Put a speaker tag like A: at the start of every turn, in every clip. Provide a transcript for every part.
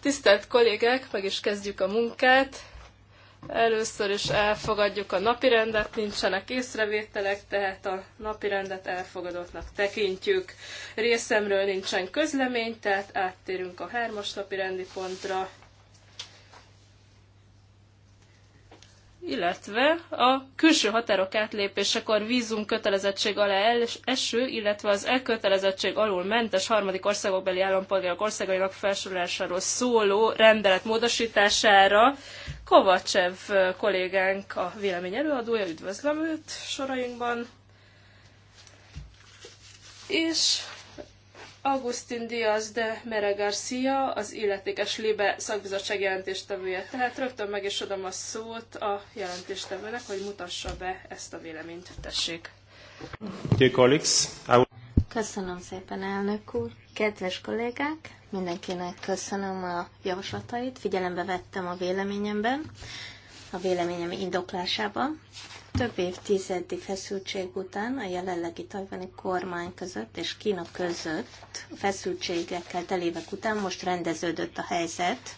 A: Tisztelt kollégák, meg is kezdjük a munkát. Először is elfogadjuk a napirendet, nincsenek észrevételek, tehát a napirendet elfogadottnak tekintjük. Részemről nincsen közlemény, tehát áttérünk a hármas napirendi pontra. illetve a külső határok átlépésekor vízum kötelezettség alá eső, illetve az elkötelezettség alul mentes harmadik országokbeli állampolgárok országainak felsorolásáról szóló rendelet módosítására. Kovacsev kollégánk a vélemény előadója, üdvözlöm őt sorainkban. És Augustin Diaz de Mere Garcia, az illetékes Libe szakbizottság jelentéstevője. Tehát rögtön meg is adom a szót a jelentéstevőnek, hogy mutassa be ezt a véleményt. Tessék.
B: Köszönöm szépen, elnök úr. Kedves kollégák, mindenkinek köszönöm a javaslatait, figyelembe vettem a véleményemben, a véleményem indoklásában, több évtizedi feszültség után a jelenlegi tajvani kormány között és Kína között feszültségekkel telévek után most rendeződött a helyzet,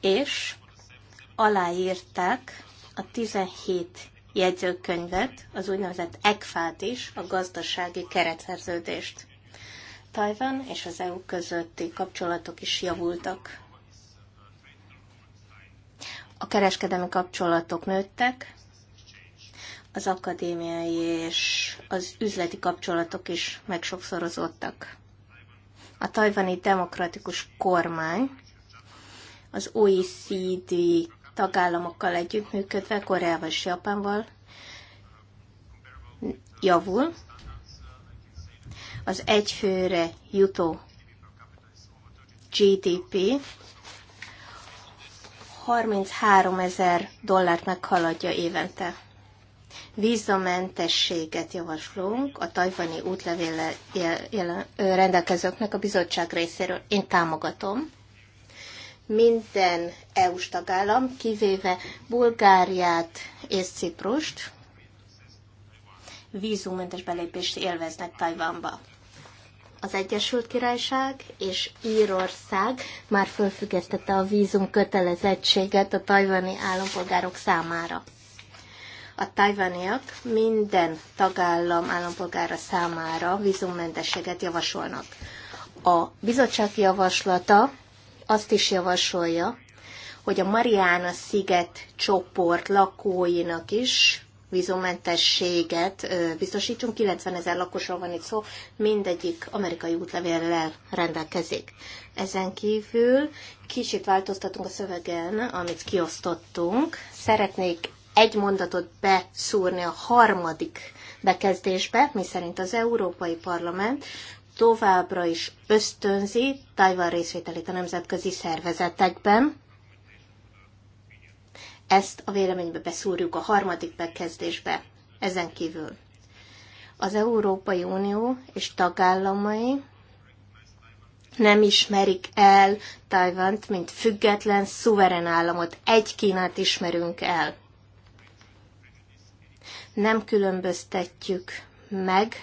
B: és aláírták a 17 jegyzőkönyvet, az úgynevezett ECFAT is, a gazdasági keretszerződést. Tajvan és az EU közötti kapcsolatok is javultak. A kereskedelmi kapcsolatok nőttek, az akadémiai és az üzleti kapcsolatok is megsokszorozottak. A tajvani demokratikus kormány az OECD tagállamokkal együttműködve, Koreával és Japánval javul. Az egyfőre jutó GDP 33 ezer dollárt meghaladja évente. Vízamentességet javaslunk a tajvani útlevél rendelkezőknek a bizottság részéről. Én támogatom. Minden EU-s tagállam, kivéve Bulgáriát és Ciprust, vízummentes belépést élveznek Tajvanba az Egyesült Királyság és Írország már fölfüggesztette a vízum kötelezettséget a tajvani állampolgárok számára. A tajvaniak minden tagállam állampolgára számára vízummentességet javasolnak. A bizottság javaslata azt is javasolja, hogy a Mariana sziget csoport lakóinak is vízumentességet biztosítsunk. 90 ezer lakosról van itt szó, mindegyik amerikai útlevéllel rendelkezik. Ezen kívül kicsit változtatunk a szövegen, amit kiosztottunk. Szeretnék egy mondatot beszúrni a harmadik bekezdésbe, miszerint az Európai Parlament továbbra is ösztönzi Tajvan részvételét a nemzetközi szervezetekben, ezt a véleménybe beszúrjuk a harmadik bekezdésbe, ezen kívül. Az Európai Unió és tagállamai nem ismerik el Tajvant, mint független, szuverén államot. Egy Kínát ismerünk el. Nem különböztetjük meg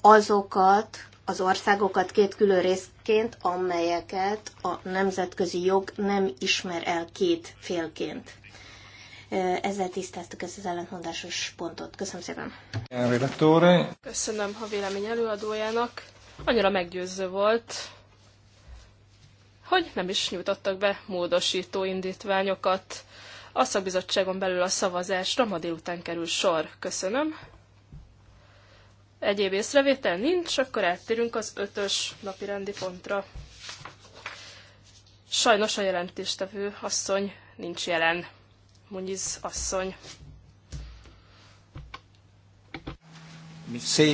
B: azokat az országokat két külön részként, amelyeket a nemzetközi jog nem ismer el két félként. Ezzel tisztáztuk ezt az ellentmondásos pontot. Köszönöm szépen. Köszönöm a vélemény előadójának. Annyira meggyőző
A: volt, hogy nem is nyújtottak be módosító indítványokat. A szakbizottságon belül a szavazásra ma délután kerül sor. Köszönöm. Egyéb észrevétel nincs, akkor áttérünk az ötös napi rendi pontra. Sajnos a jelentéstevő asszony nincs jelen. Munyiz asszony.
C: Se,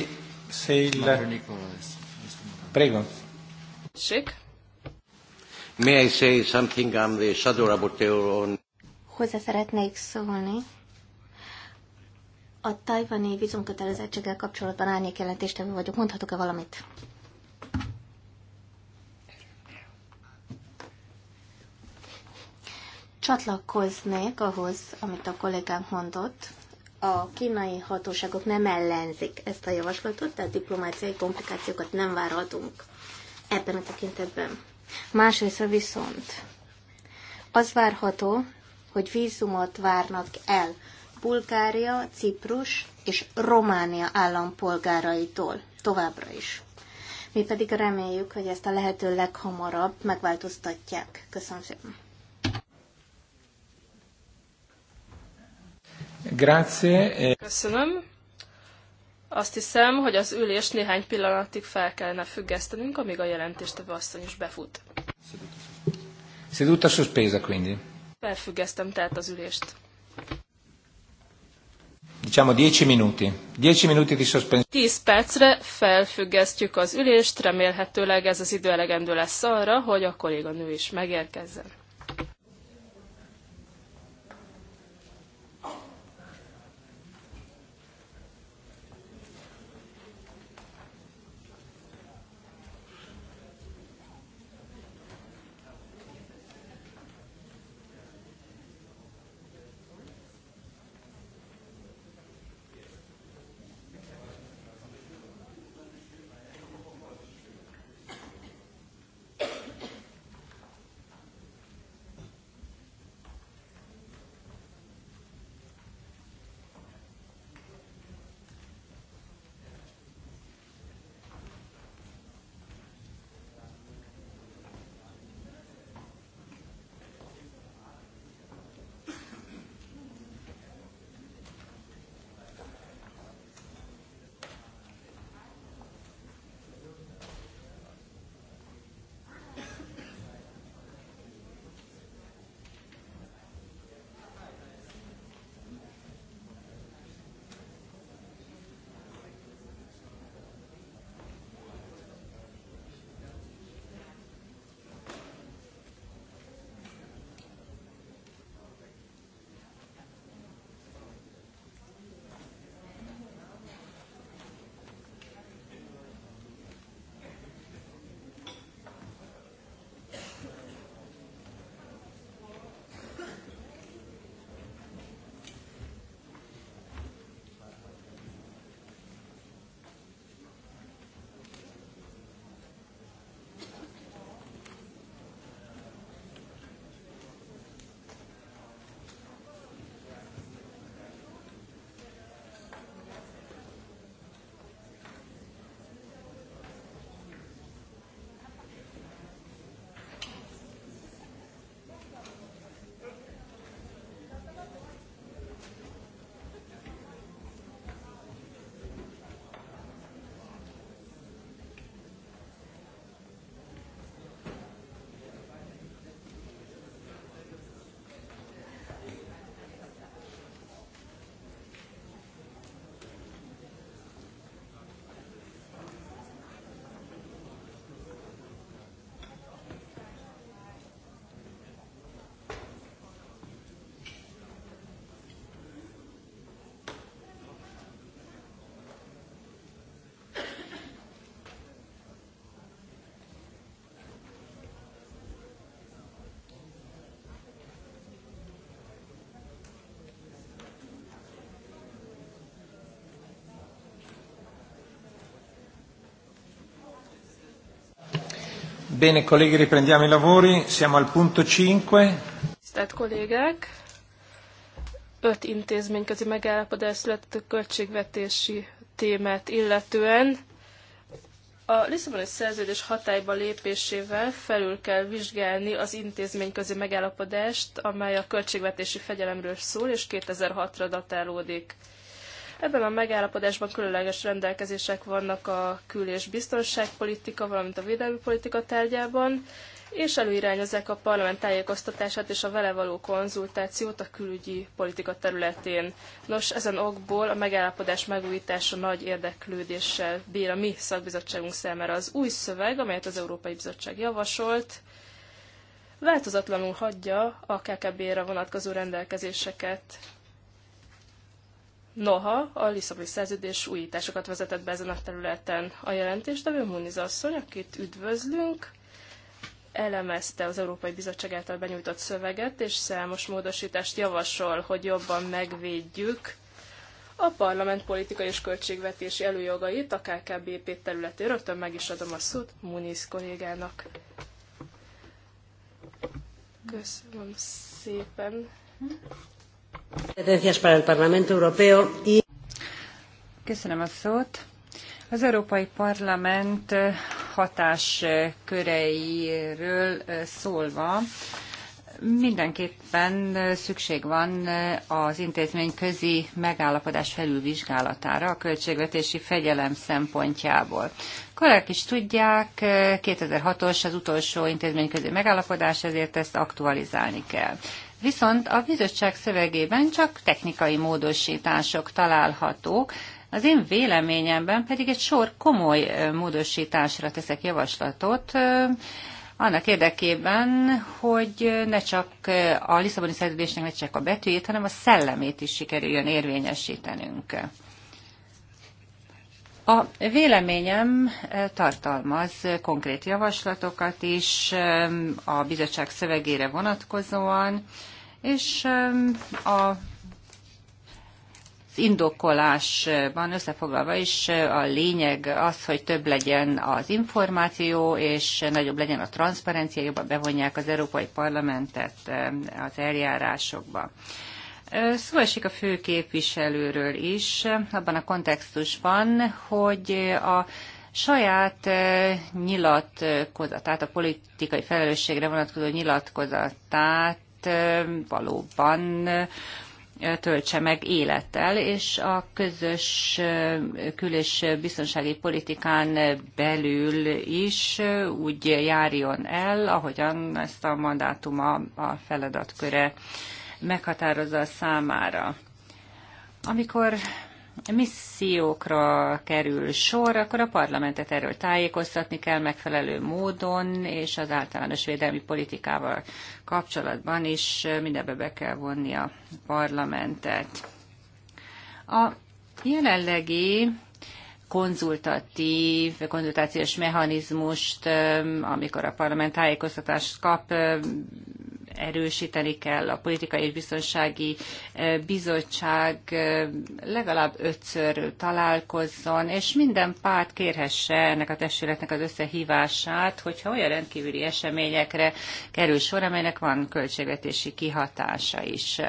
C: se il... Prego. Sik. May I say something on the shadow rapporteur
B: on... Hozzá szeretnék szólni. A tajvani vízumkötelezettséggel kapcsolatban árnyékjelentéstevő vagyok. Mondhatok-e valamit? Csatlakoznék ahhoz, amit a kollégánk mondott. A kínai hatóságok nem ellenzik ezt a javaslatot, tehát diplomáciai komplikációkat nem várhatunk ebben a tekintetben. Másrészt viszont az várható, hogy vízumot várnak el Bulgária, Ciprus és Románia állampolgáraitól továbbra is. Mi pedig reméljük, hogy ezt a lehető leghamarabb megváltoztatják. Köszönöm szépen.
C: Grazie.
A: Köszönöm. Azt hiszem, hogy az ülés néhány pillanatig fel kellene függesztenünk, amíg a jelentéstevő asszony is befut.
C: Seduta sospesa quindi.
A: Felfüggesztem tehát az ülést.
C: Diciamo 10 minuti. 10 minuti di sospensione.
A: 10 percre felfüggesztjük az ülést, remélhetőleg ez az idő elegendő lesz arra, hogy a kolléganő is megérkezzen.
C: Bene, colleghi, riprendiamo i lavori. Siamo al punto 5.
A: Tisztelt kollégák, öt intézményközi megállapodás született a költségvetési témát illetően. A Lisszaboni szerződés hatályba lépésével felül kell vizsgálni az intézményközi megállapodást, amely a költségvetési fegyelemről szól, és 2006-ra datálódik. Ebben a megállapodásban különleges rendelkezések vannak a kül- és biztonságpolitika, valamint a védelmi politika tárgyában, és előirányozzák a parlament tájékoztatását és a vele való konzultációt a külügyi politika területén. Nos, ezen okból a megállapodás megújítása nagy érdeklődéssel bír a mi szakbizottságunk számára. Az új szöveg, amelyet az Európai Bizottság javasolt, változatlanul hagyja a KKB-re vonatkozó rendelkezéseket. Noha a Lisszaboni szerződés újításokat vezetett be ezen a területen a jelentéstevő Muniz asszony, akit üdvözlünk, elemezte az Európai Bizottság által benyújtott szöveget, és számos módosítást javasol, hogy jobban megvédjük a parlament politikai és költségvetési előjogait a KKBP területén. Rögtön meg is adom a szót Muniz kollégának. Köszönöm szépen.
D: Köszönöm a szót. Az Európai Parlament hatásköreiről szólva, mindenképpen szükség van az intézmény közi megállapodás felülvizsgálatára a költségvetési fegyelem szempontjából. Korák is tudják, 2006-os az utolsó intézmény közi megállapodás, ezért ezt aktualizálni kell. Viszont a bizottság szövegében csak technikai módosítások találhatók, az én véleményemben pedig egy sor komoly módosításra teszek javaslatot, annak érdekében, hogy ne csak a Lisszaboni szerződésnek ne csak a betűjét, hanem a szellemét is sikerüljön érvényesítenünk. A véleményem tartalmaz konkrét javaslatokat is a bizottság szövegére vonatkozóan, és a az indokolásban összefoglalva is a lényeg az, hogy több legyen az információ, és nagyobb legyen a transzparencia, jobban bevonják az Európai Parlamentet az eljárásokba. Szó esik a fő képviselőről is, abban a kontextusban, hogy a saját nyilatkozatát, a politikai felelősségre vonatkozó nyilatkozatát valóban töltse meg élettel, és a közös kül- és biztonsági politikán belül is úgy járjon el, ahogyan ezt a mandátuma a feladatköre meghatározza számára. Amikor missziókra kerül sor, akkor a parlamentet erről tájékoztatni kell megfelelő módon, és az általános védelmi politikával kapcsolatban is mindebbe be kell vonni a parlamentet. A jelenlegi konzultatív, konzultációs mechanizmust, amikor a parlament tájékoztatást kap, erősíteni kell. A Politikai és Biztonsági eh, Bizottság eh, legalább ötször találkozzon, és minden párt kérhesse ennek a testületnek az összehívását, hogyha olyan rendkívüli eseményekre kerül sor, amelynek van költségvetési kihatása is.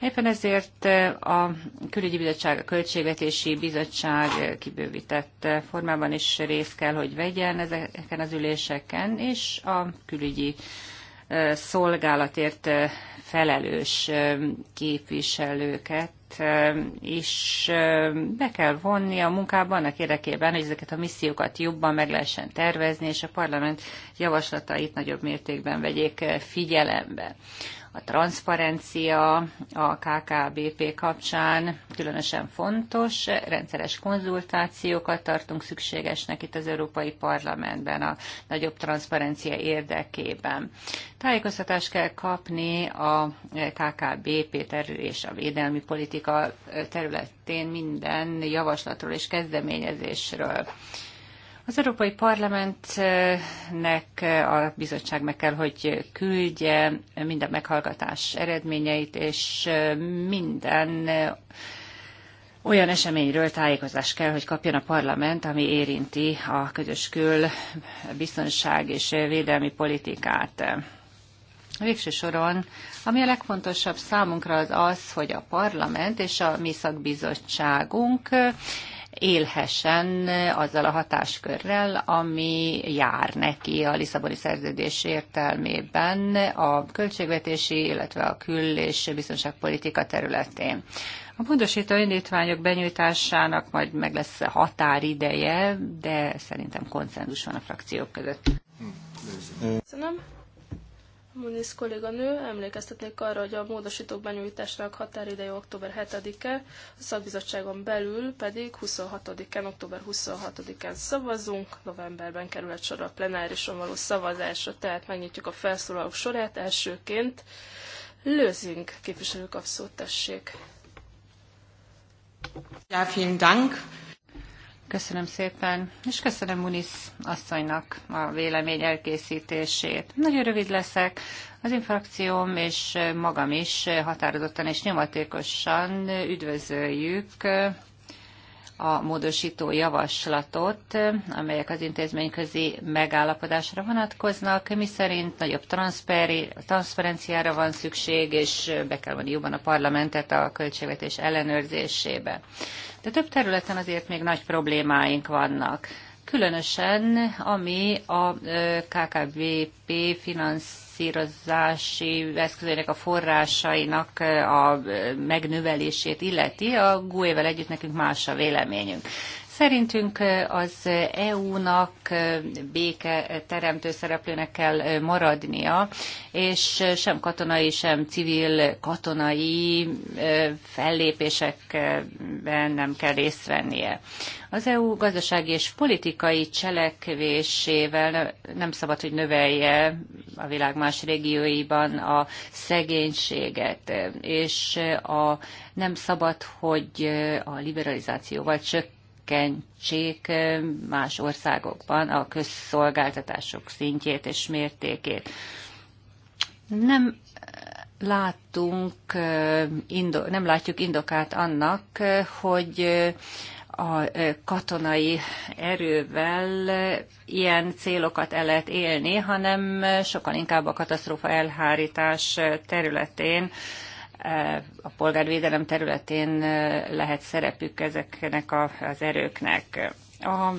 D: Éppen ezért eh, a Külügyi Bizottság, a Költségvetési Bizottság kibővített formában is részt kell, hogy vegyen ezeken az üléseken, és a külügyi szolgálatért felelős képviselőket és be kell vonni a munkába annak érdekében, hogy ezeket a missziókat jobban meg lehessen tervezni, és a parlament javaslatait nagyobb mértékben vegyék figyelembe a transzparencia a KKBP kapcsán különösen fontos. Rendszeres konzultációkat tartunk szükségesnek itt az Európai Parlamentben a nagyobb transzparencia érdekében. Tájékoztatást kell kapni a KKBP terül és a védelmi politika területén minden javaslatról és kezdeményezésről. Az Európai Parlamentnek eh, a bizottság meg kell, hogy küldje minden meghallgatás eredményeit, és eh, minden eh, olyan eseményről tájékozást kell, hogy kapjon a parlament, ami érinti a közös kül biztonság és védelmi politikát. Végső soron, ami a legfontosabb számunkra az az, hogy a parlament és a mi szakbizottságunk élhessen azzal a hatáskörrel, ami jár neki a Lisszaboni szerződés értelmében a költségvetési, illetve a kül- és biztonságpolitika területén. A módosító indítványok benyújtásának majd meg lesz határideje, de szerintem konszenzus van a frakciók között.
A: Köszönöm. Muniz kolléganő, emlékeztetnék arra, hogy a módosítók benyújtásának határideje október 7-e, a szakbizottságon belül pedig 26-án, október 26-án szavazunk, novemberben kerülhet sor a plenárison való szavazásra, tehát megnyitjuk a felszólalók sorát. Elsőként Lőzing képviselő kap tessék.
D: Ja, vielen Dank. Köszönöm szépen, és köszönöm Munisz asszonynak a vélemény elkészítését. Nagyon rövid leszek. Az infrakcióm és magam is határozottan és nyomatékosan üdvözöljük a módosító javaslatot, amelyek az intézményközi megállapodásra vonatkoznak, miszerint nagyobb transzferenciára van szükség, és be kell vonni jobban a parlamentet a költségvetés ellenőrzésébe. De több területen azért még nagy problémáink vannak különösen ami a KKVP finanszírozási eszközének a forrásainak a megnövelését illeti. A GUE-vel együtt nekünk más a véleményünk. Szerintünk az EU-nak béke teremtő szereplőnek kell maradnia, és sem katonai, sem civil katonai fellépésekben nem kell részt vennie. Az EU gazdasági és politikai cselekvésével nem szabad, hogy növelje a világ más régióiban a szegénységet, és a, nem szabad, hogy a liberalizációval csökkentse csökkentsék más országokban a közszolgáltatások szintjét és mértékét. Nem látunk, nem látjuk indokát annak, hogy a katonai erővel ilyen célokat el lehet élni, hanem sokkal inkább a katasztrófa elhárítás területén a polgárvédelem területén lehet szerepük ezeknek az erőknek. A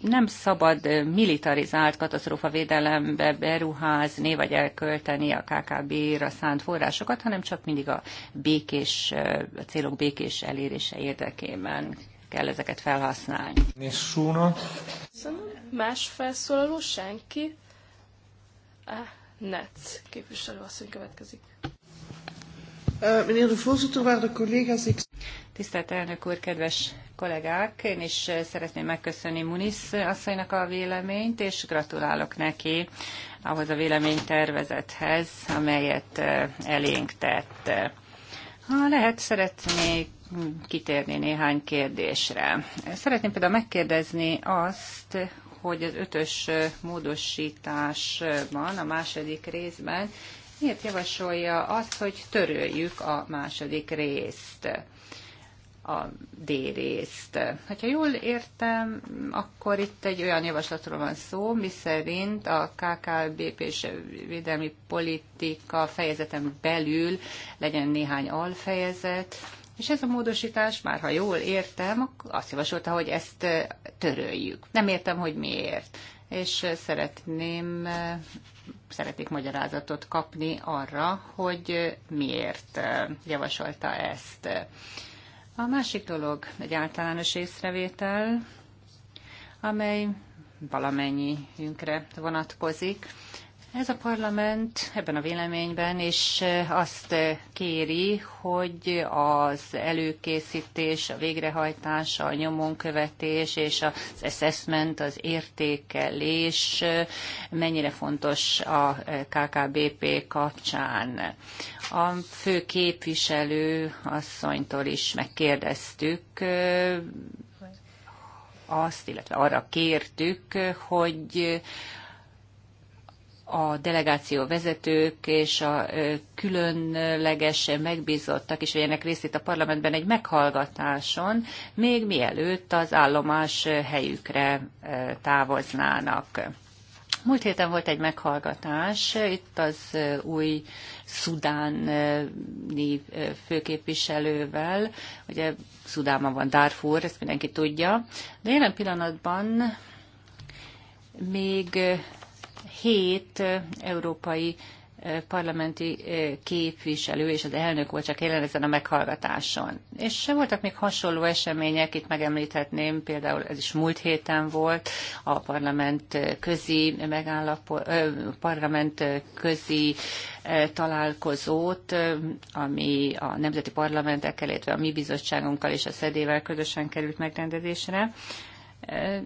D: nem szabad militarizált katasztrófavédelembe beruházni, vagy elkölteni a KKB-ra szánt forrásokat, hanem csak mindig a békés, a célok békés elérése érdekében kell ezeket felhasználni.
C: Nessuno.
A: Más felszólaló senki? Ah, Netz képviselő asszony következik.
D: Eh, meneer de voorzitter, waarde collega's, ik... Tisztelt elnök úr, kedves kollégák! Én is eh, szeretném megköszönni Munis asszonynak a véleményt, és gratulálok neki ahhoz a véleménytervezethez, amelyet eh, elénk tett. Ha lehet, szeretnék kitérni néhány kérdésre. Szeretném például megkérdezni azt, hogy az ötös módosításban, a második részben miért javasolja azt, hogy töröljük a második részt, a D részt. Ha jól értem, akkor itt egy olyan javaslatról van szó, miszerint a KKBP és védelmi politika fejezeten belül legyen néhány alfejezet, és ez a módosítás, már ha jól értem, azt javasolta, hogy ezt töröljük. Nem értem, hogy miért. És szeretném szeretnék magyarázatot kapni arra, hogy miért eh, javasolta ezt. A másik dolog egy általános észrevétel, amely valamennyiünkre vonatkozik. Ez a parlament ebben a véleményben is azt kéri, hogy az előkészítés, a végrehajtás, a nyomonkövetés és az assessment, az értékelés mennyire fontos a KKBP kapcsán. A fő képviselő asszonytól is megkérdeztük, azt, illetve arra kértük, hogy a delegáció vezetők és a különleges megbízottak is vegyenek részt itt a parlamentben egy meghallgatáson, még mielőtt az állomás helyükre távoznának. Múlt héten volt egy meghallgatás, itt az új szudáni főképviselővel, ugye Szudáma van Darfur, ezt mindenki tudja, de jelen pillanatban még hét európai parlamenti képviselő és az elnök volt csak jelen ezen a meghallgatáson. És voltak még hasonló események, itt megemlíthetném, például ez is múlt héten volt, a parlament közi megállapot, parlament közi találkozót, ami a nemzeti parlamentekkel, illetve a mi bizottságunkkal és a szedével közösen került megrendezésre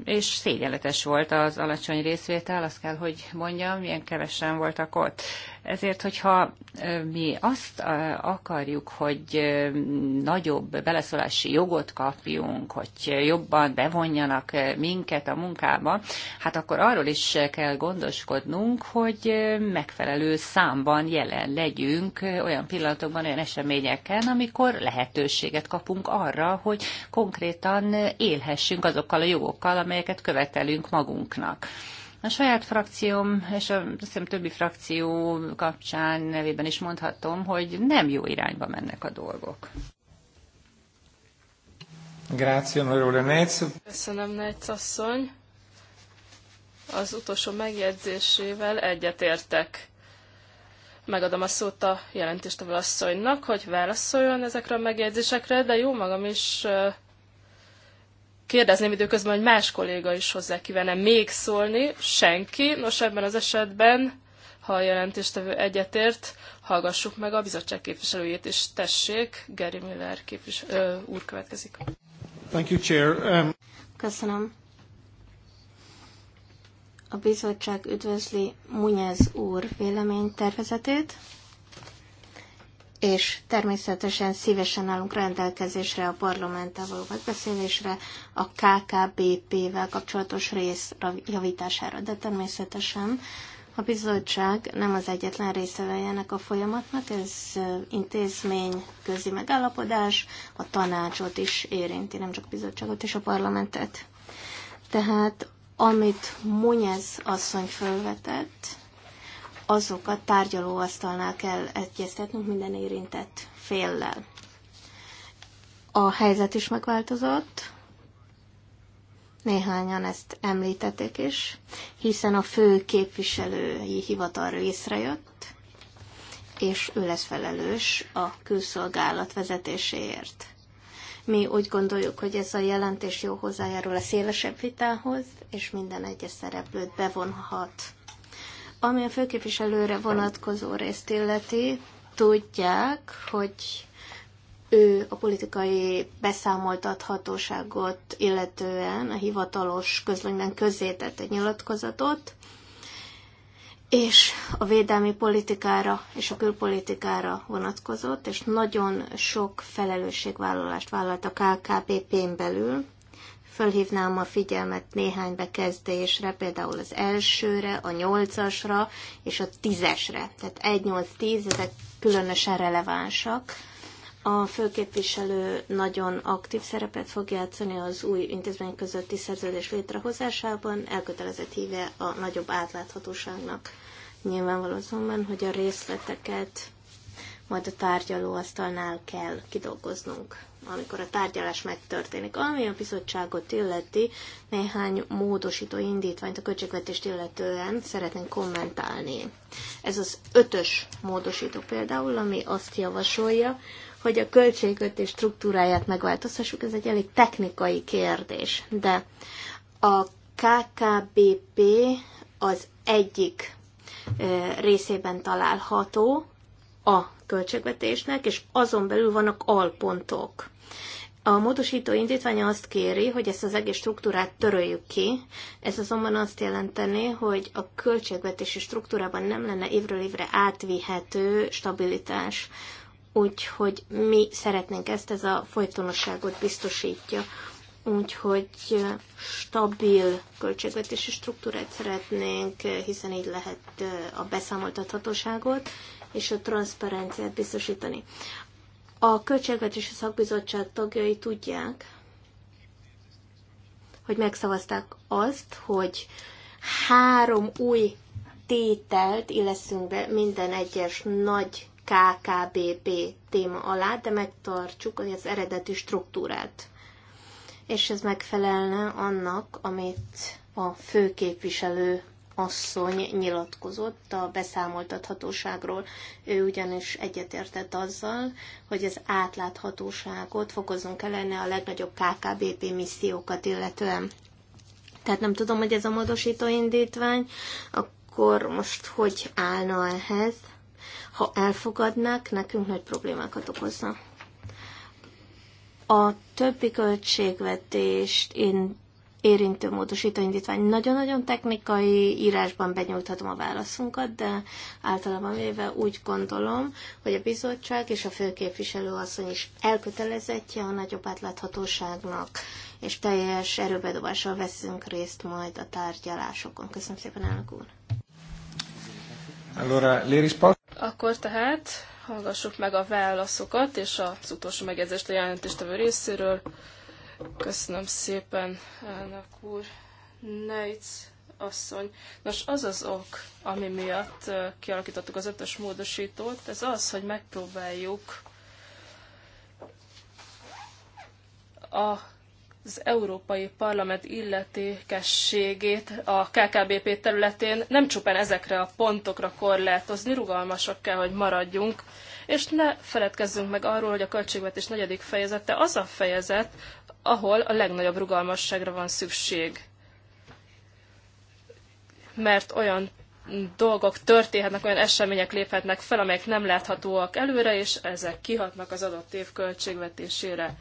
D: és szégyenletes volt az alacsony részvétel, azt kell, hogy mondjam, milyen kevesen voltak ott. Ezért, hogyha mi azt akarjuk, hogy nagyobb beleszólási jogot kapjunk, hogy jobban bevonjanak minket a munkába, hát akkor arról is kell gondoskodnunk, hogy megfelelő számban jelen legyünk olyan pillanatokban, olyan eseményeken, amikor lehetőséget kapunk arra, hogy konkrétan élhessünk azokkal a jogokkal, dolgokkal, amelyeket követelünk magunknak. A saját frakcióm és a hiszem, többi frakció kapcsán nevében is mondhatom, hogy nem jó irányba mennek a dolgok.
A: Köszönöm, Netz asszony. Az utolsó megjegyzésével egyetértek. Megadom a szót a jelentéstevő asszonynak, hogy válaszoljon ezekre a megjegyzésekre, de jó magam is kérdezném időközben, hogy más kolléga is hozzá kívánne még szólni. Senki. Nos, ebben az esetben, ha a jelentéstevő egyetért, hallgassuk meg a bizottság képviselőjét, és tessék, Gary Miller képvisel, úr következik.
B: Thank you, Chair. Um... Köszönöm. A bizottság üdvözli Munyez úr véleménytervezetét és természetesen szívesen állunk rendelkezésre a parlamenttel való megbeszélésre, a KKBP-vel kapcsolatos rész javítására, de természetesen a bizottság nem az egyetlen része ennek a folyamatnak, ez intézmény, közi megállapodás, a tanácsot is érinti, nem csak a bizottságot és a parlamentet. Tehát amit Munyez asszony felvetett, azokat tárgyalóasztalnál kell egyeztetnünk minden érintett féllel. A helyzet is megváltozott, néhányan ezt említették is, hiszen a fő képviselői hivatal részre jött, és ő lesz felelős a külszolgálat vezetéséért. Mi úgy gondoljuk, hogy ez a jelentés jó hozzájárul a szélesebb vitához, és minden egyes szereplőt bevonhat ami a főképviselőre vonatkozó részt illeti, tudják, hogy ő a politikai beszámoltathatóságot illetően a hivatalos közlönyben tett egy nyilatkozatot, és a védelmi politikára és a külpolitikára vonatkozott, és nagyon sok felelősségvállalást vállalt a KKPP-n belül, Fölhívnám a figyelmet néhány bekezdésre, például az elsőre, a nyolcasra és a tízesre. Tehát 1-8-10, ezek különösen relevánsak. A főképviselő nagyon aktív szerepet fog játszani az új intézmény közötti szerződés létrehozásában, elkötelezett híve a nagyobb átláthatóságnak. Nyilvánvaló azonban, hogy a részleteket majd a tárgyalóasztalnál kell kidolgoznunk amikor a tárgyalás megtörténik. Ami a bizottságot illeti, néhány módosító indítványt a költségvetést illetően szeretnénk kommentálni. Ez az ötös módosító például, ami azt javasolja, hogy a költségvetés struktúráját megváltoztassuk, ez egy elég technikai kérdés, de a KKBP az egyik részében található a költségvetésnek, és azon belül vannak alpontok. A módosító indítványa azt kéri, hogy ezt az egész struktúrát töröljük ki. Ez azonban azt jelenteni, hogy a költségvetési struktúrában nem lenne évről évre átvihető stabilitás. Úgyhogy mi szeretnénk ezt, ez a folytonosságot biztosítja. Úgyhogy stabil költségvetési struktúrát szeretnénk, hiszen így lehet a beszámoltathatóságot és a transzparenciát biztosítani. A Költségvetési Szakbizottság tagjai tudják, hogy megszavazták azt, hogy három új tételt illeszünk be minden egyes nagy KKBP téma alá, de megtartsuk az eredeti struktúrát. És ez megfelelne annak, amit a főképviselő asszony nyilatkozott a beszámoltathatóságról. Ő ugyanis egyetértett azzal, hogy az átláthatóságot fokozunk kellene a legnagyobb KKBP missziókat illetően. Tehát nem tudom, hogy ez a módosító indítvány, akkor most hogy állna ehhez? Ha elfogadnák, nekünk nagy problémákat okozna. A többi költségvetést én érintő módosító indítvány. Nagyon-nagyon technikai, írásban benyújthatom a válaszunkat, de általában véve úgy gondolom, hogy a bizottság és a főképviselő asszony is elkötelezettje a nagyobb átláthatóságnak, és teljes erőbedobással veszünk részt majd a tárgyalásokon. Köszönöm szépen, elnök úr! Akkor tehát
A: hallgassuk meg a válaszokat és az utolsó megjegyzést a jelentéstevő részéről. Köszönöm szépen, elnök úr. Neitz asszony. Nos, az az ok, ami miatt kialakítottuk az ötös módosítót, ez az, hogy megpróbáljuk a az Európai Parlament illetékességét a KKBP területén nem csupán ezekre a pontokra korlátozni, rugalmasak kell, hogy maradjunk, és ne feledkezzünk meg arról, hogy a költségvetés negyedik fejezete az a fejezet, ahol a legnagyobb rugalmasságra van szükség. Mert olyan dolgok történhetnek, olyan események léphetnek fel, amelyek nem láthatóak előre, és ezek kihatnak az adott év költségvetésére.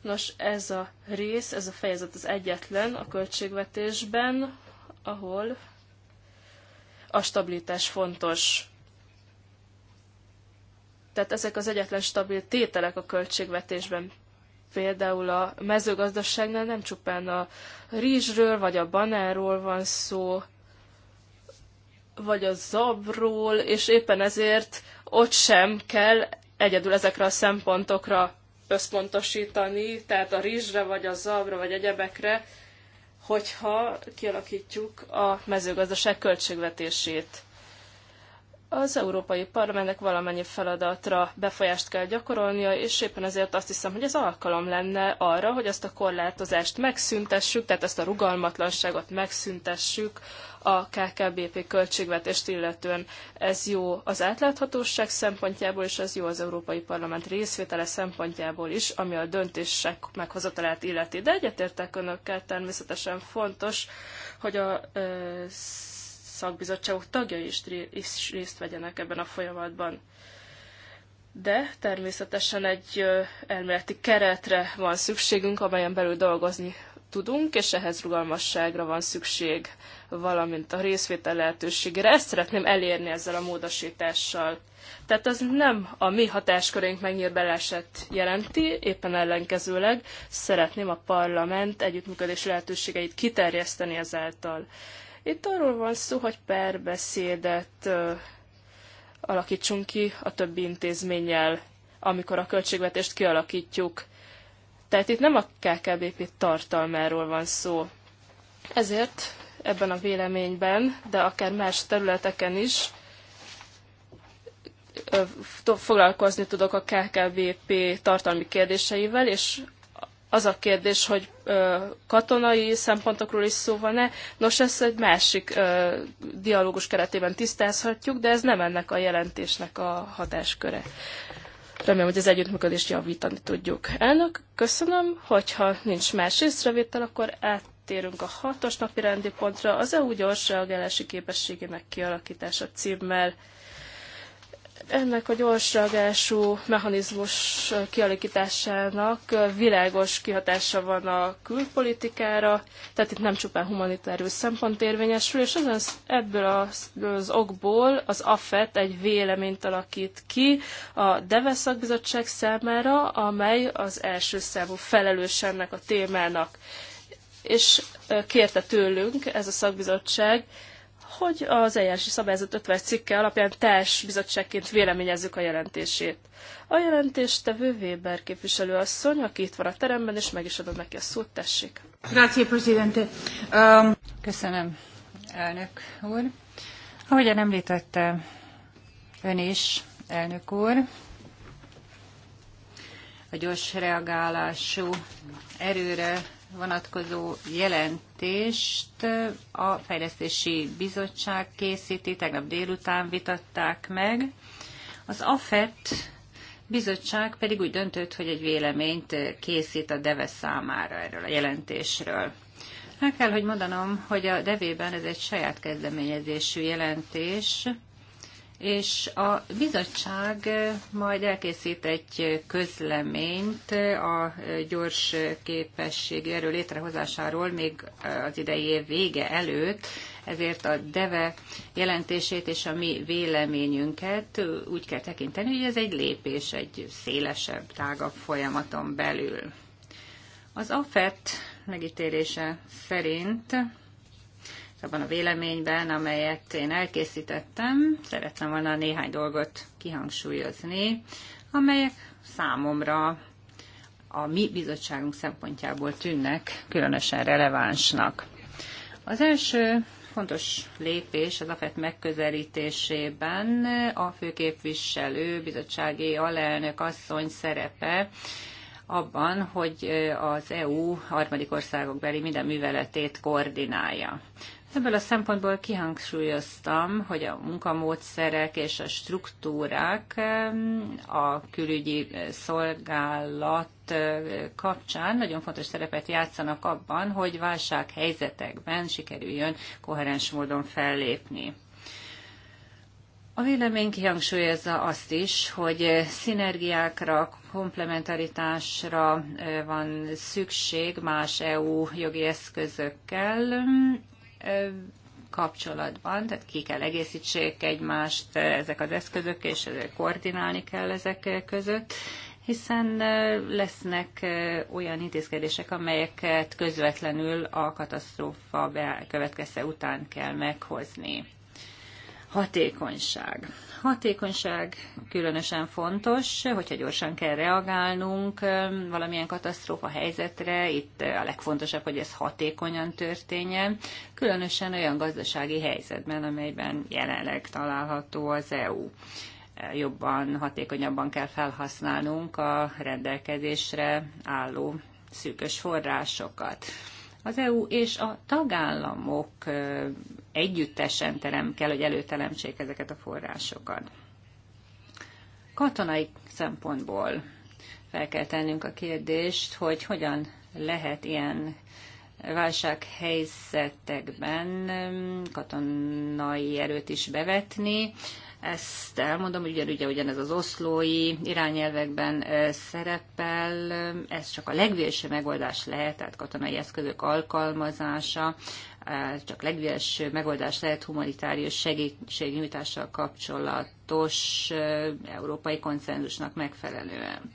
A: Nos, ez a rész, ez a fejezet az egyetlen a költségvetésben, ahol a stabilitás fontos. Tehát ezek az egyetlen stabil tételek a költségvetésben például a mezőgazdaságnál nem csupán a rizsről vagy a banáról van szó, vagy a zabról, és éppen ezért ott sem kell egyedül ezekre a szempontokra összpontosítani, tehát a rizsre, vagy a zabra, vagy egyebekre, hogyha kialakítjuk a mezőgazdaság költségvetését. Az Európai Parlamentnek valamennyi feladatra befolyást kell gyakorolnia, és éppen ezért azt hiszem, hogy ez alkalom lenne arra, hogy ezt a korlátozást megszüntessük, tehát ezt a rugalmatlanságot megszüntessük a KKBP költségvetést illetően. Ez jó az átláthatóság szempontjából, és ez jó az Európai Parlament részvétele szempontjából is, ami a döntések meghozatalát illeti. De egyetértek önökkel, természetesen fontos, hogy a szakbizottságok tagjai is, is részt vegyenek ebben a folyamatban. De természetesen egy elméleti keretre van szükségünk, amelyen belül dolgozni tudunk, és ehhez rugalmasságra van szükség, valamint a részvétel lehetőségére. Ezt szeretném elérni ezzel a módosítással. Tehát ez nem a mi hatáskörünk megnyírbelását jelenti, éppen ellenkezőleg szeretném a parlament együttműködés lehetőségeit kiterjeszteni ezáltal. Itt arról van szó, hogy perbeszédet alakítsunk ki a többi intézménnyel, amikor a költségvetést kialakítjuk. Tehát itt nem a KKBP tartalmáról van szó. Ezért ebben a véleményben, de akár más területeken is foglalkozni tudok a KKBP tartalmi kérdéseivel, és az a kérdés, hogy ö, katonai szempontokról is szó van-e. Nos, ezt egy másik ö, dialógus keretében tisztázhatjuk, de ez nem ennek a jelentésnek a hatásköre. Remélem, hogy az együttműködést javítani tudjuk. Elnök, köszönöm, hogyha nincs más észrevétel, akkor áttérünk a hatos napi rendi pontra, az EU gyors reagálási képességének kialakítása címmel ennek a gyorsreagású mechanizmus kialakításának világos kihatása van a külpolitikára, tehát itt nem csupán humanitárius szempont érvényesül, és ezen, ebből az, az okból az AFET egy véleményt alakít ki a DEVE szakbizottság számára, amely az első számú felelős ennek a témának. És kérte tőlünk ez a szakbizottság, hogy az eljárási szabályzat 50 cikke alapján teljes bizottságként véleményezzük a jelentését. A tevő Weber képviselő asszony, aki itt van a teremben, és meg is adom neki a
D: szót, tessék. Grazie, Presidente. Um... Köszönöm, elnök úr. Ahogyan említette ön is, elnök úr, a gyors reagálású erőre vonatkozó jelent jelentést a Fejlesztési Bizottság készíti, tegnap délután vitatták meg. Az AFET bizottság pedig úgy döntött, hogy egy véleményt készít a DEVE számára erről a jelentésről. El kell, hogy mondanom, hogy a devében ez egy saját kezdeményezésű jelentés, és a bizottság majd elkészít egy közleményt a gyors képesség erő létrehozásáról még az idei év vége előtt, ezért a DEVE jelentését és a mi véleményünket úgy kell tekinteni, hogy ez egy lépés egy szélesebb, tágabb folyamaton belül. Az AFET megítélése szerint abban a véleményben, amelyet én elkészítettem, szerettem volna néhány dolgot kihangsúlyozni, amelyek számomra a mi bizottságunk szempontjából tűnnek különösen relevánsnak. Az első fontos lépés az AFET megközelítésében a főképviselő, bizottsági alelnök asszony szerepe, abban, hogy az EU harmadik országok beli minden műveletét koordinálja. Ebből a szempontból kihangsúlyoztam, hogy a munkamódszerek és a struktúrák a külügyi eh, szolgálat eh, kapcsán nagyon fontos szerepet játszanak abban, hogy válsághelyzetekben sikerüljön koherens módon fellépni. A vélemény kihangsúlyozza azt is, hogy eh, szinergiákra, komplementaritásra van szükség más EU jogi eszközökkel, kapcsolatban, tehát ki kell egészítsék egymást ezek az eszközök, és koordinálni kell ezek között, hiszen lesznek olyan intézkedések, amelyeket közvetlenül a katasztrófa következte után kell meghozni. Hatékonyság hatékonyság különösen fontos, hogyha gyorsan kell reagálnunk um, valamilyen katasztrófa helyzetre, itt uh, a legfontosabb, hogy ez hatékonyan történjen, különösen olyan gazdasági helyzetben, amelyben jelenleg található az EU uh, jobban, hatékonyabban kell felhasználnunk a rendelkezésre álló szűkös forrásokat. Az EU és a tagállamok együttesen terem kell, hogy előteremtsék ezeket a forrásokat. Katonai szempontból fel kell tennünk a kérdést, hogy hogyan lehet ilyen válsághelyzetekben katonai erőt is bevetni. Ezt elmondom, ugyan, ugye ugyanez az oszlói irányelvekben szerepel, ez csak a legvélső megoldás lehet, tehát katonai eszközök alkalmazása, csak legvélső megoldás lehet humanitárius segítségnyújtással kapcsolatos európai konszenzusnak megfelelően.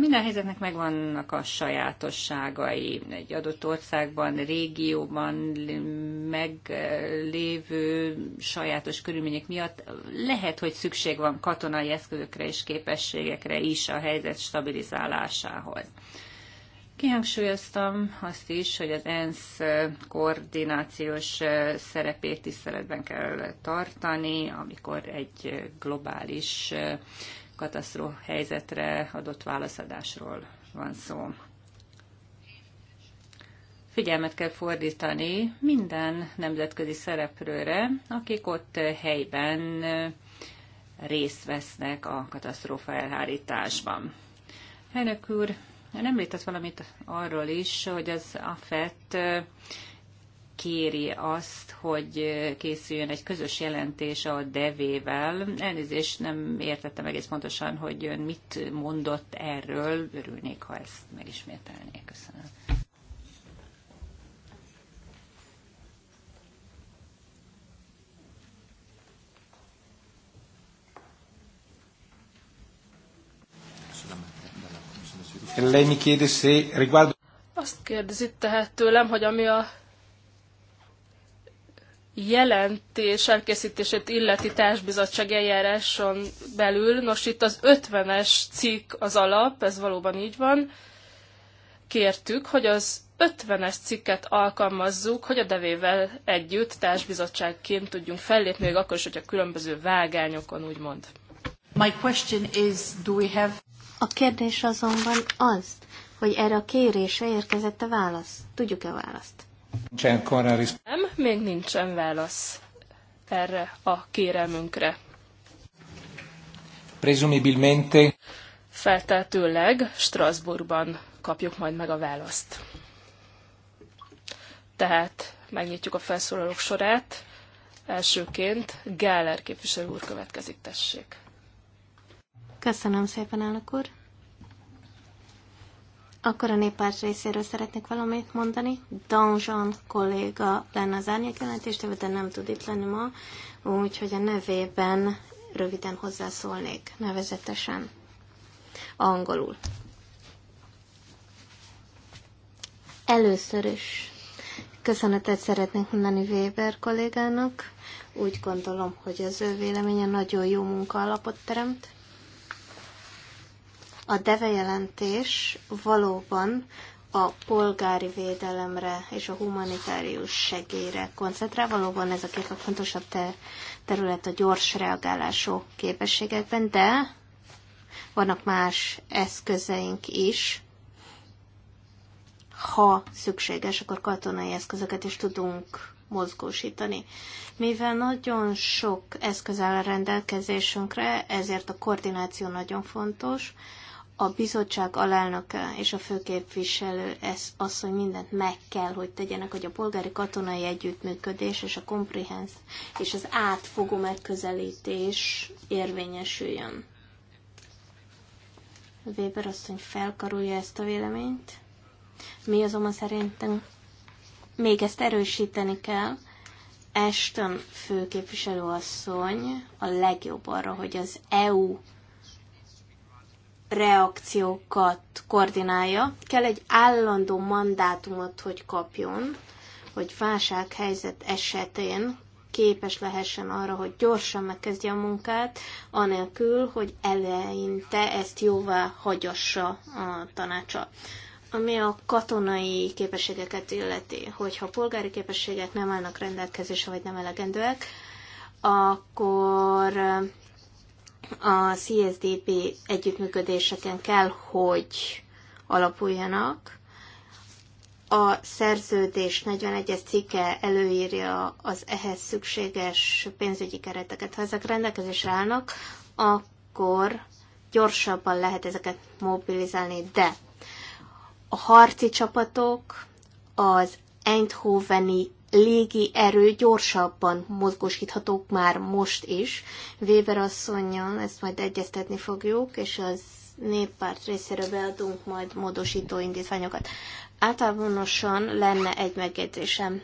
D: Minden helyzetnek megvannak a sajátosságai. Egy adott országban, régióban meglévő sajátos körülmények miatt lehet, hogy szükség van katonai eszközökre és képességekre is a helyzet stabilizálásához. Kihangsúlyoztam azt is, hogy az ENSZ koordinációs szerepét tiszteletben kell tartani, amikor egy globális katasztró helyzetre adott válaszadásról van szó. Figyelmet kell fordítani minden nemzetközi szereplőre, akik ott helyben részt vesznek a katasztrófa elhárításban. Elnök úr, nem említett valamit arról is, hogy az AFET kéri azt, hogy készüljön egy közös jelentés a devével. Elnézést, nem értettem egész pontosan, hogy ön mit mondott erről. Örülnék, ha ezt megismételnék. Köszönöm.
A: Azt kérdezi tehát tőlem, hogy ami a jelentés elkészítését illeti társbizottság eljáráson belül. Nos, itt az 50-es cikk az alap, ez valóban így van. Kértük, hogy az 50-es cikket alkalmazzuk, hogy a devével együtt társbizottságként tudjunk fellépni, még akkor is, hogyha különböző vágányokon, úgymond.
D: My question is,
B: do we have... A kérdés azonban az, hogy erre a kérésre érkezett a válasz. Tudjuk-e választ?
C: Nem,
B: még nincsen válasz
A: erre a kérelmünkre.
C: Presumibilmente.
A: Feltehetőleg Strasbourgban kapjuk majd meg a választ. Tehát megnyitjuk a felszólalók sorát. Elsőként Gáler képviselő úr következik, tessék.
B: Köszönöm szépen, elnök úr. Akkor a néppárt részéről szeretnék valamit mondani. Danzsan kolléga lenne az árnyékjelentéstevő, de nem tud itt lenni ma, úgyhogy a nevében röviden hozzászólnék, nevezetesen angolul. Először is köszönetet szeretnék mondani Weber kollégának. Úgy gondolom, hogy az ő véleménye nagyon jó munka alapot teremt. A devejelentés valóban a polgári védelemre és a humanitárius segélyre koncentrál. Valóban ez a két legfontosabb terület a gyors reagálású képességekben, de vannak más eszközeink is. Ha szükséges, akkor katonai eszközöket is tudunk mozgósítani. Mivel nagyon sok eszköz áll a rendelkezésünkre, ezért a koordináció nagyon fontos, a bizottság alelnöke és a főképviselő ez, az, hogy mindent meg kell, hogy tegyenek, hogy a polgári katonai együttműködés és a komprehens és az átfogó megközelítés érvényesüljön. Weber asszony felkarulja ezt a véleményt. Mi azonban szerintem még ezt erősíteni kell. Ashton főképviselő asszony a legjobb arra, hogy az EU reakciókat koordinálja, kell egy állandó mandátumot, hogy kapjon, hogy válsághelyzet esetén képes lehessen arra, hogy gyorsan megkezdje a munkát, anélkül, hogy eleinte ezt jóvá hagyassa a tanácsa. Ami a katonai képességeket illeti, hogyha a polgári képességek nem állnak rendelkezésre, vagy nem elegendőek, akkor a CSDP együttműködéseken kell, hogy alapuljanak. A szerződés 41-es cikke előírja az ehhez szükséges pénzügyi kereteket. Ha ezek rendelkezésre állnak, akkor gyorsabban lehet ezeket mobilizálni, de a harci csapatok, az Eindhoveni légi erő gyorsabban mozgósíthatók már most is. Weber asszonyon ezt majd egyeztetni fogjuk, és az néppárt részéről beadunk majd módosító indítványokat. Általánosan lenne egy megjegyzésem.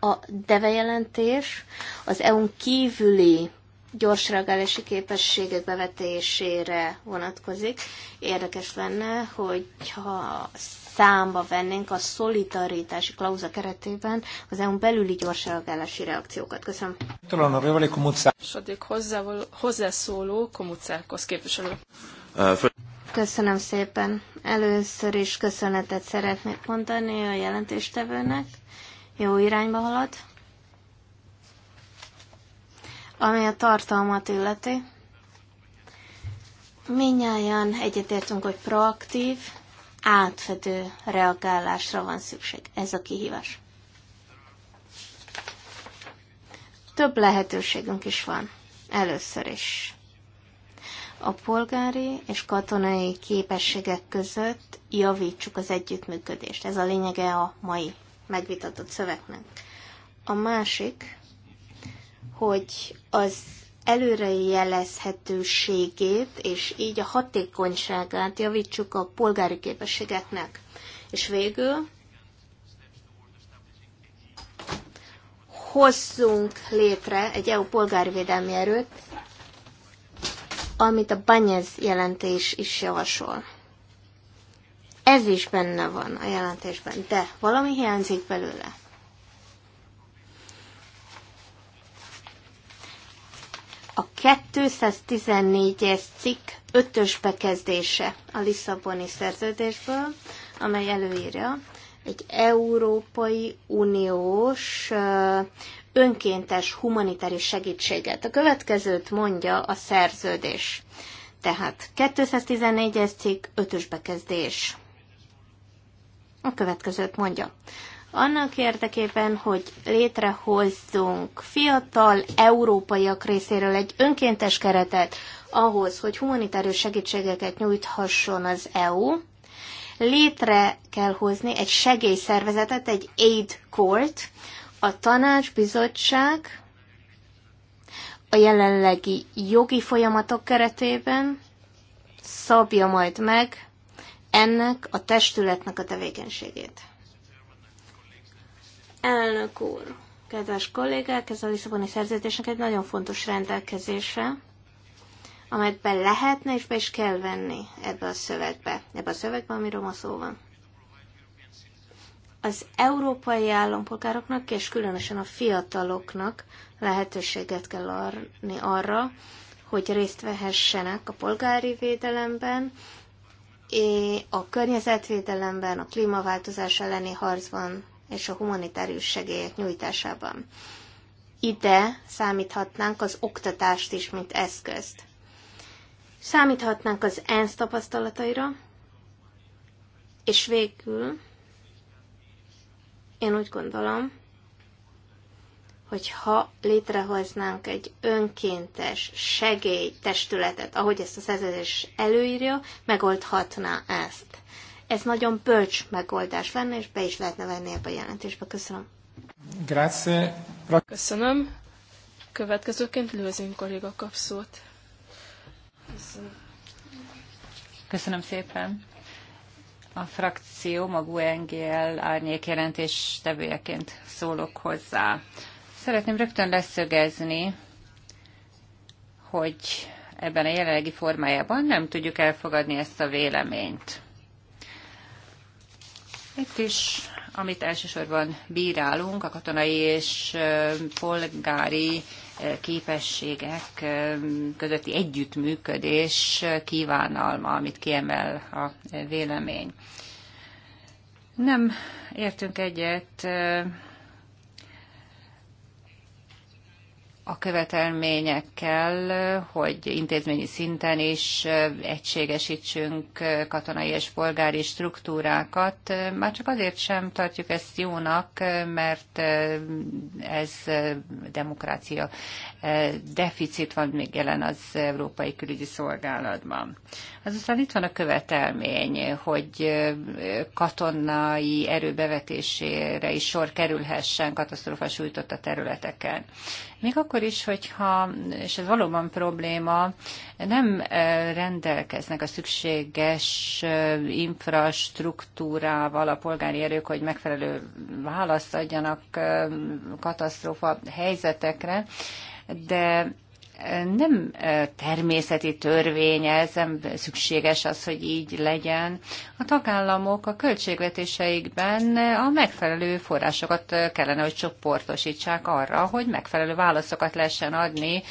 B: A devejelentés az EU-n kívüli gyors reagálási képességek bevetésére vonatkozik. Érdekes lenne, hogyha számba vennénk a szolidaritási klauza keretében az EU-n belüli gyors reagálási reakciókat. Köszönöm. Második hozzászóló Komucákhoz képviselő. Köszönöm szépen. Először is köszönetet szeretnék mondani a jelentéstevőnek. Jó irányba halad. Ami a tartalmat illeti, minnyáján egyetértünk, hogy proaktív, átfedő reagálásra van szükség. Ez a kihívás. Több lehetőségünk is van. Először is. A polgári és katonai képességek között javítsuk az együttműködést. Ez a lényege a mai megvitatott szövegnek. A másik, hogy az előrejelezhetőségét és így a hatékonyságát javítsuk a polgári képességeknek. És végül hozzunk létre egy EU polgárvédelmi erőt, amit a Banyez jelentés is javasol. Ez is benne van a jelentésben, de valami hiányzik belőle. 214-es cikk 5-ös bekezdése a Lisszaboni szerződésből, amely előírja egy Európai Uniós önkéntes humanitárius segítséget. A következőt mondja a szerződés. Tehát 214-es cikk 5-ös bekezdés. A következőt mondja annak érdekében, hogy létrehozzunk fiatal európaiak részéről egy önkéntes keretet ahhoz, hogy humanitárius segítségeket nyújthasson az EU, létre kell hozni egy segélyszervezetet, egy aid court, a tanács, bizottság a jelenlegi jogi folyamatok keretében szabja majd meg ennek a testületnek a tevékenységét. Elnök úr, kedves kollégák, ez a Lisszaboni szerződésnek egy nagyon fontos rendelkezése, amelyet be lehetne és be is kell venni ebbe a szövegbe, ebbe a szövegbe, amiről ma szó van. Az európai állampolgároknak és különösen a fiataloknak lehetőséget kell adni arra, hogy részt vehessenek a polgári védelemben, a környezetvédelemben, a klímaváltozás elleni harcban, és a humanitárius segélyek nyújtásában. Ide számíthatnánk az oktatást is, mint eszközt. Számíthatnánk az ENSZ tapasztalataira, és végül én úgy gondolom, hogy ha létrehoznánk egy önkéntes segélytestületet, ahogy ezt a szerződés előírja, megoldhatná ezt. Ez nagyon bölcs megoldás lenne, és be is lehetne venni ebbe a jelentésbe. Köszönöm.
C: Grazie.
A: Köszönöm.
D: Következőként
A: Lőzén kolléga kap szót.
D: Köszönöm. szépen. A frakció, magu NGL árnyék jelentés tevőjeként szólok hozzá. Szeretném rögtön leszögezni, hogy ebben a jelenlegi formájában nem tudjuk elfogadni ezt a véleményt. Itt is, amit elsősorban bírálunk, a katonai és polgári képességek közötti együttműködés kívánalma, amit kiemel a vélemény. Nem értünk egyet a követelményekkel, hogy intézményi szinten is egységesítsünk katonai és polgári struktúrákat. Már csak azért sem tartjuk ezt jónak, mert ez demokrácia deficit van még jelen az Európai Külügyi Szolgálatban. Azután itt van a követelmény, hogy katonai erőbevetésére is sor kerülhessen katasztrófa a területeken. Még akkor is, hogyha, és ez valóban probléma, nem rendelkeznek a szükséges infrastruktúrával a polgári erők, hogy megfelelő választ adjanak katasztrófa helyzetekre, de nem természeti törvény, ez nem szükséges az, hogy így legyen. A tagállamok a költségvetéseikben a megfelelő forrásokat kellene, hogy csoportosítsák arra, hogy megfelelő válaszokat lehessen adni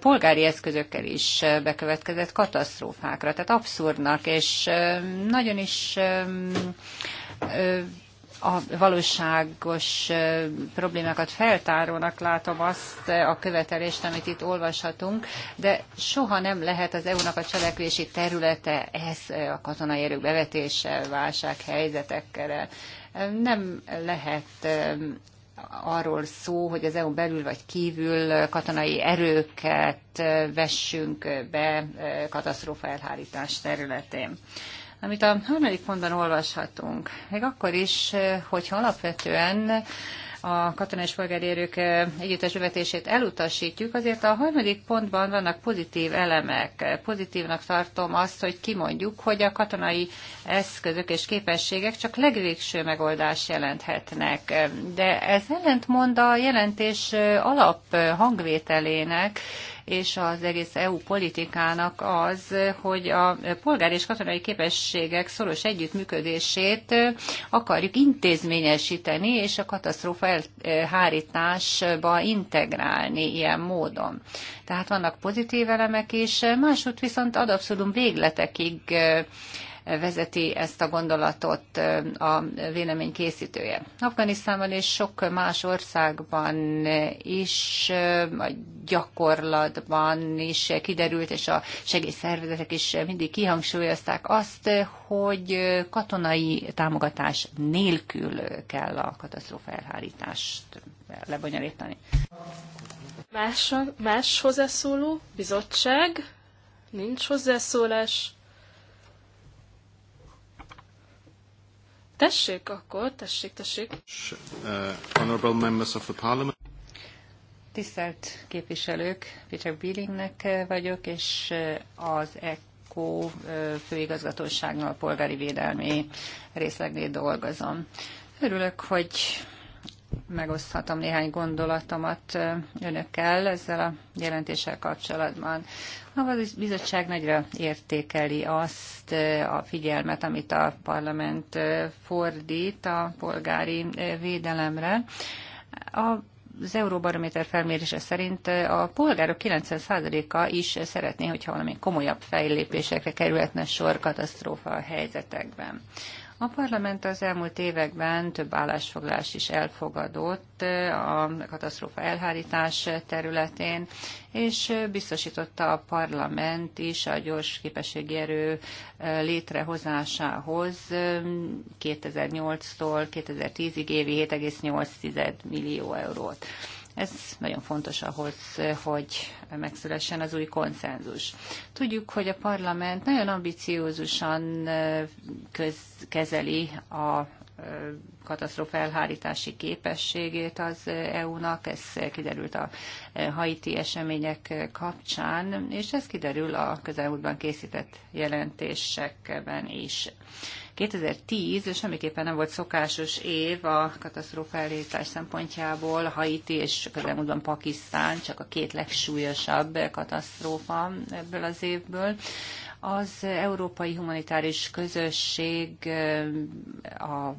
D: polgári eszközökkel is bekövetkezett katasztrófákra. Tehát abszurdnak, és nagyon is a valóságos problémákat feltárónak látom azt a követelést, amit itt olvashatunk, de soha nem lehet az EU-nak a cselekvési területe ez a katonai erők bevetése, válság helyzetekkel. Nem lehet arról szó, hogy az EU belül vagy kívül katonai erőket vessünk be katasztrófa elhárítás területén amit a harmadik pontban olvashatunk. Még akkor is, eh, hogyha alapvetően a katonai és polgári erők eh, együttes bevetését elutasítjuk, azért a harmadik pontban vannak pozitív elemek. Pozitívnak tartom azt, hogy kimondjuk, hogy a katonai eszközök és képességek csak legvégső megoldást jelenthetnek. De ez ellentmond a jelentés eh, alap hangvételének, és az egész EU politikának az, hogy a polgár és katonai képességek szoros együttműködését akarjuk intézményesíteni, és a katasztrófa elhárításba integrálni ilyen módon. Tehát vannak pozitív elemek is, másút viszont ad abszolút végletekig vezeti ezt a gondolatot a vélemény készítője. Afganisztánban és sok más országban is, a gyakorlatban is kiderült, és a segélyszervezetek is mindig kihangsúlyozták azt, hogy katonai támogatás nélkül kell a katasztrófa elhárítást lebonyolítani.
A: Más, más hozzászóló? Bizottság? Nincs hozzászólás? Tessék akkor, tessék,
D: tessék.
B: Uh, honorable members of the parliament.
D: Tisztelt képviselők, Peter Billingnek vagyok, és uh, az ECO uh, főigazgatóságnál a polgári védelmi részlegnél dolgozom. Örülök, hogy megoszthatom néhány gondolatomat önökkel ezzel a jelentéssel kapcsolatban. A bizottság nagyra értékeli azt a figyelmet, amit a parlament fordít a polgári védelemre. A az Euróbarométer felmérése szerint a polgárok 90%-a is szeretné, hogyha valami komolyabb fejlépésekre kerülhetne sor katasztrófa helyzetekben. A parlament az elmúlt években több állásfoglás is elfogadott a katasztrófa elhárítás területén, és biztosította a parlament is a gyors képességi erő létrehozásához 2008-tól 2010-ig évi 7,8 millió eurót. Ez nagyon fontos ahhoz, hogy megszülessen az új konszenzus. Tudjuk, hogy a parlament nagyon ambiciózusan köz, kezeli a katasztrófa elhárítási képességét az EU-nak, ez kiderült a haiti események kapcsán, és ez kiderül a közelmúltban készített jelentésekben is. 2010 semmiképpen nem volt szokásos év a katasztrófa szempontjából. Haiti és közelmúltban Pakisztán csak a két legsúlyosabb katasztrófa ebből az évből. Az európai humanitáris közösség a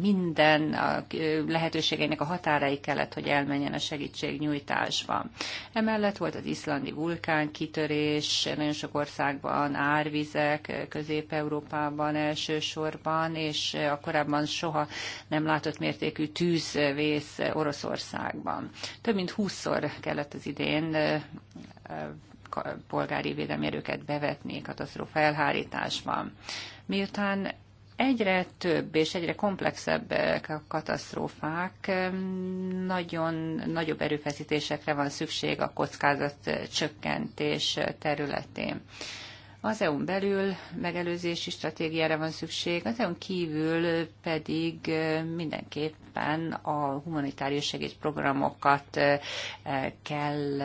D: minden a lehetőségeinek a határai kellett, hogy elmenjen a segítségnyújtásban. Emellett volt az iszlandi vulkán kitörés, nagyon sok országban árvizek, Közép-Európában elsősorban, és a korábban soha nem látott mértékű tűzvész Oroszországban. Több mint 20 kellett az idén polgári védelmérőket bevetni katasztrófa elhárításban. Miután egyre több és egyre komplexebb katasztrófák, nagyon nagyobb erőfeszítésekre van szükség a kockázat csökkentés területén. Az EU-n belül megelőzési stratégiára van szükség, az EU-n kívül pedig mindenképpen a humanitárius segélyprogramokat kell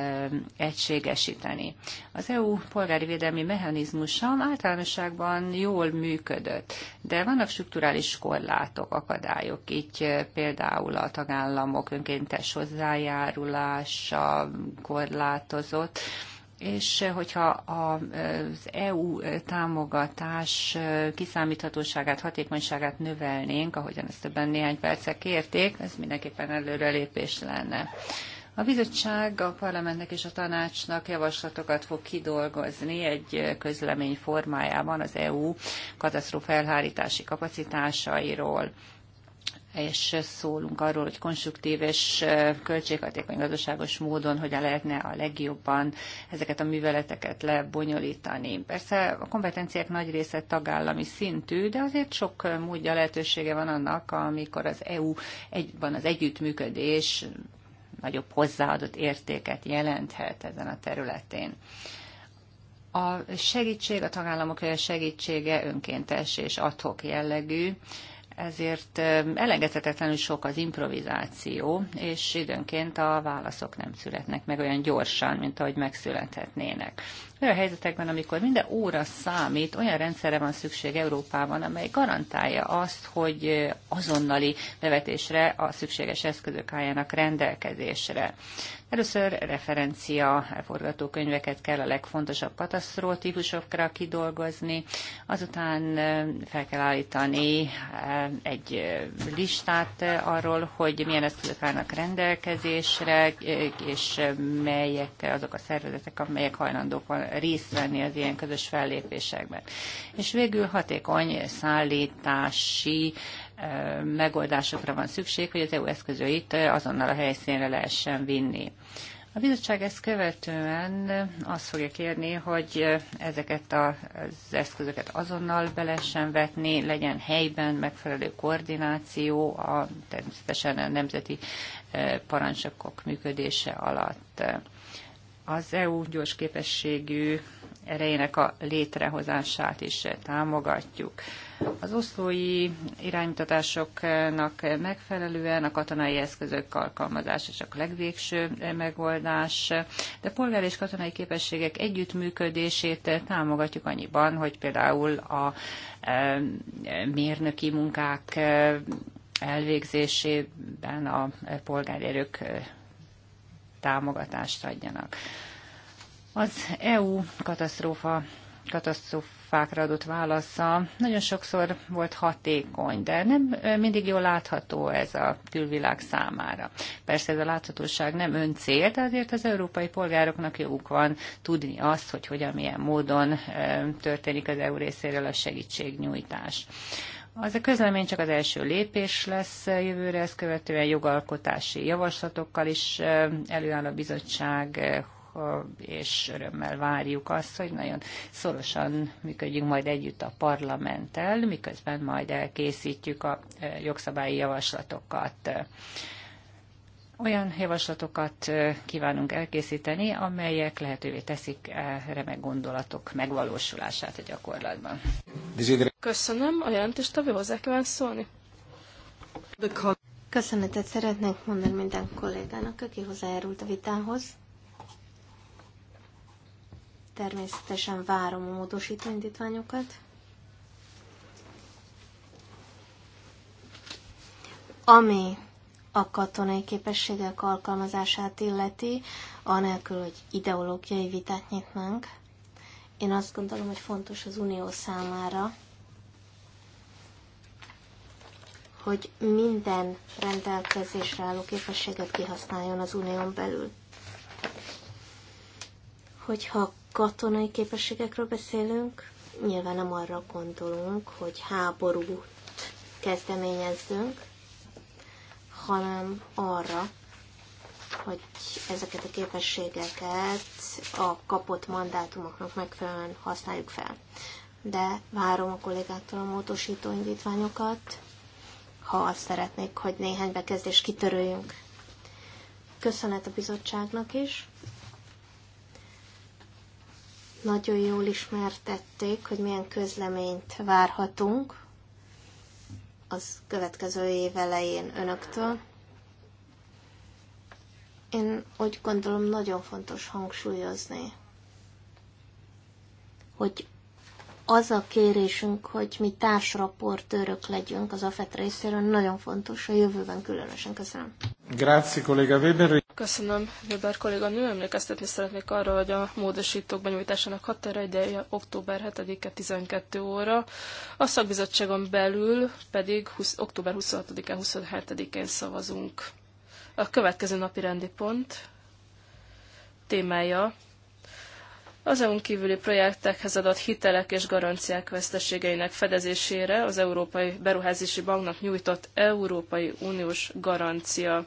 D: egységesíteni. Az EU polgári védelmi mechanizmusa általánosságban jól működött, de vannak strukturális korlátok, akadályok, így például a tagállamok önkéntes hozzájárulása korlátozott, és eh, hogyha az EU eh, támogatás eh, kiszámíthatóságát, hatékonyságát növelnénk, ahogyan ezt többen néhány perce kérték, ez mindenképpen előrelépés lenne. A bizottság a parlamentnek és a tanácsnak javaslatokat fog kidolgozni egy közlemény formájában az EU katasztrófelhárítási kapacitásairól és szólunk arról, hogy konstruktív és költséghatékony gazdaságos módon hogyan lehetne a legjobban ezeket a műveleteket lebonyolítani. Persze a kompetenciák nagy része tagállami szintű, de azért sok módja lehetősége van annak, amikor az EU egyben az együttműködés nagyobb hozzáadott értéket jelenthet ezen a területén. A segítség, a tagállamok segítsége önkéntes és adhok jellegű, ezért elengedhetetlenül sok az improvizáció, és időnként a válaszok nem születnek meg olyan gyorsan, mint ahogy megszülethetnének. Olyan helyzetekben, amikor minden óra számít, olyan rendszerre van szükség Európában, amely garantálja azt, hogy azonnali bevetésre a szükséges eszközök álljanak rendelkezésre. Először referencia forgatókönyveket kell a legfontosabb katasztrótípusokra kidolgozni, azután fel kell állítani egy listát arról, hogy milyen eszközök állnak rendelkezésre, és melyek azok a szervezetek, amelyek hajlandók van részt venni az ilyen közös fellépésekben. És végül hatékony szállítási megoldásokra van szükség, hogy az EU eszközöit azonnal a helyszínre lehessen vinni. A bizottság ezt követően azt fogja kérni, hogy ezeket az eszközöket azonnal be lehessen vetni, legyen helyben megfelelő koordináció, a, természetesen a nemzeti parancsokok működése alatt. Az EU gyors képességű erejének a létrehozását is támogatjuk. Az oszlói iránymutatásoknak megfelelően a katonai eszközök alkalmazása csak a legvégső megoldás, de polgári és katonai képességek együttműködését támogatjuk annyiban, hogy például a e, mérnöki munkák e, elvégzésében a polgári erők e, támogatást adjanak. Az EU katasztrófa katasztrófákra adott válasza nagyon sokszor volt hatékony, de nem mindig jól látható ez a külvilág számára. Persze ez a láthatóság nem öncél, de azért az európai polgároknak joguk van tudni azt, hogy hogyan, milyen módon történik az EU részéről a segítségnyújtás. Az a közlemény csak az első lépés lesz jövőre, ezt követően jogalkotási javaslatokkal is előáll a bizottság, és örömmel várjuk azt, hogy nagyon szorosan működjünk majd együtt a parlamenttel, miközben majd elkészítjük a eh, jogszabályi javaslatokat. Olyan javaslatokat eh, kívánunk elkészíteni, amelyek lehetővé teszik remek gondolatok megvalósulását a gyakorlatban. Köszönöm, a jelentéstevő hozzá kíván szólni.
B: Köszönetet szeretnék mondani minden kollégának, aki hozzájárult a vitához. Természetesen várom a módosító indítványokat. Ami a katonai képességek alkalmazását illeti, anélkül, hogy ideológiai vitát nyitnánk, én azt gondolom, hogy fontos az Unió számára, hogy minden rendelkezésre álló képességet kihasználjon az unión belül. Hogyha katonai képességekről beszélünk, nyilván nem arra gondolunk, hogy háborút kezdeményezzünk, hanem arra, hogy ezeket a képességeket a kapott mandátumoknak megfelelően használjuk fel. De várom a kollégáktól a módosító indítványokat, ha azt szeretnék, hogy néhány bekezdést kitörőjünk. Köszönet a bizottságnak is, nagyon jól ismertették, hogy milyen közleményt várhatunk az következő év elején önöktől. Én úgy gondolom nagyon fontos hangsúlyozni, hogy az a kérésünk, hogy mi társraportőrök legyünk az AFET részéről, nagyon fontos a jövőben különösen. Köszönöm.
C: Grazie, kolléga Weber.
B: Köszönöm, Weber Nő Emlékeztetni
A: szeretnék arra, hogy a módosítók benyújtásának ideje, október 7-e 12 óra, a szakbizottságon belül pedig 20, október 26 e 27-én szavazunk. A következő napi rendi pont témája az EU-n kívüli projektekhez adott hitelek és garanciák veszteségeinek fedezésére az Európai Beruházási Banknak nyújtott Európai Uniós garancia.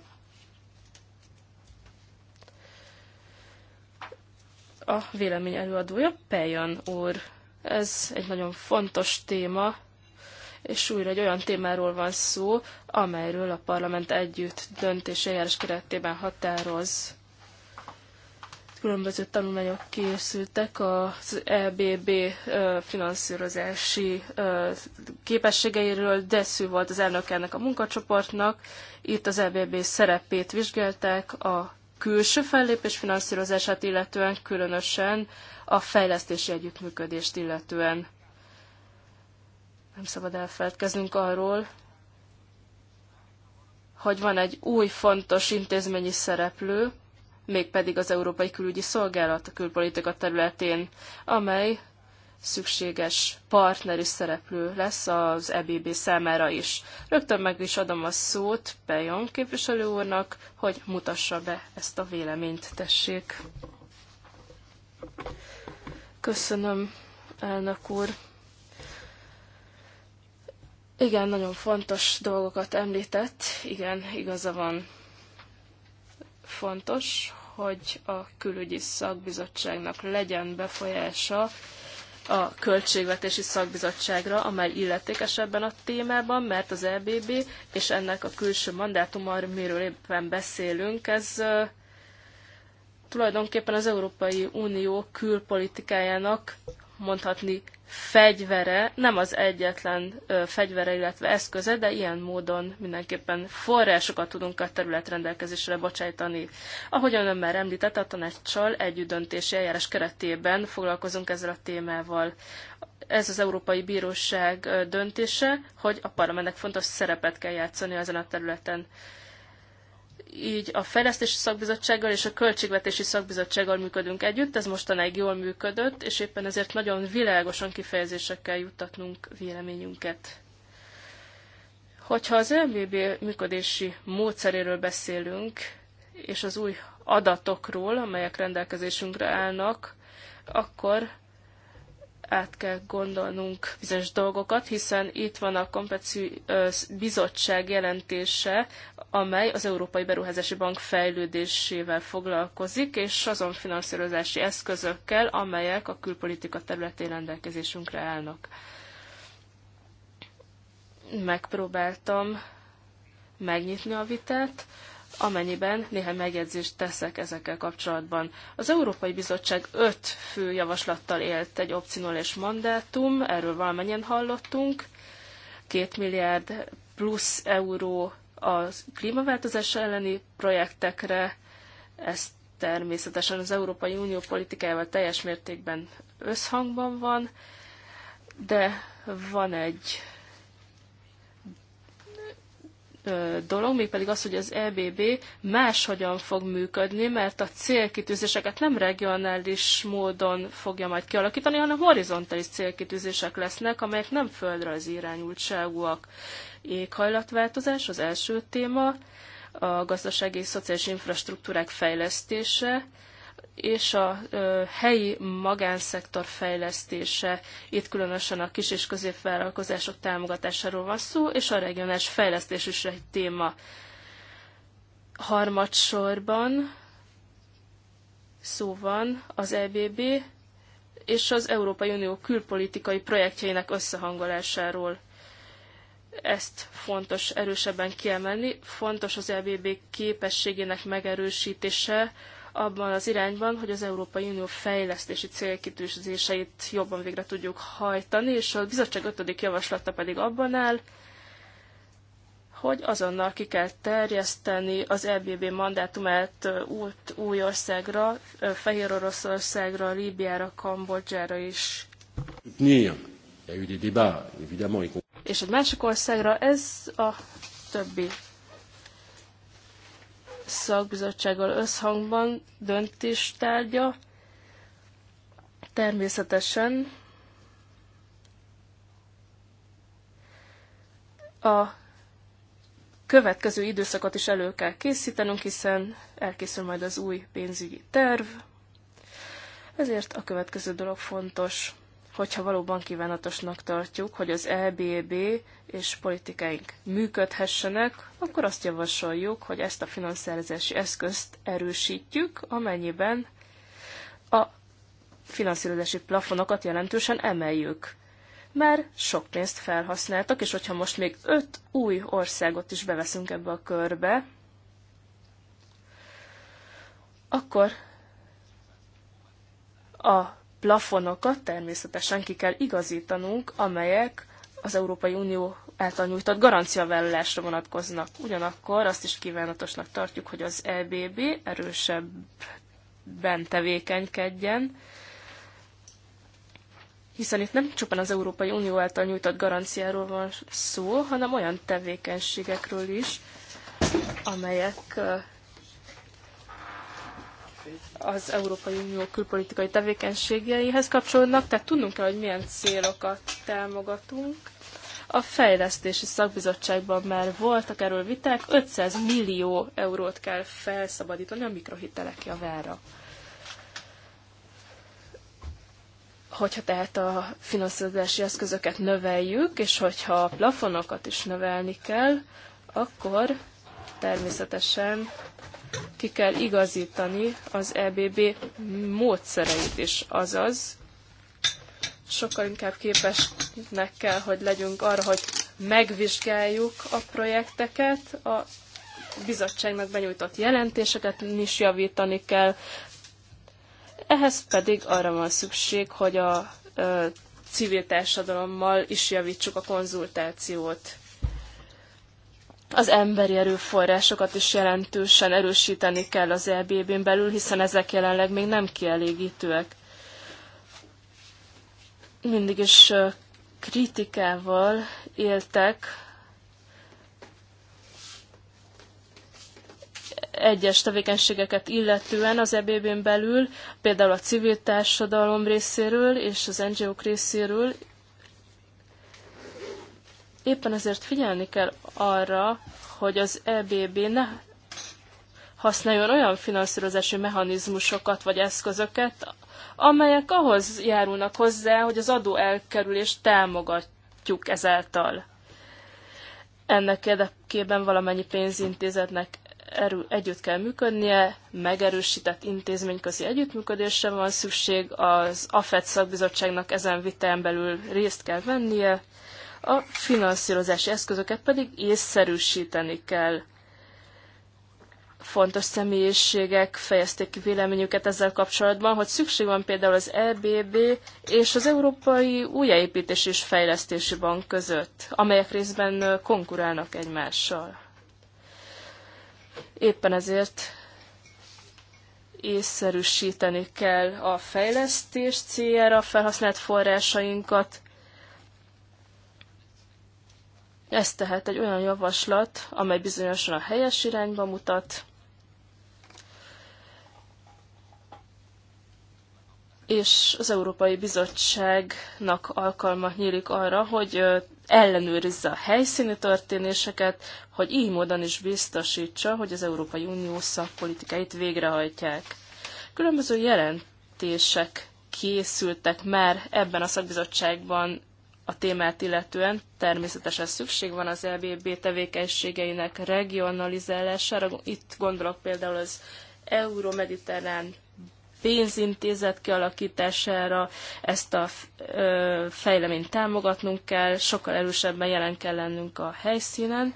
A: a vélemény előadója, Pejan úr. Ez egy nagyon fontos téma, és újra egy olyan témáról van szó, amelyről a parlament együtt döntés eljárás keretében határoz. Különböző tanulmányok készültek az EBB finanszírozási képességeiről, Deszű volt az elnök ennek a munkacsoportnak. Itt az EBB szerepét vizsgálták a külső fellépés finanszírozását illetően, különösen a fejlesztési együttműködést illetően. Nem szabad elfeledkeznünk arról, hogy van egy új fontos intézményi szereplő, mégpedig az Európai Külügyi Szolgálat a külpolitika területén, amely szükséges partner és szereplő lesz az EBB számára is. Rögtön meg is adom a szót Pejon képviselő úrnak, hogy mutassa be ezt a véleményt, tessék. Köszönöm, elnök úr. Igen, nagyon fontos dolgokat említett. Igen, igaza van. Fontos, hogy a külügyi szakbizottságnak legyen befolyása a Költségvetési Szakbizottságra, amely illetékes ebben a témában, mert az EBB és ennek a külső mandátuma, amiről éppen beszélünk, ez tulajdonképpen az Európai Unió külpolitikájának mondhatni fegyvere, nem az egyetlen fegyvere, illetve eszköze, de ilyen módon mindenképpen forrásokat tudunk a terület rendelkezésre bocsájtani. Ahogyan ön már említett, a tanácssal együttdöntési eljárás keretében foglalkozunk ezzel a témával. Ez az Európai Bíróság döntése, hogy a parlamentnek fontos szerepet kell játszani ezen a területen így a fejlesztési szakbizottsággal és a költségvetési szakbizottsággal működünk együtt, ez mostanáig jól működött, és éppen ezért nagyon világosan kifejezésekkel juttatnunk véleményünket. Hogyha az MVB működési módszeréről beszélünk, és az új adatokról, amelyek rendelkezésünkre állnak, akkor át kell gondolnunk bizonyos dolgokat, hiszen itt van a kompetenci Bizottság jelentése, amely az Európai Beruházási Bank fejlődésével foglalkozik, és azon finanszírozási eszközökkel, amelyek a külpolitika területén rendelkezésünkre állnak. Megpróbáltam megnyitni a vitát, amennyiben néhány megjegyzést teszek ezekkel kapcsolatban. Az Európai Bizottság öt fő javaslattal élt egy és mandátum, erről valamennyien hallottunk, két milliárd plusz euró a klímaváltozás elleni projektekre, Ez természetesen az Európai Unió politikájával teljes mértékben összhangban van, de van egy dolog, mégpedig az, hogy az EBB máshogyan fog működni, mert a célkitűzéseket nem regionális módon fogja majd kialakítani, hanem horizontális célkitűzések lesznek, amelyek nem földre az irányultságúak. Éghajlatváltozás az első téma, a gazdasági és szociális infrastruktúrák fejlesztése, és a helyi magánszektor fejlesztése, itt különösen a kis- és középvállalkozások támogatásáról van szó, és a regionális fejlesztés is egy téma. Harmadsorban szó van az EBB és az Európai Unió külpolitikai projektjeinek összehangolásáról. Ezt fontos erősebben kiemelni. Fontos az EBB képességének megerősítése, abban az irányban, hogy az Európai Unió fejlesztési célkitűzéseit jobban végre tudjuk hajtani, és a bizottság ötödik javaslata pedig abban áll, hogy azonnal ki kell terjeszteni az EBB mandátumát út új országra, Fehér Oroszországra, Líbiára, Kambodzsára is. És egy másik országra ez a többi szakbizottsággal összhangban döntés tárgya. Természetesen a következő időszakot is elő kell készítenünk, hiszen elkészül majd az új pénzügyi terv. Ezért a következő dolog fontos hogyha valóban kívánatosnak tartjuk, hogy az EBB és politikáink működhessenek, akkor azt javasoljuk, hogy ezt a finanszírozási eszközt erősítjük, amennyiben a finanszírozási plafonokat jelentősen emeljük. Már sok pénzt felhasználtak, és hogyha most még öt új országot is beveszünk ebbe a körbe, akkor a plafonokat természetesen ki kell igazítanunk, amelyek az Európai Unió által nyújtott garanciavállalásra vonatkoznak. Ugyanakkor azt is kívánatosnak tartjuk, hogy az EBB erősebben tevékenykedjen, hiszen itt nem csupán az Európai Unió által nyújtott garanciáról van szó, hanem olyan tevékenységekről is, amelyek az Európai Unió külpolitikai tevékenységeihez kapcsolódnak, tehát tudnunk kell, hogy milyen célokat támogatunk. A fejlesztési szakbizottságban már voltak erről viták, 500 millió eurót kell felszabadítani a mikrohitelek javára. hogyha tehát a finanszírozási eszközöket növeljük, és hogyha a plafonokat is növelni kell, akkor természetesen ki kell igazítani az EBB módszereit is, azaz sokkal inkább képesnek kell, hogy legyünk arra, hogy megvizsgáljuk a projekteket, a bizottságnak benyújtott jelentéseket is javítani kell, ehhez pedig arra van szükség, hogy a civil társadalommal is javítsuk a konzultációt az emberi erőforrásokat is jelentősen erősíteni kell az EBB-n belül, hiszen ezek jelenleg még nem kielégítőek. Mindig is kritikával éltek egyes tevékenységeket illetően az EBB-n belül, például a civil társadalom részéről és az NGO-k részéről, Éppen ezért figyelni kell arra, hogy az EBB ne használjon olyan finanszírozási mechanizmusokat vagy eszközöket, amelyek ahhoz járulnak hozzá, hogy az adó elkerülést támogatjuk ezáltal. Ennek érdekében valamennyi pénzintézetnek erő, együtt kell működnie, megerősített intézményközi együttműködésre van szükség, az AFET szakbizottságnak ezen vitán belül részt kell vennie, a finanszírozási eszközöket pedig észszerűsíteni kell. Fontos személyiségek fejezték ki véleményüket ezzel kapcsolatban, hogy szükség van például az EBB és az Európai Újjáépítés és Fejlesztési Bank között, amelyek részben konkurálnak egymással. Éppen ezért észszerűsíteni kell a fejlesztés céljára felhasznált forrásainkat, ez tehát egy olyan javaslat, amely bizonyosan a helyes irányba mutat, és az Európai Bizottságnak alkalma nyílik arra, hogy ellenőrizze a helyszíni történéseket, hogy így módon is biztosítsa, hogy az Európai Unió szakpolitikáit végrehajtják. Különböző jelentések készültek már ebben a szakbizottságban a témát illetően természetesen szükség van az LBB tevékenységeinek regionalizálására. Itt gondolok például az euró-mediterrán pénzintézet kialakítására, ezt a fejleményt támogatnunk kell, sokkal erősebben jelen kell lennünk a helyszínen,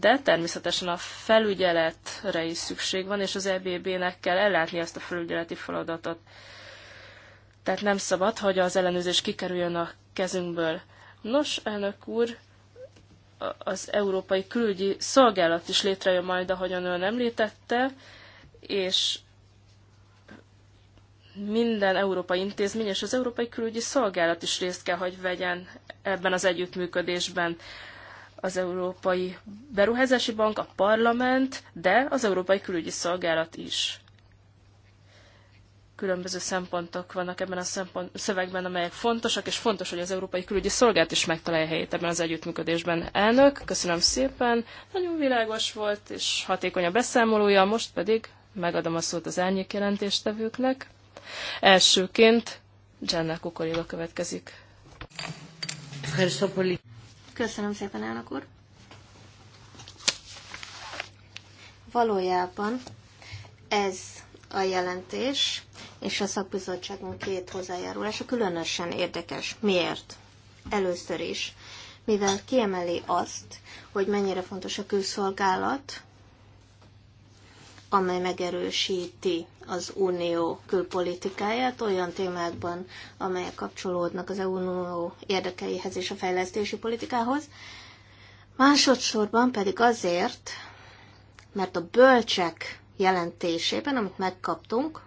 A: de természetesen a felügyeletre is szükség van, és az EBB-nek kell ellátni ezt a felügyeleti feladatot. Tehát nem szabad, hogy az ellenőrzés kikerüljön a kezünkből. Nos, elnök úr, az Európai Külügyi Szolgálat is létrejön majd, ahogyan ön említette, és minden európai intézmény és az Európai Külügyi Szolgálat is részt kell, hogy vegyen ebben az együttműködésben. Az Európai Beruházási Bank, a Parlament, de az Európai Külügyi Szolgálat is különböző szempontok vannak ebben a szempont, szövegben, amelyek fontosak, és fontos, hogy az Európai Külügyi Szolgált is megtalálja helyét ebben az együttműködésben. Elnök, köszönöm szépen, nagyon világos volt, és hatékony a beszámolója, most pedig megadom a szót az árnyék jelentéstevőknek. Elsőként Jenna Kukoriga következik.
B: Köszönöm szépen, elnök úr. Valójában ez a jelentés, és a szakbizottságunk két hozzájárulása különösen érdekes. Miért? Először is, mivel kiemeli azt, hogy mennyire fontos a külszolgálat, amely megerősíti az unió külpolitikáját olyan témákban, amelyek kapcsolódnak az unió érdekeihez és a fejlesztési politikához. Másodszorban pedig azért, mert a bölcsek jelentésében, amit megkaptunk,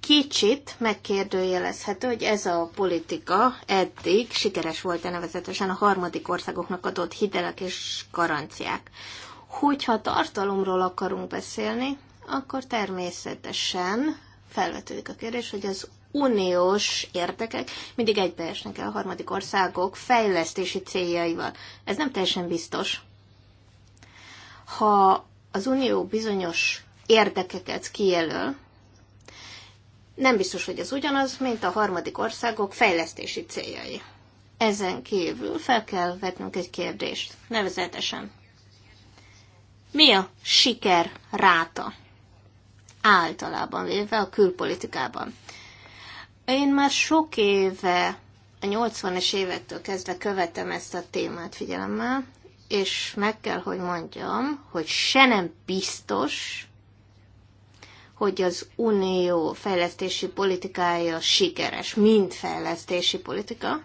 B: kicsit megkérdőjelezhető, hogy ez a politika eddig sikeres volt-e nevezetesen a harmadik országoknak adott hitelek és garanciák. Hogyha tartalomról akarunk beszélni, akkor természetesen felvetődik a kérdés, hogy az uniós érdekek mindig egybeesnek el a harmadik országok fejlesztési céljaival. Ez nem teljesen biztos. Ha az unió bizonyos érdekeket kijelöl, nem biztos, hogy ez ugyanaz, mint a harmadik országok fejlesztési céljai. Ezen kívül fel kell vetnünk egy kérdést, nevezetesen. Mi a siker ráta? Általában véve a külpolitikában. Én már sok éve, a 80-es évektől kezdve követem ezt a témát figyelemmel, és meg kell, hogy mondjam, hogy se nem biztos, hogy az unió fejlesztési politikája sikeres, mind fejlesztési politika,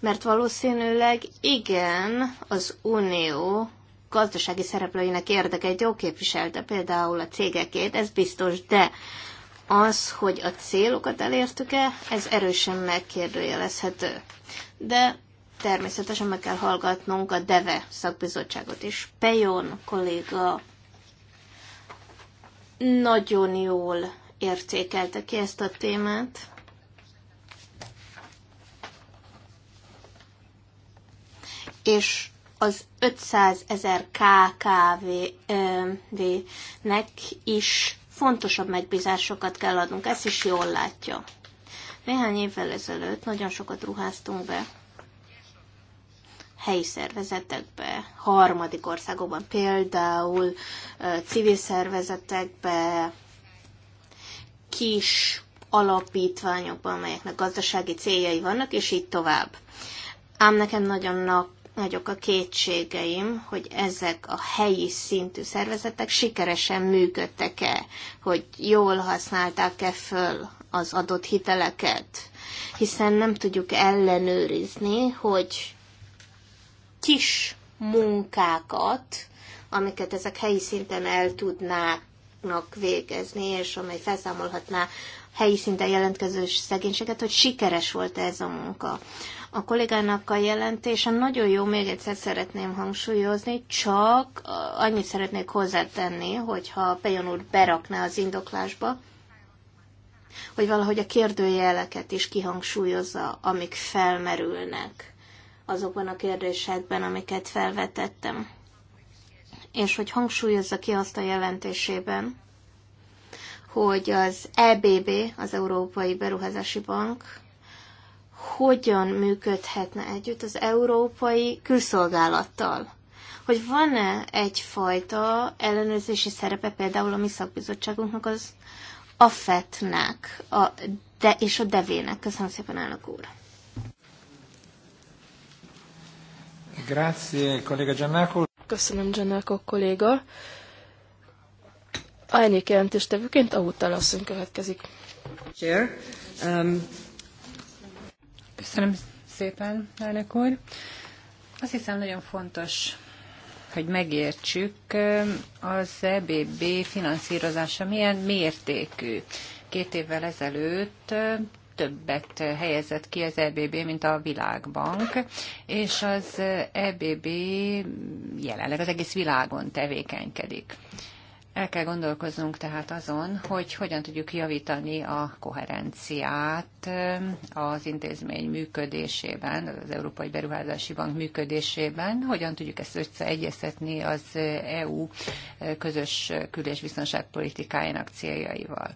B: mert valószínűleg igen, az unió gazdasági szereplőinek érdekeit jó képviselte, például a cégekét, ez biztos, de az, hogy a célokat elértük-e, ez erősen megkérdőjelezhető. De természetesen meg kell hallgatnunk a DEVE szakbizottságot is. Pejon kolléga nagyon jól értékelte ki ezt a témát. És az 500 ezer KKV-nek is fontosabb megbízásokat kell adnunk. Ezt is jól látja. Néhány évvel ezelőtt nagyon sokat ruháztunk be helyi szervezetekbe, harmadik országokban, például civil szervezetekbe, kis alapítványokban, amelyeknek gazdasági céljai vannak, és így tovább. Ám nekem nagyon nagyok a kétségeim, hogy ezek a helyi szintű szervezetek sikeresen működtek-e, hogy jól használták-e föl az adott hiteleket, hiszen nem tudjuk ellenőrizni, hogy kis munkákat, amiket ezek helyi szinten el tudnának végezni, és amely felszámolhatná helyi szinten jelentkező szegénységet, hogy sikeres volt ez a munka. A kollégának a jelentésem nagyon jó, még egyszer szeretném hangsúlyozni, csak annyit szeretnék hozzátenni, hogyha Pejon úr berakná az indoklásba, hogy valahogy a kérdőjeleket is kihangsúlyozza, amik felmerülnek azokban a kérdésekben, amiket felvetettem. És hogy hangsúlyozza ki azt a jelentésében, hogy az EBB, az Európai Beruházási Bank hogyan működhetne együtt az európai külszolgálattal. Hogy van-e egyfajta ellenőrzési szerepe például a mi szakbizottságunknak, az afet nek a de, és a devének. Köszönöm szépen, elnök úr.
C: Grazie, kolléga Giannaco.
A: Köszönöm, Giannaco kolléga. Ajnék jelentéstevőként
D: a úttalasszony következik. Chair, um, Köszönöm szépen, elnök úr. Azt hiszem nagyon fontos, hogy megértsük, eh, az EBB finanszírozása milyen mértékű. Két évvel ezelőtt eh, többet helyezett ki az EBB, mint a Világbank, és az EBB jelenleg az egész világon tevékenykedik. El kell gondolkoznunk tehát azon, hogy hogyan tudjuk javítani a koherenciát az intézmény működésében, az Európai Beruházási Bank működésében, hogyan tudjuk ezt összeegyeztetni az EU közös kül- és biztonságpolitikájának céljaival.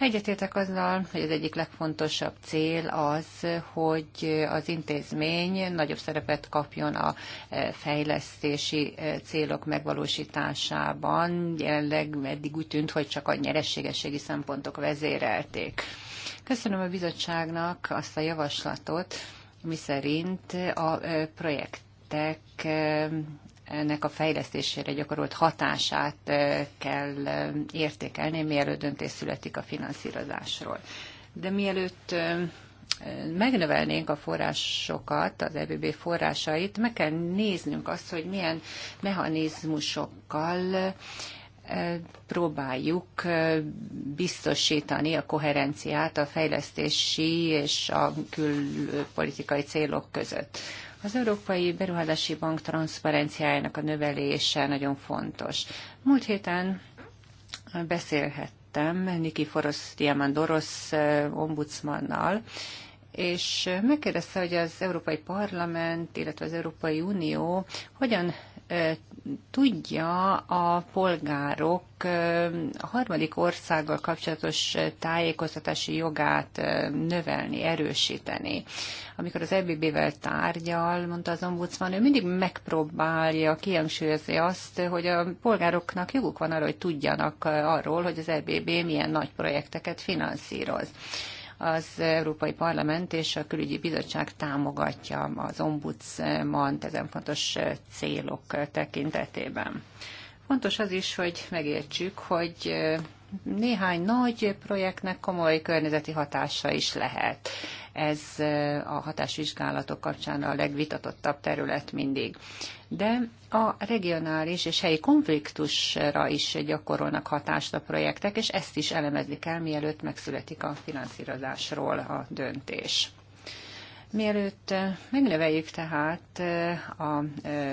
D: Egyetértek azzal, hogy az egyik legfontosabb cél az, hogy az intézmény nagyobb szerepet kapjon a e, fejlesztési e, célok megvalósításában. Jelenleg eddig úgy tűnt, hogy csak a nyerességességi szempontok vezérelték. Köszönöm a bizottságnak azt a javaslatot, miszerint a e, projektek ennek a fejlesztésére gyakorolt hatását kell értékelni, mielőtt döntés születik a finanszírozásról. De mielőtt megnövelnénk a forrásokat, az EBB forrásait, meg kell néznünk azt, hogy milyen mechanizmusokkal próbáljuk biztosítani a koherenciát a fejlesztési és a külpolitikai célok között. Az Európai Beruházási Bank transzparenciájának a növelése nagyon fontos. Múlt héten beszélhettem Niki Forosz Diamandoros eh, ombudsmannal, és megkérdezte, hogy az Európai Parlament, illetve az Európai Unió hogyan tudja a polgárok a harmadik országgal kapcsolatos tájékoztatási jogát növelni, erősíteni. Amikor az EBB-vel tárgyal, mondta az ombudsman, ő mindig megpróbálja kihangsúlyozni azt, hogy a polgároknak joguk van arra, hogy tudjanak arról, hogy az EBB milyen nagy projekteket finanszíroz. Az Európai Parlament és a Külügyi Bizottság támogatja az ombudsman ezen fontos célok tekintetében. Fontos az is, hogy megértsük, hogy néhány nagy projektnek komoly környezeti hatása is lehet. Ez eh, a hatásvizsgálatok kapcsán a legvitatottabb terület mindig. De a regionális és helyi konfliktusra is gyakorolnak hatást a projektek, és ezt is elemezni kell, mielőtt megszületik a finanszírozásról a döntés. Mielőtt megnöveljük tehát a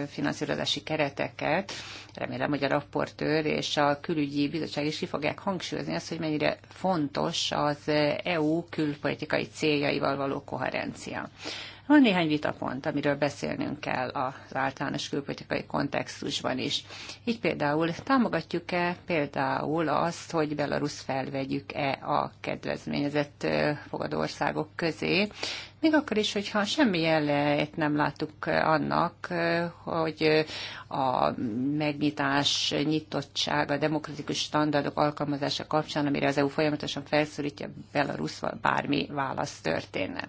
D: finanszírozási kereteket, remélem, hogy a rapportőr és a külügyi bizottság is ki fogják hangsúlyozni azt, hogy mennyire fontos az EU külpolitikai céljaival való koherencia. Van néhány vitapont, amiről beszélnünk kell az általános külpolitikai kontextusban is. Így például támogatjuk-e például azt, hogy Belarus felvegyük-e a kedvezményezett fogadóországok közé, még akkor is, hogyha semmi jelét nem láttuk annak, hogy a megnyitás, nyitottság, a demokratikus standardok alkalmazása kapcsán, amire az EU folyamatosan felszólítja Belarusval, bármi válasz történne.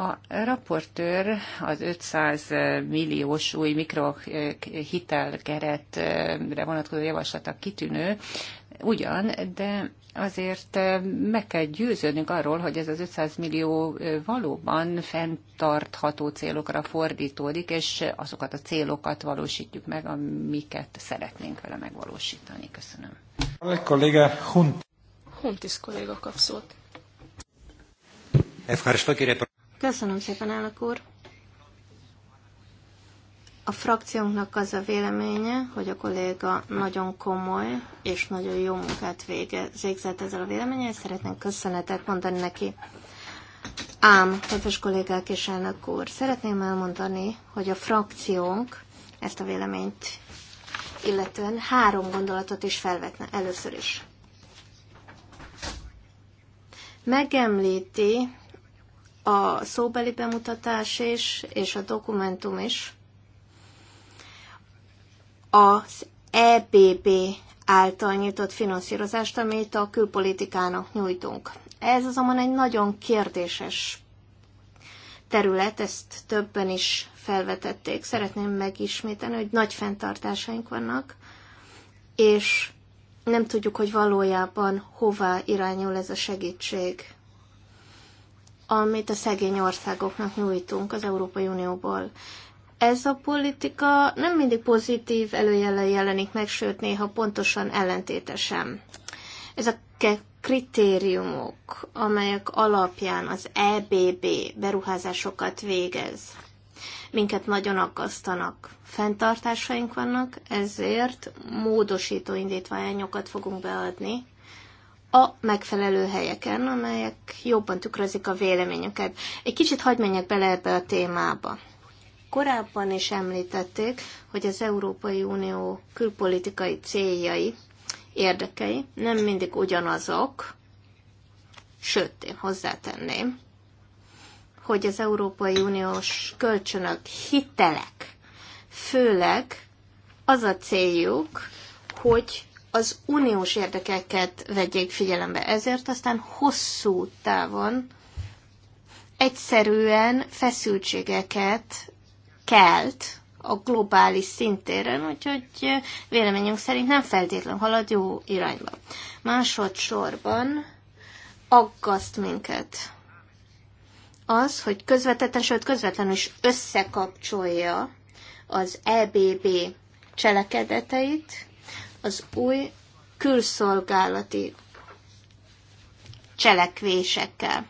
D: A raportőr az 500 milliós új mikrohitelkeretre vonatkozó javaslata kitűnő, ugyan, de azért meg kell győződnünk arról, hogy ez az 500 millió valóban fenntartható célokra fordítódik, és azokat a célokat valósítjuk meg, amiket szeretnénk vele megvalósítani. Köszönöm.
C: A kolléga Hunt.
D: Huntis kolléga kap szót.
B: Köszönöm szépen, elnök úr. A frakciónknak az a véleménye, hogy a kolléga nagyon komoly és nagyon jó munkát végez, végzett ezzel a véleménye, és szeretnénk köszönetet mondani neki. Ám, kedves kollégák és elnök úr, szeretném elmondani, hogy a frakciónk ezt a véleményt illetően három gondolatot is felvetne először is. Megemlíti a szóbeli bemutatás is, és a dokumentum is az EBB által nyitott finanszírozást, amit a külpolitikának nyújtunk. Ez azonban egy nagyon kérdéses terület, ezt többen is felvetették. Szeretném megismételni, hogy nagy fenntartásaink vannak, és nem tudjuk, hogy valójában hová irányul ez a segítség amit a szegény országoknak nyújtunk az Európai Unióból. Ez a politika nem mindig pozitív előjele jelenik meg, sőt néha pontosan ellentétesen. Ez a kritériumok, amelyek alapján az EBB beruházásokat végez, minket nagyon aggasztanak. fentartásaink vannak, ezért módosító indítványokat fogunk beadni, a megfelelő helyeken, amelyek jobban tükrözik a véleményüket. Egy kicsit hagyd menjek bele ebbe a témába. Korábban is említették, hogy az Európai Unió külpolitikai céljai, érdekei nem mindig ugyanazok, sőt, én hozzátenném, hogy az Európai Uniós kölcsönök, hitelek, főleg az a céljuk, hogy az uniós érdekeket vegyék figyelembe. Ezért aztán hosszú távon egyszerűen feszültségeket kelt a globális szintéren, úgyhogy véleményünk szerint nem feltétlenül halad jó irányba. Másodszorban aggaszt minket az, hogy közvetetten, sőt közvetlenül is összekapcsolja az EBB cselekedeteit az új külszolgálati cselekvésekkel.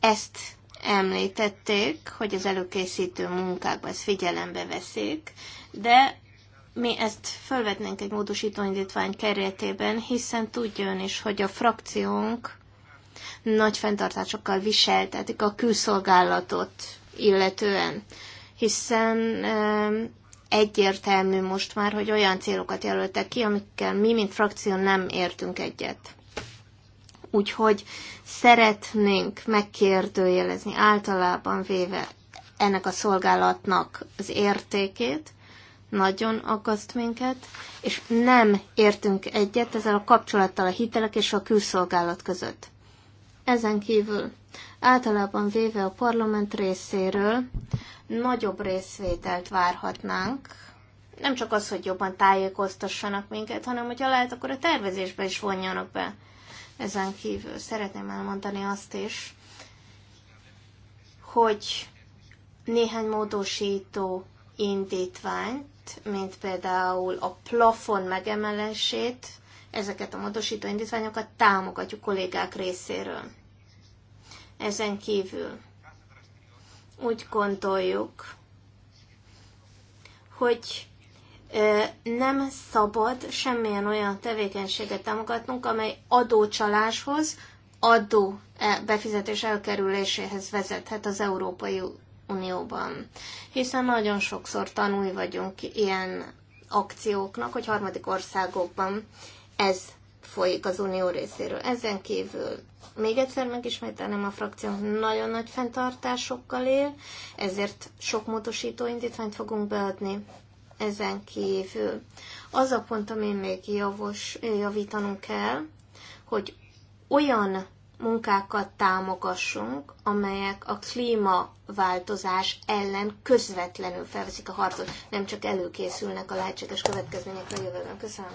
B: Ezt említették, hogy az előkészítő munkákban ezt figyelembe veszik, de mi ezt felvetnénk egy módosítóindítvány keretében, hiszen tudja ön is, hogy a frakciónk nagy fenntartásokkal viseltetik a külszolgálatot illetően, hiszen egyértelmű most már, hogy olyan célokat jelöltek ki, amikkel mi, mint frakció nem értünk egyet. Úgyhogy szeretnénk megkérdőjelezni általában véve ennek a szolgálatnak az értékét, nagyon aggaszt minket, és nem értünk egyet ezzel a kapcsolattal a hitelek és a külszolgálat között. Ezen kívül Általában véve a parlament részéről nagyobb részvételt várhatnánk, nem csak az, hogy jobban tájékoztassanak minket, hanem hogyha lehet, akkor a tervezésbe is vonjanak be. Ezen kívül szeretném elmondani azt is, hogy néhány módosító indítványt, mint például a plafon megemelését, ezeket a módosító indítványokat támogatjuk kollégák részéről. Ezen kívül úgy gondoljuk, hogy nem szabad semmilyen olyan tevékenységet támogatnunk, amely adócsaláshoz, adó e, befizetés elkerüléséhez vezethet az Európai Unióban. Hiszen nagyon sokszor tanulj vagyunk ilyen akcióknak, hogy harmadik országokban ez folyik az unió részéről. Ezen kívül még egyszer megismételném, a frakció nagyon nagy fenntartásokkal él, ezért sok módosító indítványt fogunk beadni. Ezen kívül az a pont, ami még javos, javítanunk kell, hogy olyan munkákat támogassunk, amelyek a klímaváltozás ellen közvetlenül felveszik a harcot, nem csak előkészülnek a lehetséges következményekre a jövőben. Köszönöm.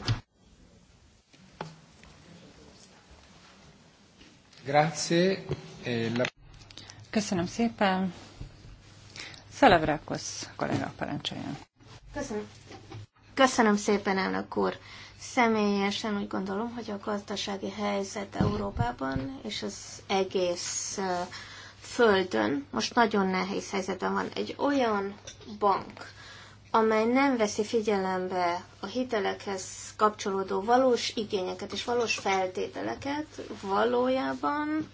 C: E,
D: Köszönöm szépen. Szelevrákosz kollega parancsoljon.
B: Köszönöm. Köszönöm szépen, elnök úr. Személyesen úgy gondolom, hogy a gazdasági helyzet Európában és az egész földön most nagyon nehéz helyzetben van. Egy olyan bank, amely nem veszi figyelembe a hitelekhez kapcsolódó valós igényeket és valós feltételeket, valójában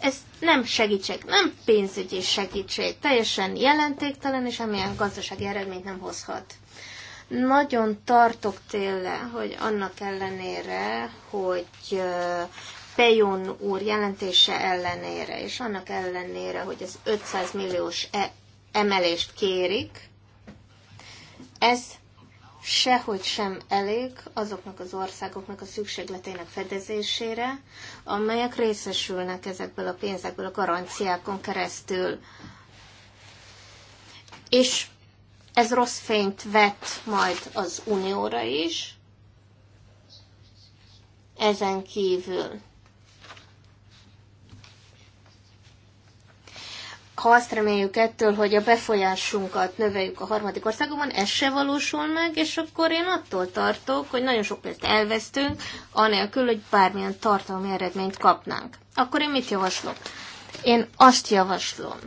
B: ez nem segítség, nem pénzügyi segítség, teljesen jelentéktelen, és amilyen gazdasági eredményt nem hozhat. Nagyon tartok tőle, hogy annak ellenére, hogy Pejon úr jelentése ellenére, és annak ellenére, hogy az 500 milliós e emelést kérik, ez sehogy sem elég azoknak az országoknak a szükségleteinek fedezésére, amelyek részesülnek ezekből a pénzekből a garanciákon keresztül. És ez rossz fényt vet majd az unióra is, ezen kívül ha azt reméljük ettől, hogy a befolyásunkat növeljük a harmadik országokban, ez se valósul meg, és akkor én attól tartok, hogy nagyon sok pénzt elvesztünk, anélkül, hogy bármilyen tartalmi eredményt kapnánk. Akkor én mit javaslok? Én azt javaslom,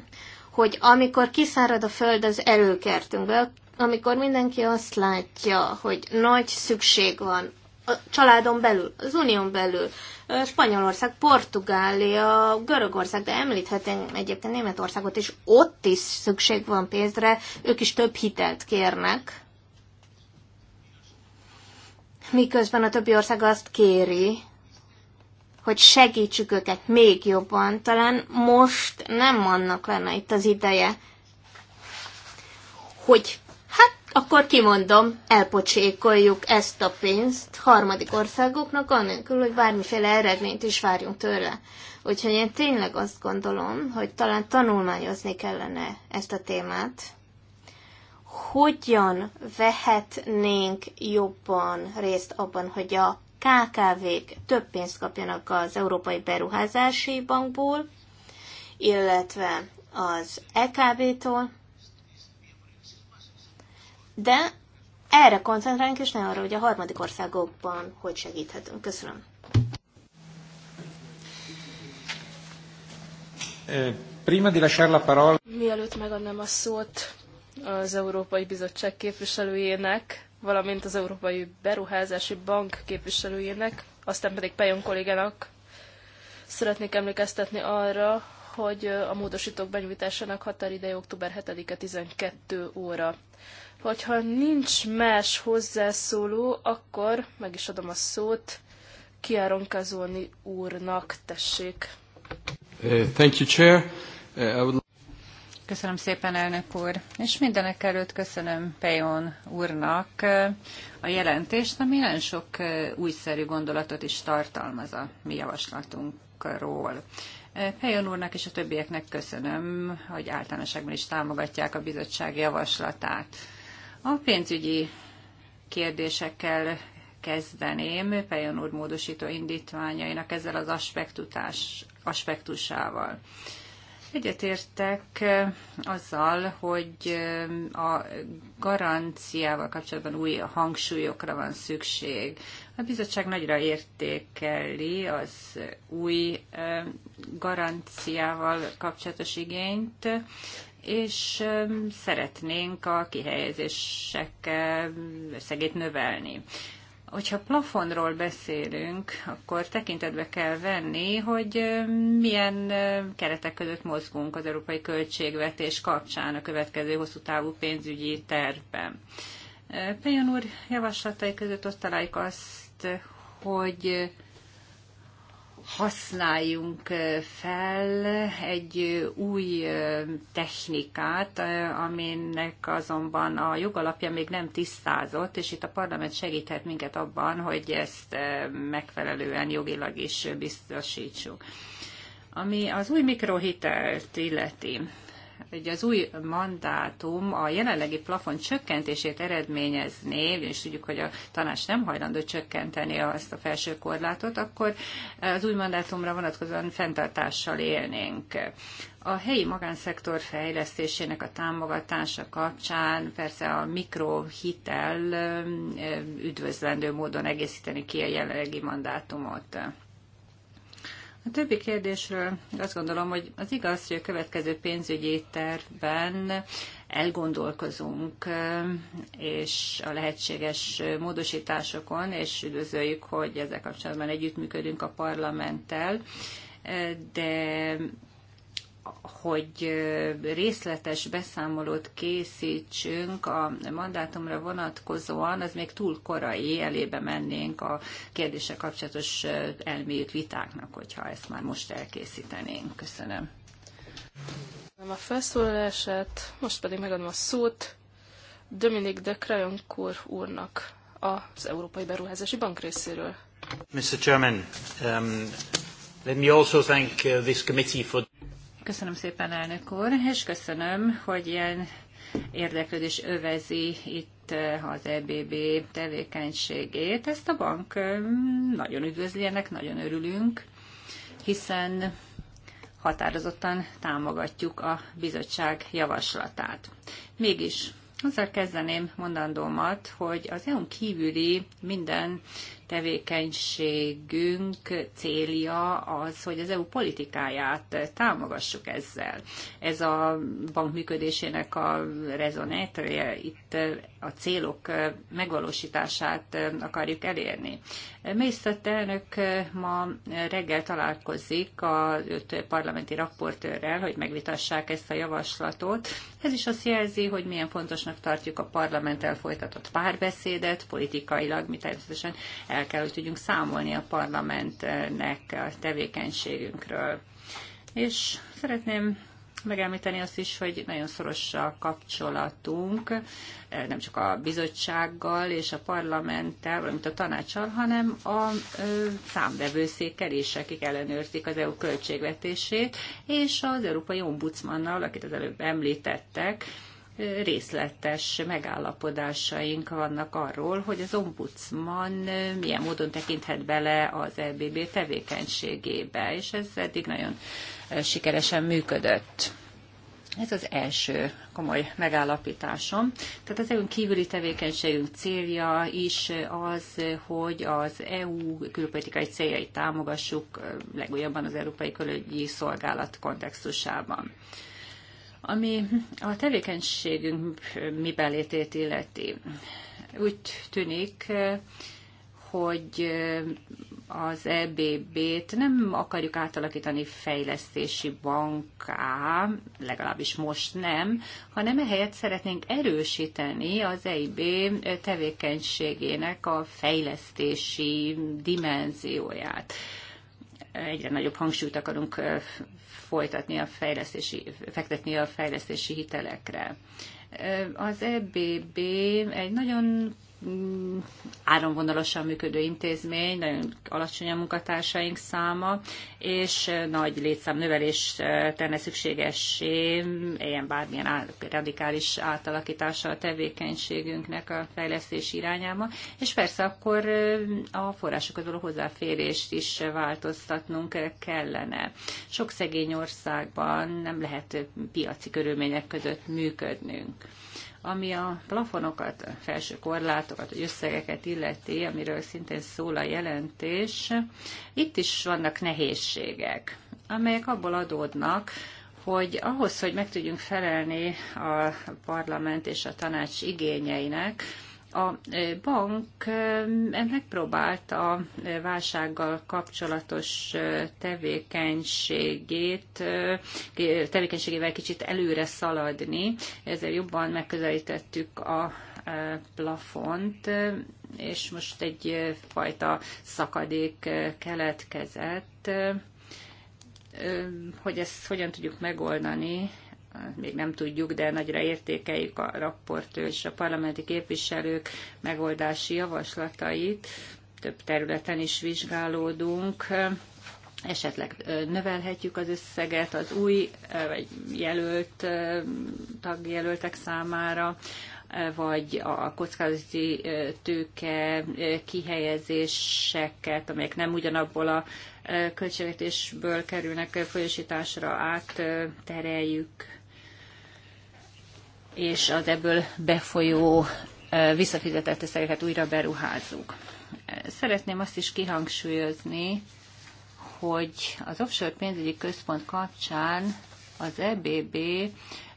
B: hogy amikor kiszárad a föld az erőkertünkbe, amikor mindenki azt látja, hogy nagy szükség van a családon belül, az unión belül, Spanyolország, Portugália, Görögország, de említhetem egyébként Németországot, és ott is szükség van pénzre, ők is több hitelt kérnek, miközben a többi ország azt kéri, hogy segítsük őket még jobban. Talán most nem annak lenne itt az ideje, hogy akkor kimondom, elpocsékoljuk ezt a pénzt harmadik országoknak, anélkül, hogy bármiféle eredményt is várjunk tőle. Úgyhogy én tényleg azt gondolom, hogy talán tanulmányozni kellene ezt a témát, hogyan vehetnénk jobban részt abban, hogy a KKV-k több pénzt kapjanak az Európai Beruházási Bankból, illetve az EKB-tól, de erre koncentráljunk, és ne arra, hogy a harmadik országokban hogy segíthetünk. Köszönöm.
C: Eh, prima di lasciare la parola.
A: Mielőtt megadnám a szót az Európai Bizottság képviselőjének, valamint az Európai Beruházási Bank képviselőjének, aztán pedig Pejon kollégának szeretnék emlékeztetni arra, hogy a módosítók benyújtásának határideje október 7-e 12 óra. Hogyha nincs más hozzászóló, akkor meg is adom a szót
D: Kiáron Kazolni úrnak. Tessék. Uh, thank you, Chair. Uh, köszönöm szépen, elnök úr. És mindenek előtt köszönöm Pejon úrnak uh, a jelentést, ami nagyon sok újszerű gondolatot is tartalmaz a mi javaslatunkról. Pejon úrnak és a többieknek köszönöm, hogy általánosságban is támogatják a bizottság javaslatát. A pénzügyi kérdésekkel kezdeném, Pejon úr módosító indítványainak ezzel az aspektutás, aspektusával. Egyetértek eh, azzal, hogy eh, a garanciával kapcsolatban új hangsúlyokra van szükség. A bizottság nagyra értékeli az új eh, garanciával kapcsolatos igényt, és szeretnénk a kihelyezések összegét növelni. Hogyha plafonról beszélünk, akkor tekintetbe kell venni, hogy milyen keretek között mozgunk az európai költségvetés kapcsán a következő hosszú távú pénzügyi tervben. Pejon úr javaslatai között ott találjuk azt, hogy használjunk fel egy új technikát, aminek azonban a jogalapja még nem tisztázott, és itt a parlament segíthet minket abban, hogy ezt megfelelően jogilag is biztosítsuk. Ami az új mikrohitelt illeti, hogy az új mandátum a jelenlegi plafon csökkentését eredményezné, és tudjuk, hogy a tanács nem hajlandó csökkenteni azt a felső korlátot, akkor az új mandátumra vonatkozóan fenntartással élnénk. A helyi magánszektor fejlesztésének a támogatása kapcsán persze a mikrohitel üdvözlendő módon egészíteni ki a jelenlegi mandátumot. A többi kérdésről azt gondolom, hogy az igaz, hogy a következő pénzügyi tervben elgondolkozunk, és a lehetséges módosításokon, és üdvözöljük, hogy ezzel kapcsolatban együttműködünk a parlamenttel, de hogy részletes beszámolót készítsünk a mandátumra vonatkozóan, az még túl korai, elébe mennénk a kérdése kapcsolatos elmélyült vitáknak, hogyha ezt már most elkészítenénk. Köszönöm.
A: A felszólalását, most pedig megadom a szót Dominik de Krajonkor úrnak az Európai Beruházási Bank részéről.
D: Mr. Chairman, um, let me also thank uh, this committee for Köszönöm szépen, elnök úr, és köszönöm, hogy ilyen érdeklődés övezi itt eh, az EBB tevékenységét. Ezt a bank eh, nagyon üdvözli, ennek nagyon örülünk, hiszen határozottan támogatjuk a bizottság javaslatát. Mégis azzal kezdeném mondandómat, hogy az EU-n kívüli minden tevékenységünk célja az, hogy az EU politikáját támogassuk ezzel. Ez a bank működésének a rezonátorja, itt a célok megvalósítását akarjuk elérni. Mészet elnök ma reggel találkozik a öt parlamenti rapportőrrel, hogy megvitassák ezt a javaslatot. Ez is azt jelzi, hogy milyen fontosnak tartjuk a parlamenttel folytatott párbeszédet, politikailag mi természetesen el kell, hogy tudjunk számolni a parlamentnek a tevékenységünkről. És szeretném megemlíteni azt is, hogy nagyon szoros a kapcsolatunk eh, nem csak a bizottsággal és a parlamenttel, valamint a tanácssal, hanem a számvevőszékkel is, akik ellenőrzik az EU költségvetését, és az Európai Ombudsmannal, akit az előbb említettek, részletes megállapodásaink vannak arról, hogy az ombudsman milyen módon tekinthet bele az LBB e tevékenységébe, és ez eddig nagyon eh, sikeresen működött. Ez az első komoly megállapításom. Tehát az EU-n kívüli tevékenységünk célja is az, hogy az EU külpolitikai céljait támogassuk eh, legújabban az Európai Külügyi Szolgálat kontextusában. Ami a tevékenységünk belétét illeti, úgy tűnik, hogy az EBB-t nem akarjuk átalakítani fejlesztési banká, legalábbis most nem, hanem ehelyett szeretnénk erősíteni az EIB tevékenységének a fejlesztési dimenzióját. Egyre nagyobb hangsúlyt akarunk folytatni a fejlesztési, fektetni a fejlesztési hitelekre. Az EBB egy nagyon Mm, áramvonalosan működő intézmény, nagyon alacsony a munkatársaink száma, és eh, nagy létszám növelés eh, tenne szükségessé ilyen bármilyen radikális átalakítása a tevékenységünknek a fejlesztés irányába, és persze akkor eh, a forrásokat való hozzáférést is változtatnunk kellene. Sok szegény országban nem lehet piaci körülmények között működnünk. Ami a plafonokat, a felső korlátokat, vagy összegeket illeti, amiről szintén szól a jelentés, itt is vannak nehézségek, amelyek abból adódnak, hogy ahhoz, hogy meg tudjunk felelni a parlament és a tanács igényeinek, a bank eh, megpróbált a válsággal kapcsolatos eh, tevékenységét, eh, tevékenységével kicsit előre szaladni, ezért jobban megközelítettük a plafont, és most egyfajta szakadék keletkezett. Hogy ezt hogyan tudjuk megoldani, még nem tudjuk, de nagyra értékeljük a rapportőr és a parlamenti képviselők megoldási javaslatait. Több területen is vizsgálódunk esetleg növelhetjük az összeget az új vagy jelölt tagjelöltek számára, vagy a kockázati tőke kihelyezéseket, amelyek nem ugyanabból a költségvetésből kerülnek folyosításra át, tereljük és az ebből befolyó visszafizetett összegeket újra beruházzuk. Szeretném azt is kihangsúlyozni, hogy az offshore pénzügyi központ kapcsán az EBB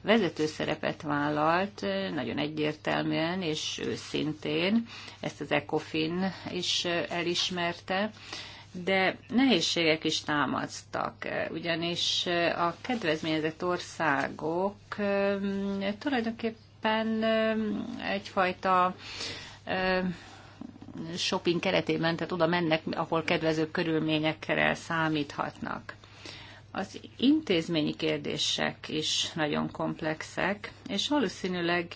D: vezető szerepet vállalt, nagyon egyértelműen és őszintén, ezt az ECOFIN is elismerte, de nehézségek is támadtak, eh, ugyanis eh, a kedvezményezett országok eh, tulajdonképpen egyfajta shopping keretében, tehát oda mennek, ahol kedvező körülményekkel számíthatnak. Az intézményi kérdések is nagyon komplexek, és valószínűleg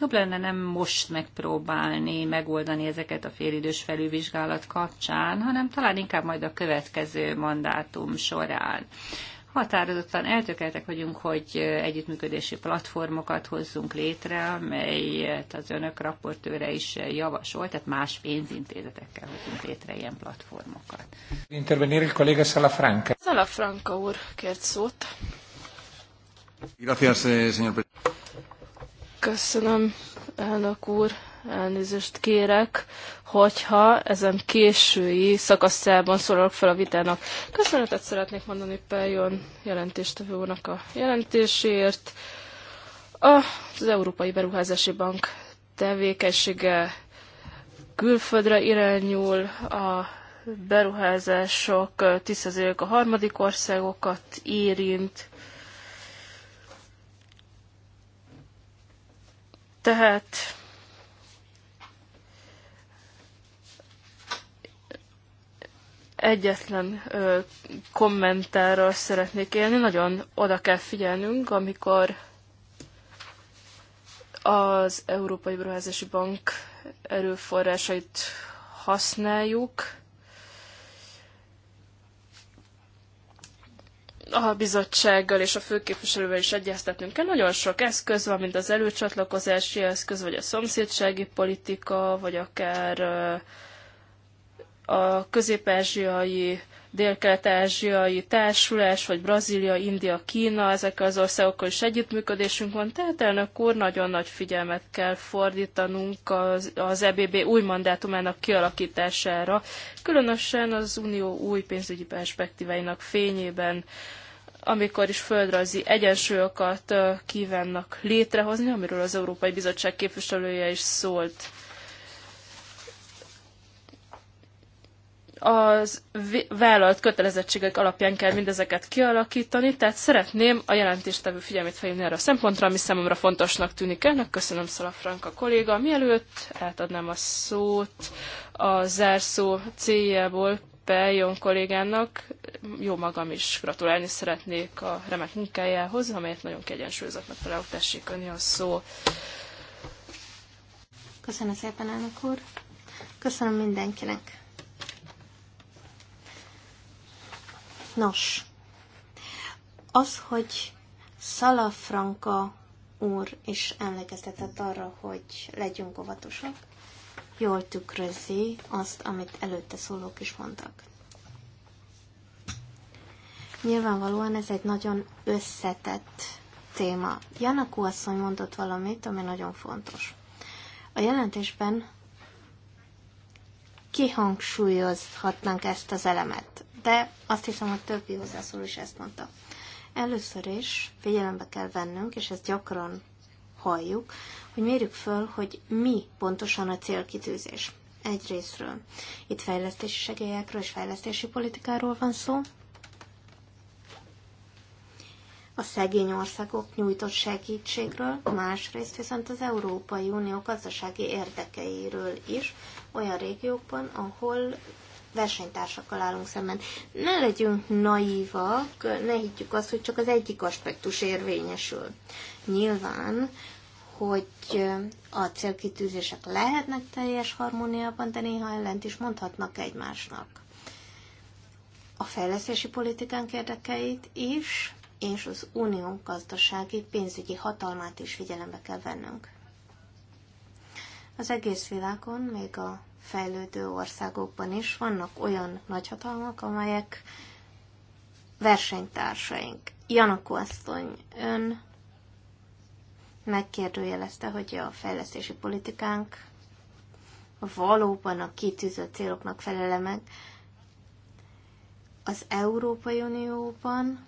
D: jobb lenne nem most megpróbálni megoldani ezeket a félidős felülvizsgálat kapcsán, hanem talán inkább majd a következő mandátum során. Határozottan eltökeltek vagyunk, hogy együttműködési platformokat hozzunk létre, amelyet az önök raportőre is javasolt, tehát más pénzintézetekkel hozzunk létre ilyen platformokat.
C: Intervenire a kolléga Salafranca.
A: Salafranca úr kért szót.
C: Gracias, señor
A: Köszönöm, elnök úr elnézést kérek, hogyha ezen késői szakaszában szólalok fel a vitának. Köszönetet szeretnék mondani Peljon jelentéstevőnek a jelentésért. Az Európai Beruházási Bank tevékenysége külföldre irányul, a beruházások 10% a harmadik országokat érint, tehát egyetlen ö, kommentárral szeretnék élni. Nagyon oda kell figyelnünk, amikor az Európai Beruházási Bank erőforrásait használjuk. A bizottsággal és a főképviselővel is egyeztetnünk kell. Nagyon sok eszköz van, mint az előcsatlakozási eszköz, vagy a szomszédsági politika, vagy akár ö, a közép-ázsiai, dél-kelet-ázsiai társulás, vagy Brazília, India, Kína, ezekkel az országokkal is együttműködésünk van, tehát elnök úr, nagyon nagy figyelmet kell fordítanunk az, az EBB új mandátumának kialakítására, különösen az unió új pénzügyi perspektíváinak fényében amikor is földrajzi egyensúlyokat kívánnak létrehozni, amiről az Európai Bizottság képviselője is szólt. az vállalt kötelezettségek alapján kell mindezeket kialakítani, tehát szeretném a jelentéstevő figyelmét felhívni erre a szempontra, ami számomra fontosnak tűnik ennek. Köszönöm Szala Franka kolléga. Mielőtt átadnám a szót a zárszó céljából Pejon kollégának, jó magam is gratulálni szeretnék a remek munkájához, amelyet nagyon kegyensúlyozatnak találok. Tessék önni a szó.
B: Köszönöm szépen, elnök úr. Köszönöm mindenkinek Nos, az, hogy Franka úr is emlékeztetett arra, hogy legyünk óvatosak, jól tükrözi azt, amit előtte szólók is mondtak. Nyilvánvalóan ez egy nagyon összetett téma. Janakó asszony mondott valamit, ami nagyon fontos. A jelentésben kihangsúlyozhatnánk ezt az elemet de azt hiszem, hogy többi hozzászól is ezt mondta. Először is figyelembe kell vennünk, és ezt gyakran halljuk, hogy mérjük föl, hogy mi pontosan a célkitűzés. Egyrésztről itt fejlesztési segélyekről és fejlesztési politikáról van szó, a szegény országok nyújtott segítségről, másrészt viszont az Európai Unió gazdasági érdekeiről is, olyan régiókban, ahol versenytársakkal állunk szemben. Ne legyünk naívak, ne higgyük azt, hogy csak az egyik aspektus érvényesül. Nyilván, hogy a célkitűzések lehetnek teljes harmóniában, de néha ellent is mondhatnak egymásnak. A fejlesztési politikánk érdekeit is, és az unió gazdasági pénzügyi hatalmát is figyelembe kell vennünk. Az egész világon, még a fejlődő országokban is vannak olyan nagyhatalmak, amelyek versenytársaink. Janakó Asztony ön megkérdőjelezte, hogy a fejlesztési politikánk valóban a kitűzött céloknak felele meg. Az Európai Unióban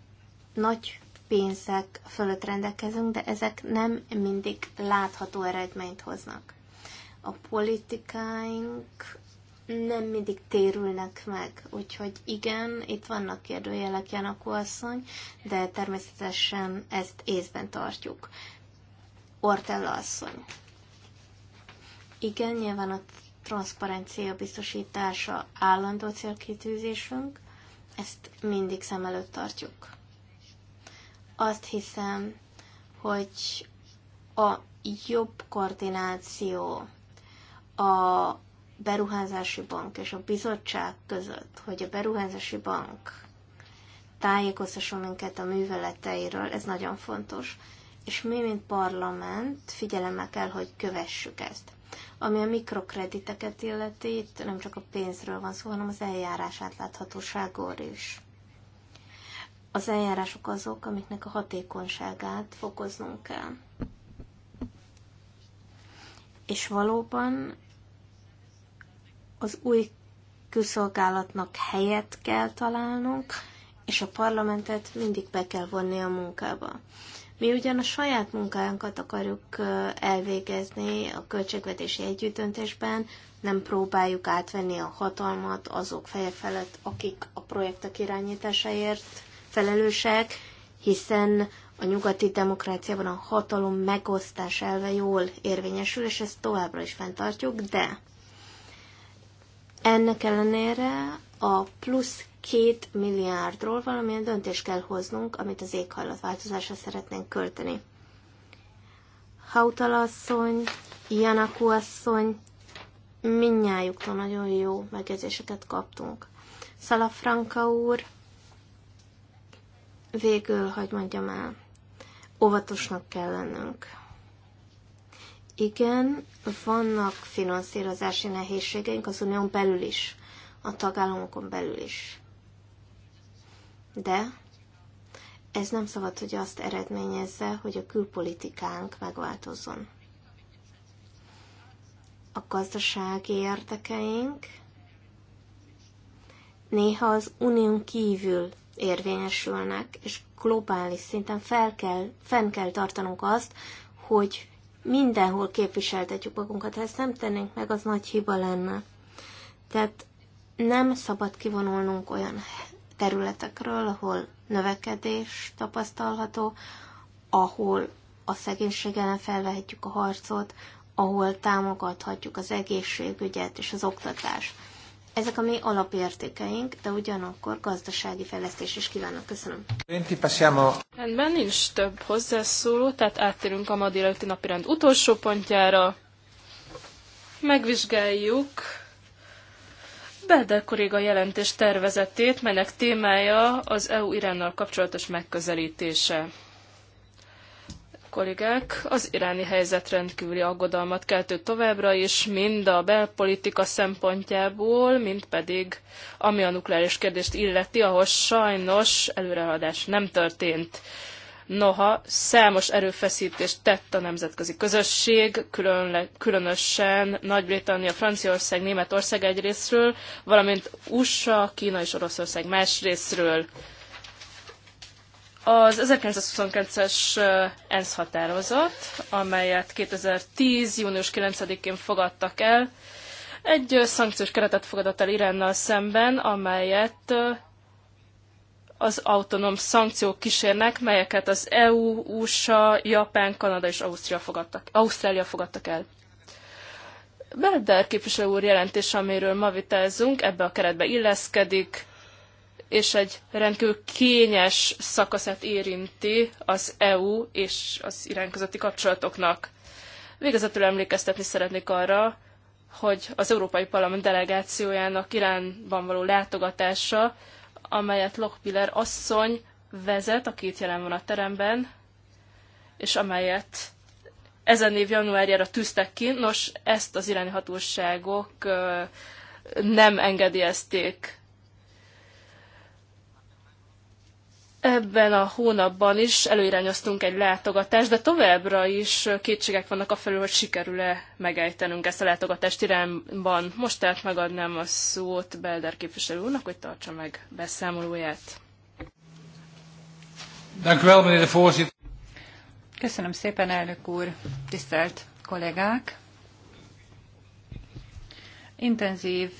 B: nagy pénzek fölött rendelkezünk, de ezek nem mindig látható eredményt hoznak a politikáink nem mindig térülnek meg. Úgyhogy igen, itt vannak kérdőjelek, Janakó asszony, de természetesen ezt észben tartjuk. Ortella asszony. Igen, nyilván a transzparencia biztosítása állandó célkitűzésünk, ezt mindig szem előtt tartjuk. Azt hiszem, hogy a jobb koordináció a beruházási bank és a bizottság között, hogy a beruházási bank tájékoztasson minket a műveleteiről, ez nagyon fontos, és mi, mint parlament figyelemmel kell, hogy kövessük ezt. Ami a mikrokrediteket illeti, itt nem csak a pénzről van szó, hanem az eljárás átláthatóságról is. Az eljárások azok, amiknek a hatékonyságát fokoznunk kell. És valóban az új külszolgálatnak helyet kell találnunk, és a parlamentet mindig be kell vonni a munkába. Mi ugyan a saját munkánkat akarjuk elvégezni a költségvetési együttöntésben, nem próbáljuk átvenni a hatalmat azok feje felett, akik a projektek irányításáért felelősek, hiszen a nyugati demokráciában a hatalom megosztás elve jól érvényesül, és ezt továbbra is fenntartjuk, de ennek ellenére a plusz két milliárdról valamilyen döntést kell hoznunk, amit az éghajlatváltozásra szeretnénk költeni. Hautala asszony, Janaku asszony, minnyájuktól nagyon jó megjegyzéseket kaptunk. Szalafranka úr, végül, hogy mondjam el, óvatosnak kell lennünk. Igen, vannak finanszírozási nehézségeink az unión belül is, a tagállamokon belül is. De ez nem szabad, hogy azt eredményezze, hogy a külpolitikánk megváltozzon. A gazdasági érdekeink néha az unión kívül érvényesülnek, és globális szinten fel kell, fenn kell tartanunk azt, hogy mindenhol képviseltetjük magunkat. Ha ezt nem tennénk meg, az nagy hiba lenne. Tehát nem szabad kivonulnunk olyan területekről, ahol növekedés tapasztalható, ahol a szegénység ellen felvehetjük a harcot, ahol támogathatjuk az egészségügyet és az oktatást. Ezek a mi alapértékeink, de ugyanakkor gazdasági fejlesztés is kívánok. Köszönöm. Rendben,
A: nincs több hozzászóló, tehát áttérünk a ma délelőtti napirend utolsó pontjára. Megvizsgáljuk Bedel kolléga jelentés tervezetét, melynek témája az EU-Iránnal kapcsolatos megközelítése kollégák, az iráni helyzet rendkívüli aggodalmat keltő továbbra is, mind a belpolitika szempontjából, mind pedig ami a nukleáris kérdést illeti, ahol sajnos előrehaladás nem történt. Noha számos erőfeszítést tett a nemzetközi közösség, különle, különösen Nagy-Britannia, Franciaország, Németország egyrésztről, valamint USA, Kína és Oroszország más részről az 1929-es ENSZ határozat, amelyet 2010. június 9-én fogadtak el, egy szankciós keretet fogadott el Iránnal szemben, amelyet az autonóm szankciók kísérnek, melyeket az EU, USA, Japán, Kanada és Ausztria fogadtak, Ausztrália fogadtak el. Belder képviselő úr jelentés, amiről ma vitázunk, ebbe a keretbe illeszkedik, és egy rendkívül kényes szakaszát érinti az EU és az Irán közötti kapcsolatoknak. Végezetül emlékeztetni szeretnék arra, hogy az Európai Parlament delegációjának Iránban való látogatása, amelyet Lochbiller asszony vezet, a két jelen van a teremben, és amelyet ezen év januárjára tűztek ki. Nos, ezt az iráni hatóságok nem engedélyezték Ebben a hónapban is előirányoztunk egy látogatást, de továbbra is kétségek vannak a felül, hogy sikerül-e megejtenünk ezt a látogatást irányban. Most tehát megadnám a szót Belder képviselő úrnak,
D: hogy tartsa meg beszámolóját. Köszönöm szépen, elnök úr, tisztelt kollégák! Intenzív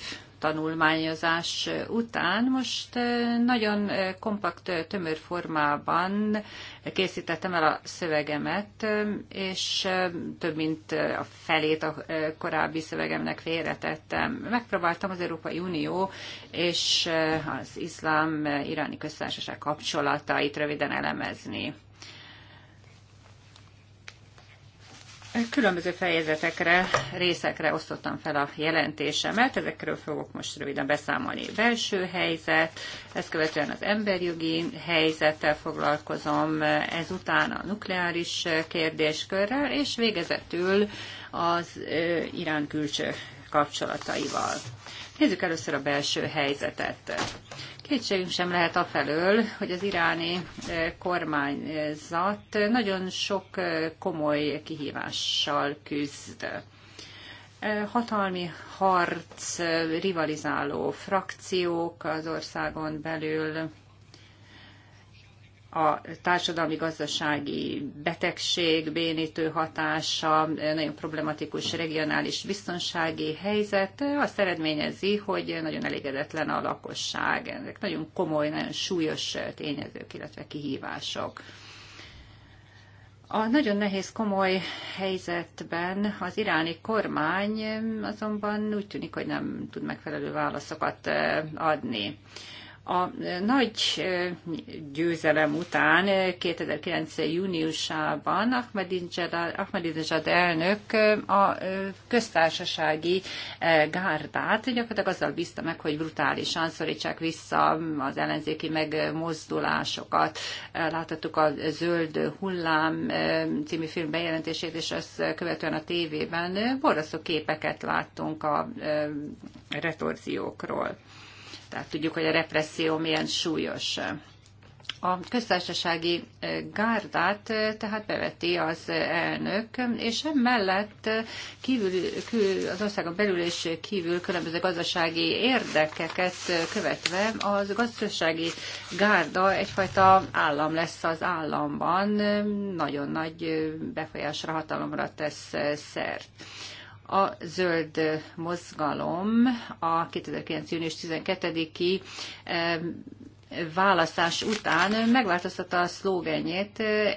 D: tanulmányozás után most eh, nagyon eh, kompakt, eh, tömör formában készítettem el a szövegemet, és több mint a felét a korábbi szövegemnek félretettem. Megpróbáltam az Európai Unió és az iszlám iráni köztársaság kapcsolatait röviden elemezni. Különböző fejezetekre, részekre osztottam fel a jelentésemet, ezekről fogok most röviden beszámolni. Belső helyzet, ezt követően az emberjogi helyzettel foglalkozom, ezután a nukleáris kérdéskörrel, és végezetül az Irán külső kapcsolataival. Nézzük először a belső helyzetet. Kétségünk sem lehet afelől, hogy az iráni eh, kormányzat eh, nagyon sok eh, komoly kihívással küzd. Hatalmi harc, rivalizáló frakciók az országon belül, a társadalmi-gazdasági betegség bénítő hatása, nagyon problematikus regionális biztonsági helyzet azt eredményezi, hogy nagyon elégedetlen a lakosság. Ezek nagyon komoly, nagyon súlyos tényezők, illetve kihívások. A nagyon nehéz, komoly helyzetben az iráni kormány azonban úgy tűnik, hogy nem tud megfelelő válaszokat adni. A nagy győzelem után 2009. júniusában Ahmadinejad, elnök a köztársasági gárdát gyakorlatilag azzal bízta meg, hogy brutálisan szorítsák vissza az ellenzéki megmozdulásokat. Láthattuk a Zöld hullám című film bejelentését, és ezt követően a tévében borraszó képeket láttunk a retorziókról. Tehát tudjuk, hogy a represszió milyen súlyos. A köztársasági eh, gárdát eh, tehát beveti az eh, elnök, és emellett kívül, kül, az országon belül és kívül különböző gazdasági érdekeket követve az gazdasági gárda egyfajta állam lesz az államban, nagyon nagy befolyásra, hatalomra tesz szert a zöld mozgalom a 2009. június 12-i eh, választás után megváltoztatta a szlogenjét, eh,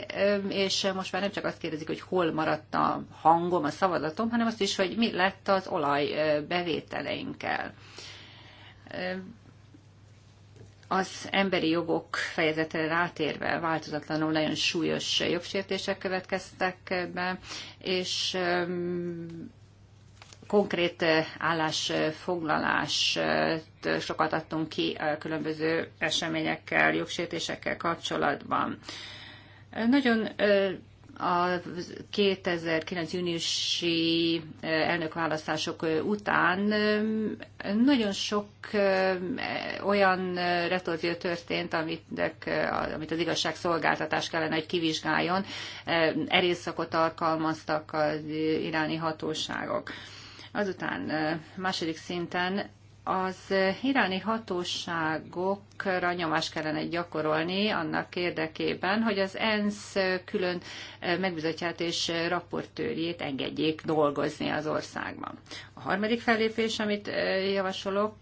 D: és most már nem csak azt kérdezik, hogy hol maradt a hangom, a szavazatom, hanem azt is, hogy mi lett az olaj eh, bevételeinkkel. Az emberi jogok fejezetre rátérve változatlanul nagyon súlyos jogsértések következtek be, és konkrét állásfoglalást sokat adtunk ki a különböző eseményekkel, jogsértésekkel kapcsolatban. Nagyon a 2009. júniusi elnökválasztások után nagyon sok olyan retorzió történt, amit, amit az igazságszolgáltatás kellene, hogy kivizsgáljon. Erőszakot alkalmaztak az iráni hatóságok. Azután második szinten az iráni hatóságokra nyomást kellene gyakorolni annak érdekében, hogy az ENSZ külön megbizotját és raportőrjét engedjék dolgozni az országban. A harmadik fellépés, amit javasolok,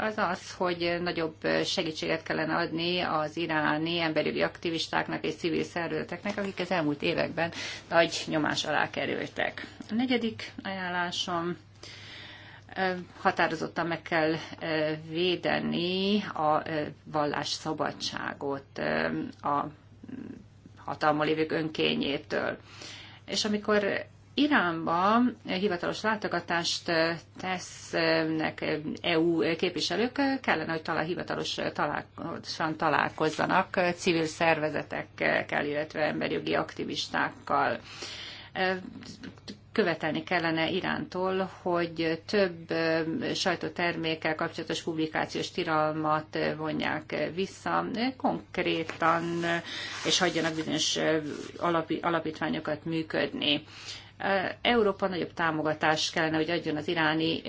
D: az az, hogy nagyobb segítséget kellene adni az iráni emberi aktivistáknak és civil szervezeteknek, akik az elmúlt években nagy nyomás alá kerültek. A negyedik ajánlásom, határozottan meg kell védeni a vallás szabadságot a hatalma lévők önkényétől. És amikor Iránba hivatalos látogatást tesznek EU képviselők, kellene, hogy talán hivatalos találkozásan találkozzanak civil szervezetekkel, illetve emberjogi aktivistákkal követelni kellene Irántól, hogy több sajtótermékkel kapcsolatos publikációs tilalmat vonják vissza konkrétan, és hagyjanak bizonyos alapítványokat működni. Európa nagyobb támogatást kellene, hogy adjon az iráni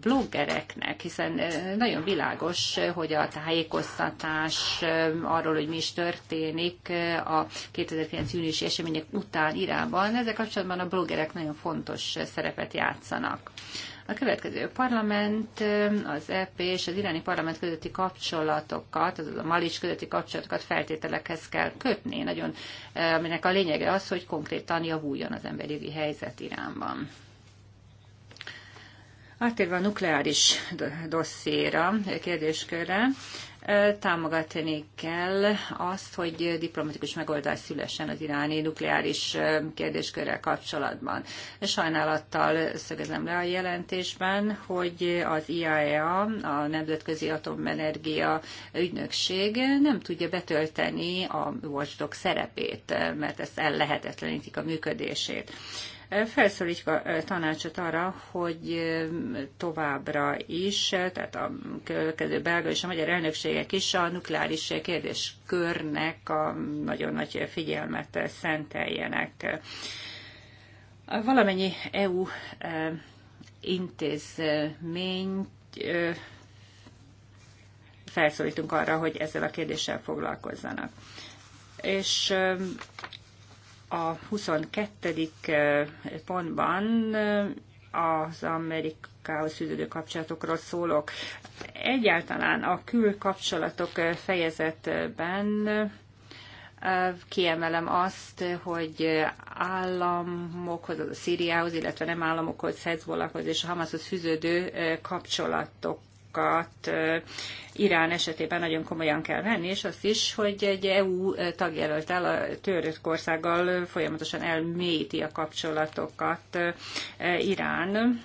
D: bloggereknek, hiszen nagyon világos, hogy a tájékoztatás arról, hogy mi is történik a 2009. júniusi események után Iránban, ezek kapcsolatban a bloggerek nagyon fontos szerepet játszanak. A következő parlament, az EP és az iráni parlament közötti kapcsolatokat, azaz a Malis közötti kapcsolatokat feltételekhez kell kötni, nagyon, aminek a lényege az, hogy konkrétan javuljon az emberi jogi helyzet Iránban. Áttérve a nukleáris dosszéra, kérdéskörre, támogatni kell azt, hogy diplomatikus megoldás szülessen az iráni nukleáris kérdéskörrel kapcsolatban. Sajnálattal szögezem le a jelentésben, hogy az IAEA, e a Nemzetközi Atomenergia Ügynökség nem tudja betölteni a watchdog szerepét, mert ezt ellehetetlenítik a működését felszólítjuk a tanácsot arra, hogy továbbra is, tehát a következő belga és a magyar elnökségek is a nukleáris kérdéskörnek a nagyon nagy figyelmet szenteljenek. Valamennyi EU intézmény felszólítunk arra, hogy ezzel a kérdéssel foglalkozzanak. És a 22. pontban az Amerikához fűződő kapcsolatokról szólok. Egyáltalán a külkapcsolatok fejezetben kiemelem azt, hogy államokhoz, a Szíriához, illetve nem államokhoz, Hezbollahhoz és a Hamaszhoz fűződő kapcsolatok vállalásokat Irán esetében nagyon komolyan kell venni, és azt is, hogy egy EU tagjelölt el a törött országgal folyamatosan elmélyíti a kapcsolatokat e, Irán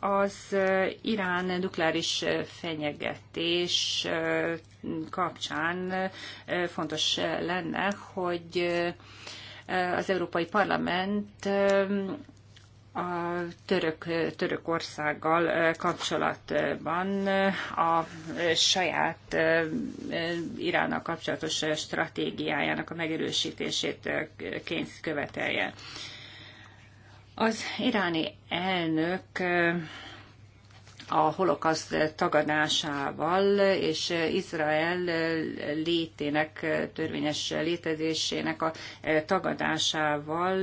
D: az Irán nukleáris fenyegetés kapcsán fontos lenne, hogy az Európai Parlament a török, országgal kapcsolatban a saját Iránnal kapcsolatos stratégiájának a megerősítését kénysz követelje. Az iráni elnök a holokaszt tagadásával és Izrael létének, törvényes létezésének a tagadásával,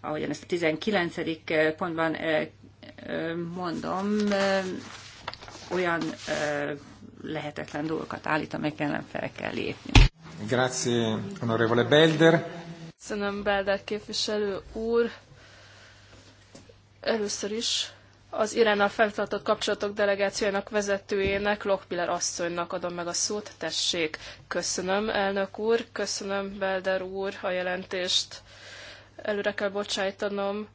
D: ahogyan ezt a 19. pontban eh, mondom, olyan eh, lehetetlen dolgokat állít, amelyek ellen fel kell lépni.
C: Grazie, onorevole Belder.
A: Köszönöm, Belder képviselő úr. Először is az Iránnal fenntartott kapcsolatok delegációjának vezetőjének, Lochbiller asszonynak adom meg a szót. Tessék, köszönöm, elnök úr, köszönöm, Belder úr, a jelentést. Előre kell bocsájtanom,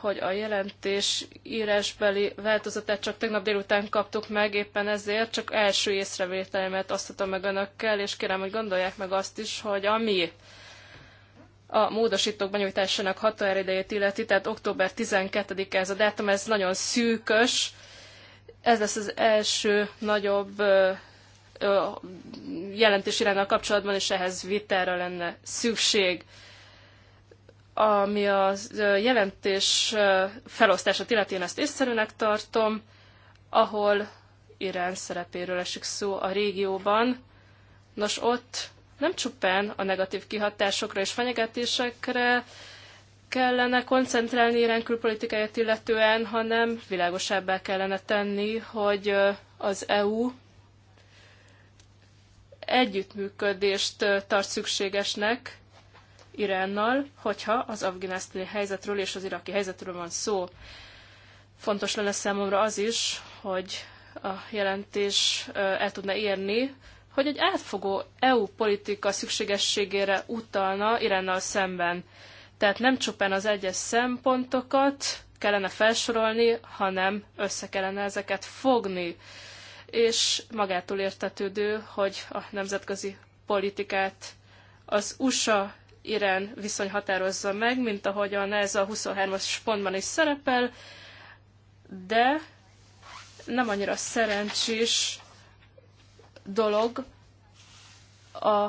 A: hogy a jelentés írásbeli változatát csak tegnap délután kaptuk meg, éppen ezért csak első észrevételemet azt adom meg önökkel, és kérem, hogy gondolják meg azt is, hogy ami a módosítók benyújtásának határidejét illeti, tehát október 12-e ez a dátum, ez nagyon szűkös. Ez lesz az első nagyobb jelentés irányal kapcsolatban, és ehhez vitára lenne szükség. Ami a jelentés felosztását illeti, én ezt észszerűnek tartom, ahol Irán szerepéről esik szó a régióban. Nos, ott nem csupán a negatív kihatásokra és fenyegetésekre kellene koncentrálni Irán külpolitikáját illetően, hanem világosabbá kellene tenni, hogy az EU együttműködést tart szükségesnek Iránnal, hogyha az afganisztáni helyzetről és az iraki helyzetről van szó. Fontos lenne számomra az is, hogy a jelentés el tudna érni hogy egy átfogó EU politika szükségességére utalna Irennal szemben. Tehát nem csupán az egyes szempontokat kellene felsorolni, hanem össze kellene ezeket fogni. És magától értetődő, hogy a nemzetközi politikát az USA Irán viszony határozza meg, mint ahogyan ez a 23-as pontban is szerepel, de nem annyira szerencsés, dolog a,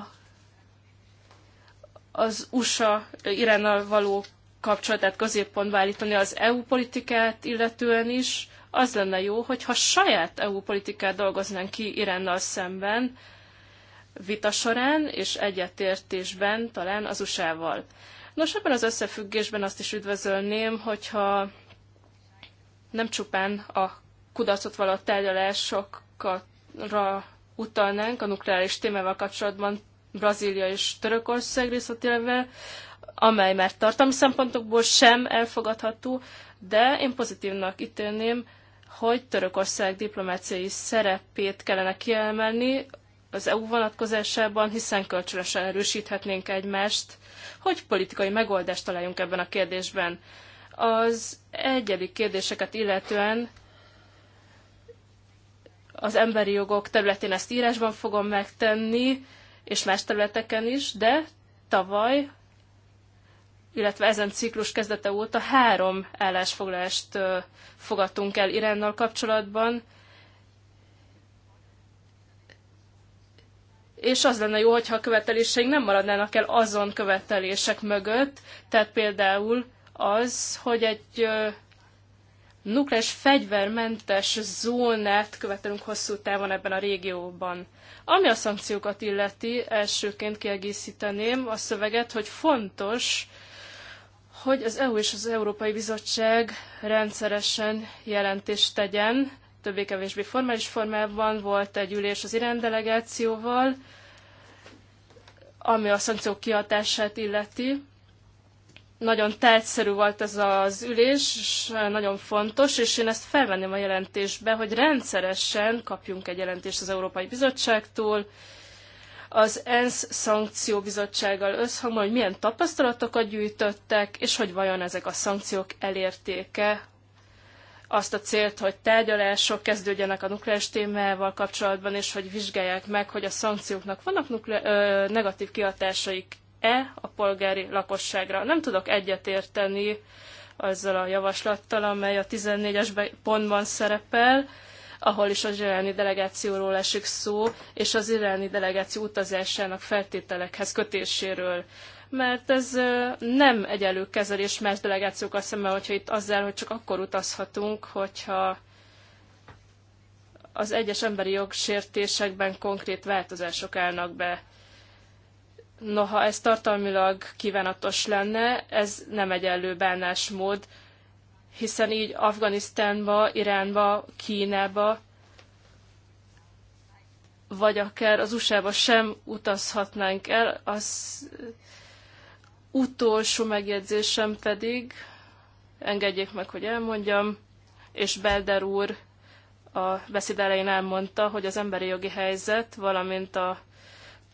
A: az USA Iránnal való kapcsolatát középpontba állítani az EU politikát illetően is. Az lenne jó, hogyha saját EU politikát dolgoznánk ki Iránnal szemben, vita során és egyetértésben talán az USA-val. Nos, ebben az összefüggésben azt is üdvözölném, hogyha nem csupán a kudarcot való tárgyalásokra utalnánk a nukleáris témával kapcsolatban Brazília és Törökország részletére, amely már tartalmi szempontokból sem elfogadható, de én pozitívnak ítélném, hogy Törökország diplomáciai szerepét kellene kiemelni az EU vonatkozásában, hiszen kölcsönösen erősíthetnénk egymást, hogy politikai megoldást találjunk ebben a kérdésben. Az egyedik kérdéseket illetően az emberi jogok területén ezt írásban fogom megtenni, és más területeken is, de tavaly, illetve ezen ciklus kezdete óta három állásfoglalást fogadtunk el Iránnal kapcsolatban, és az lenne jó, hogyha a követeléseink nem maradnának el azon követelések mögött, tehát például az, hogy egy nukleáris fegyvermentes zónát követelünk hosszú távon ebben a régióban. Ami a szankciókat illeti, elsőként kiegészíteném a szöveget, hogy fontos, hogy az EU és az Európai Bizottság rendszeresen jelentést tegyen, többé-kevésbé formális formában volt egy ülés az irán delegációval, ami a szankciók kiadását illeti, nagyon tetszerű volt ez az ülés, és nagyon fontos, és én ezt felvenném a jelentésbe, hogy rendszeresen kapjunk egy jelentést az Európai Bizottságtól, az ENSZ szankcióbizottsággal összhangban, hogy milyen tapasztalatokat gyűjtöttek, és hogy vajon ezek a szankciók elértéke azt a célt, hogy tárgyalások kezdődjenek a nukleáris témával kapcsolatban, és hogy vizsgálják meg, hogy a szankcióknak vannak nukle- ö, negatív kihatásaik e a polgári lakosságra. Nem tudok egyetérteni azzal a javaslattal, amely a 14-es pontban szerepel, ahol is az iráni delegációról esik szó, és az iráni delegáció utazásának feltételekhez kötéséről mert ez nem egyelő kezelés más delegációkkal szemben, hogyha itt azzal, hogy csak akkor utazhatunk, hogyha az egyes emberi jogsértésekben konkrét változások állnak be. Noha ez tartalmilag kívánatos lenne, ez nem egyenlő bánásmód, hiszen így Afganisztánba, Iránba, Kínába, vagy akár az USA-ba sem utazhatnánk el. Az utolsó megjegyzésem pedig, engedjék meg, hogy elmondjam, és Belder úr a beszéd elején elmondta, hogy az emberi jogi helyzet, valamint a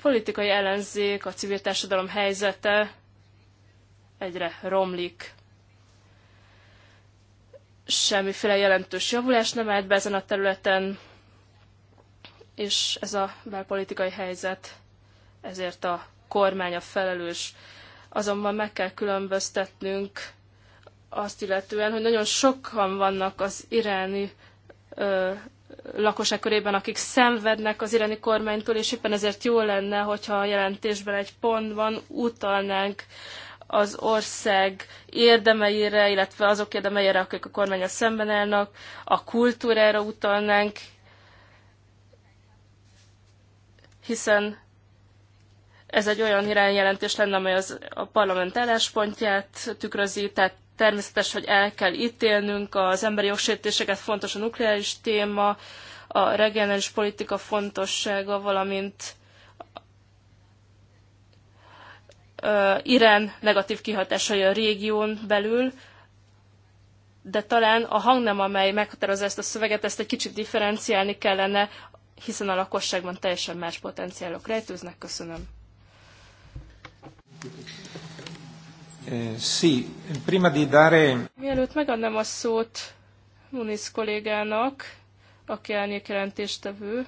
A: politikai ellenzék, a civil társadalom helyzete egyre romlik. Semmiféle jelentős javulás nem állt be ezen a területen, és ez a belpolitikai helyzet, ezért a kormány a felelős. Azonban meg kell különböztetnünk azt illetően, hogy nagyon sokan vannak az iráni lakosság körében, akik szenvednek az iráni kormánytól, és éppen ezért jó lenne, hogyha a jelentésben egy pont van, utalnánk az ország érdemeire, illetve azok érdemeire, akik a kormányra szemben állnak, a kultúrára utalnánk, hiszen ez egy olyan irányjelentés lenne, amely az, a parlament álláspontját tükrözi, tehát Természetes, hogy el kell ítélnünk az emberi jogsértéseket, fontos a nukleáris téma, a regionális politika fontossága, valamint Irán negatív kihatásai a régión belül, de talán a hangnem, amely meghatározza ezt a szöveget, ezt egy kicsit differenciálni kellene, hiszen a lakosságban teljesen más potenciálok rejtőznek. Köszönöm.
C: Eh, prima di dare...
A: Mielőtt megadnám a szót Muniz kollégának, aki elnék jelentéstevő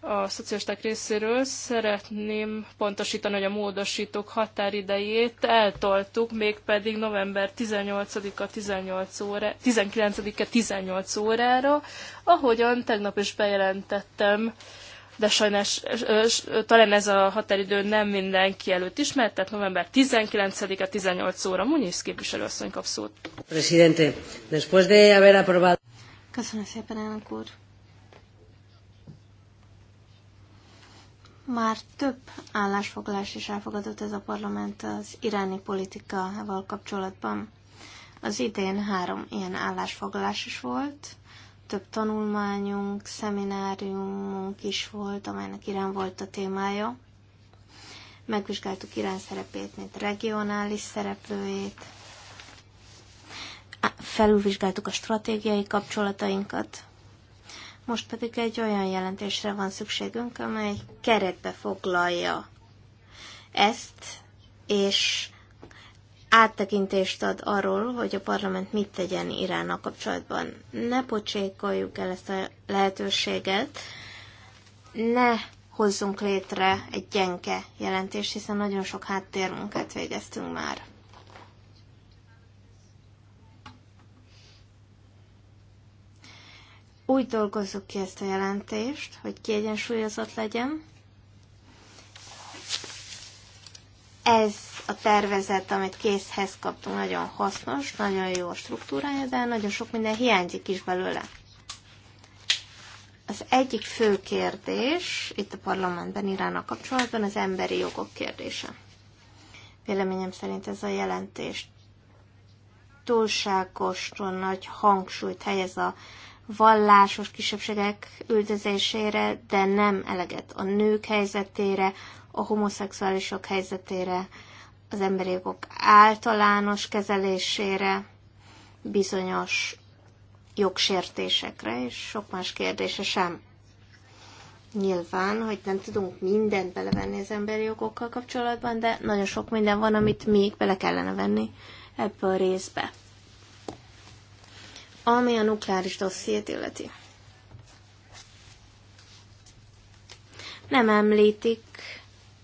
A: a szocialisták részéről, szeretném pontosítani, hogy a módosítók határidejét eltoltuk, mégpedig november 18-a 18 óra, 19-e 18 órára, ahogyan tegnap is bejelentettem de sajnos talán ez a határidő nem mindenki előtt ismert, tehát november 19-e 18 óra. Muniz képviselőasszony kap szót.
D: Presidente,
B: después de haber aprobado... Köszönöm szépen, elnök úr. Már több állásfoglalás is elfogadott ez a parlament az iráni politikával kapcsolatban. Az idén három ilyen állásfoglalás is volt, több tanulmányunk, szemináriumunk is volt, amelynek Irán volt a témája. Megvizsgáltuk Irán szerepét, mint regionális szereplőjét. Felülvizsgáltuk a stratégiai kapcsolatainkat. Most pedig egy olyan jelentésre van szükségünk, amely keretbe foglalja ezt, és áttekintést ad arról, hogy a parlament mit tegyen a kapcsolatban. Ne pocsékoljuk el ezt a lehetőséget, ne hozzunk létre egy gyenke jelentést, hiszen nagyon sok háttérmunkát végeztünk már. Úgy dolgozzuk ki ezt a jelentést, hogy kiegyensúlyozott legyen, Ez a tervezet, amit készhez kaptunk, nagyon hasznos, nagyon jó a struktúrája, de nagyon sok minden hiányzik is belőle. Az egyik fő kérdés itt a parlamentben Iránnal kapcsolatban az emberi jogok kérdése. Véleményem szerint ez a jelentés túlságosan nagy hangsúlyt helyez a vallásos kisebbségek üldözésére, de nem eleget a nők helyzetére, a homoszexuálisok helyzetére, az emberi jogok általános kezelésére, bizonyos jogsértésekre, és sok más kérdése sem. Nyilván, hogy nem tudunk mindent belevenni az emberi jogokkal kapcsolatban, de nagyon sok minden van, amit még bele kellene venni ebbe a részbe. Ami a nukleáris dossziét illeti. Nem említik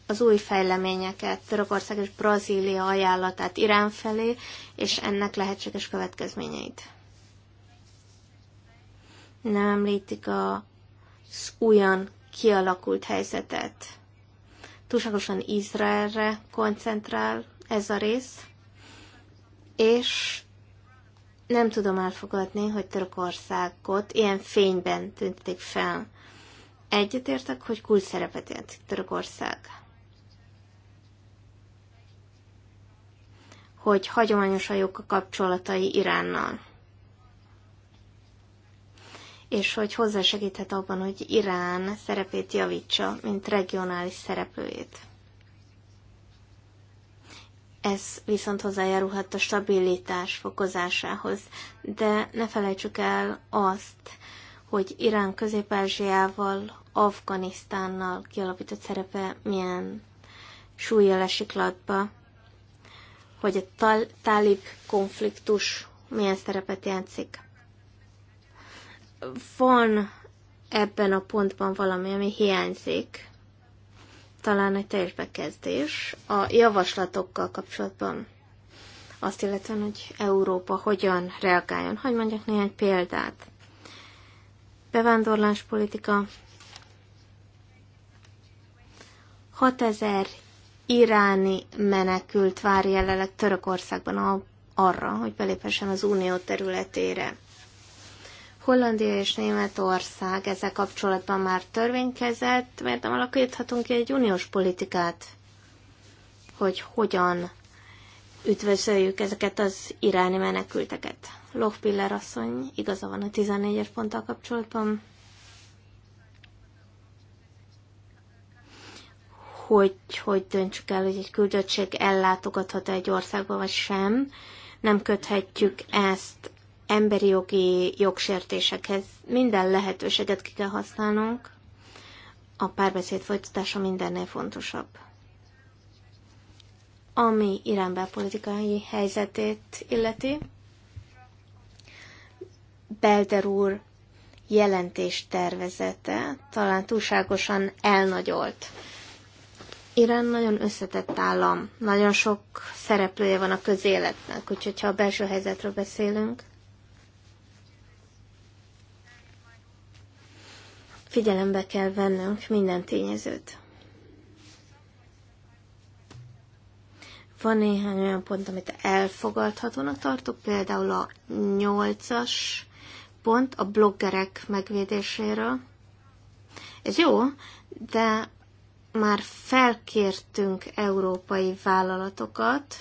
B: az új fejleményeket, Törökország és Brazília ajánlatát Irán felé, és ennek lehetséges következményeit. Nem említik a újan kialakult helyzetet. Túlságosan Izraelre koncentrál ez a rész, és nem tudom elfogadni, hogy Törökországot ilyen fényben tüntetik fel. Egyetértek, hogy kulcs szerepet játszik Törökország hogy hagyományosan jók a kapcsolatai Iránnal. És hogy hozzásegíthet abban, hogy Irán szerepét javítsa, mint regionális szereplőjét. Ez viszont hozzájárulhat a stabilitás fokozásához. De ne felejtsük el azt, hogy Irán Közép-Ázsiával, Afganisztánnal kialakított szerepe milyen súlyjal esik latba, hogy a talib konfliktus milyen szerepet játszik. Van ebben a pontban valami, ami hiányzik. Talán egy teljes bekezdés a javaslatokkal kapcsolatban. Azt illetve, hogy Európa hogyan reagáljon. Hogy mondjak néhány példát. Bevándorláspolitika, 6000 iráni menekült vár jelenleg Törökországban arra, hogy beléphessen az unió területére. Hollandia és Németország ezzel kapcsolatban már törvénykezett, mert nem alakíthatunk ki egy uniós politikát, hogy hogyan üdvözöljük ezeket az iráni menekülteket. Lochpiller asszony igaza van a 14-es ponttal kapcsolatban. hogy, hogy döntsük el, hogy egy küldöttség ellátogathat -e egy országba, vagy sem. Nem köthetjük ezt emberi jogi jogsértésekhez. Minden lehetőséget ki kell használnunk. A párbeszéd folytatása mindennél fontosabb. Ami Irán belpolitikai helyzetét illeti, Belder úr jelentés tervezete talán túlságosan elnagyolt. Irán nagyon összetett állam, nagyon sok szereplője van a közéletnek, úgyhogy ha a belső helyzetről beszélünk, figyelembe kell vennünk minden tényezőt. Van néhány olyan pont, amit elfogadhatónak tartok, például a nyolcas pont a bloggerek megvédéséről. Ez jó, de már felkértünk európai vállalatokat,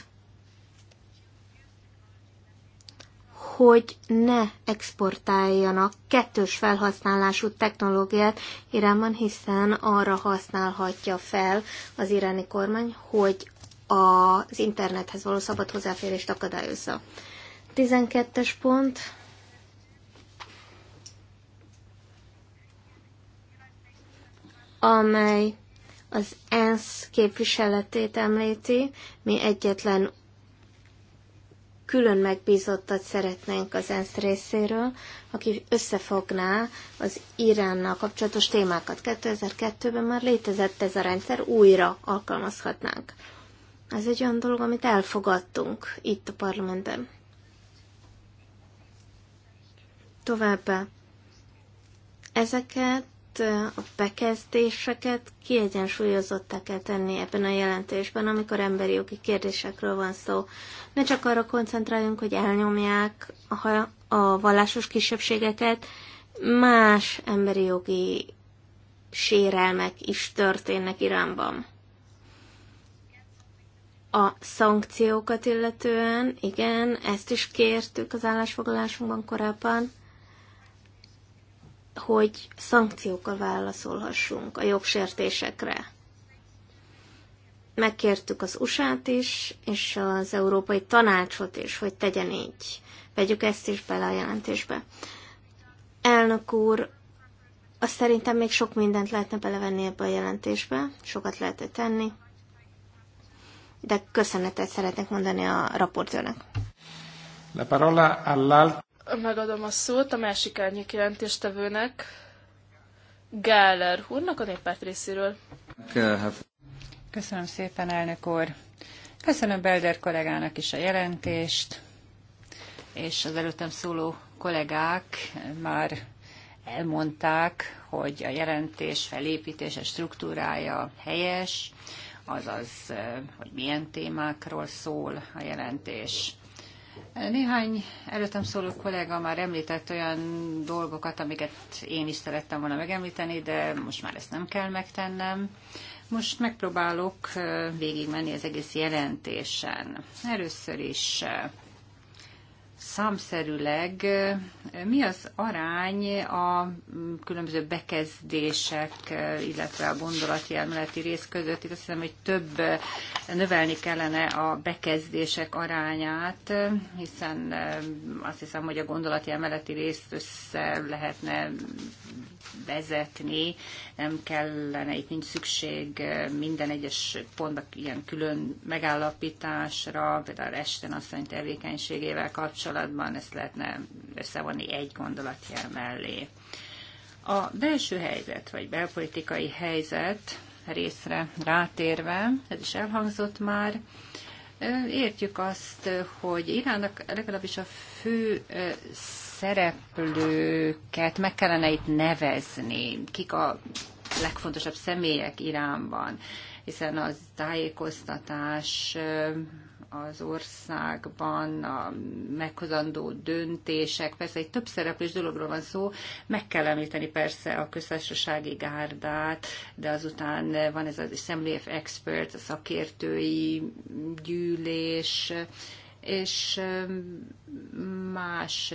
B: hogy ne exportáljanak kettős felhasználású technológiát Iránban, hiszen arra használhatja fel az iráni kormány, hogy az internethez való szabad hozzáférést akadályozza. 12-es pont. amely az ENSZ képviseletét említi, mi egyetlen külön megbízottat szeretnénk az ENSZ részéről, aki összefogná az Iránnal kapcsolatos témákat. 2002-ben már létezett ez a rendszer, újra alkalmazhatnánk. Ez egy olyan dolog, amit elfogadtunk itt a parlamentben. Továbbá ezeket a bekezdéseket kiegyensúlyozottá kell tenni ebben a jelentésben, amikor emberi jogi kérdésekről van szó. Ne csak arra koncentráljunk, hogy elnyomják a, a vallásos kisebbségeket, más emberi jogi sérelmek is történnek Iránban. A szankciókat illetően, igen, ezt is kértük az állásfoglalásunkban korábban, hogy szankciókkal válaszolhassunk a jogsértésekre. Megkértük az USA-t is, és az Európai Tanácsot is, hogy tegyen így. Vegyük ezt is bele a jelentésbe. Elnök úr, azt szerintem még sok mindent lehetne belevenni ebbe a jelentésbe, sokat lehetne tenni, de köszönetet szeretnék mondani a raportőrnek.
C: La parola all'alt
A: megadom a szót a másik árnyék jelentéstevőnek, Gáler
D: úrnak a néppárt részéről. Köszönöm szépen, elnök úr. Köszönöm Belder kollégának is a jelentést, és az előttem szóló kollégák már elmondták, hogy a jelentés felépítése struktúrája helyes, azaz, hogy milyen témákról szól a jelentés. Néhány előttem szóló kolléga már említett olyan dolgokat, amiket én is szerettem volna megemlíteni, de most már ezt nem kell megtennem. Most megpróbálok végigmenni az egész jelentésen. Először is számszerűleg eh, mi az arány a különböző bekezdések, eh, illetve a gondolati elméleti rész között? Itt azt hiszem, hogy több eh, növelni kellene a bekezdések arányát, hiszen azt hiszem, hogy a gondolati emeleti részt össze lehetne vezetni, nem kellene, itt nincs szükség minden egyes pontban ilyen külön megállapításra, például Esten asszony tevékenységével kapcsolatban, kapcsolatban, ezt lehetne összevonni egy gondolatjel mellé. A belső helyzet, vagy belpolitikai helyzet részre rátérve, ez is elhangzott már, értjük azt, hogy Iránnak legalábbis a fő szereplőket meg kellene itt nevezni, kik a legfontosabb személyek Iránban, hiszen az tájékoztatás az országban, a meghozandó döntések, persze egy több szereplős dologról van szó, meg kell említeni persze a köztársasági gárdát, de azután van ez az Assembly of Experts, a szakértői gyűlés, és más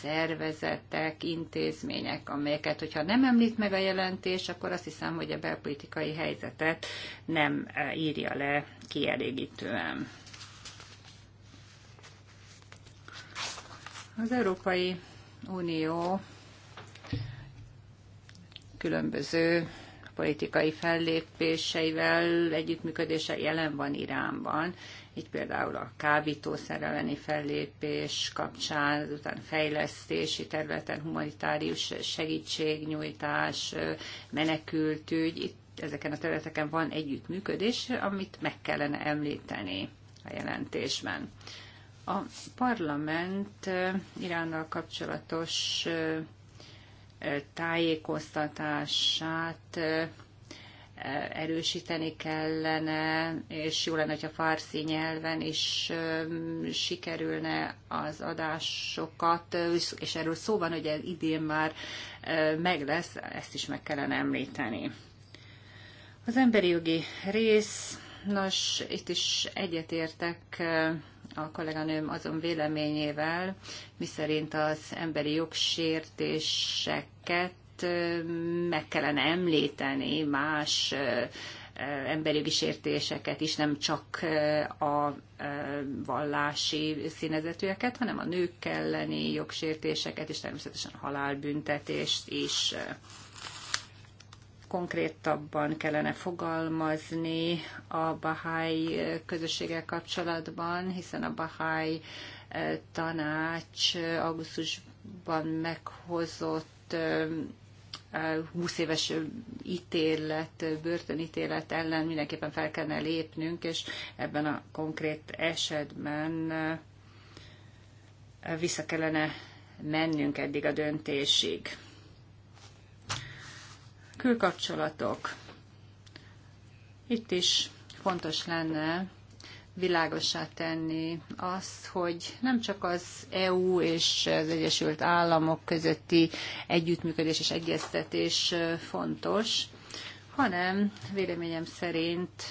D: szervezetek, intézmények, amelyeket, hogyha nem említ meg a jelentés, akkor azt hiszem, hogy a belpolitikai helyzetet nem e, írja le kielégítően. Az Európai Unió különböző politikai fellépéseivel, együttműködése jelen van Iránban, így például a kábítószer elleni fellépés kapcsán, utána fejlesztési területen humanitárius segítségnyújtás, menekültügy, itt ezeken a területeken van együttműködés, amit meg kellene említeni a jelentésben. A parlament Iránnal kapcsolatos tájékoztatását erősíteni kellene, és jó lenne, hogyha farsi nyelven is sikerülne az adásokat, és erről szó van, hogy ez idén már meg lesz, ezt is meg kellene említeni. Az emberi jogi rész, nos, itt is egyetértek a kolléganőm azon véleményével, miszerint az emberi jogsértéseket meg kellene említeni más emberi sértéseket is, nem csak a vallási színezetűeket, hanem a nők elleni jogsértéseket, és természetesen a halálbüntetést is konkrétabban kellene fogalmazni a Bahái közösséggel kapcsolatban, hiszen a Bahái tanács augusztusban meghozott 20 éves ítélet, börtönítélet ellen mindenképpen fel kellene lépnünk, és ebben a konkrét esetben eh, vissza kellene mennünk eddig a döntésig. Külkapcsolatok. Itt is fontos lenne világossá tenni azt, hogy nem csak az EU és az Egyesült Államok közötti együttműködés és egyeztetés fontos, hanem véleményem szerint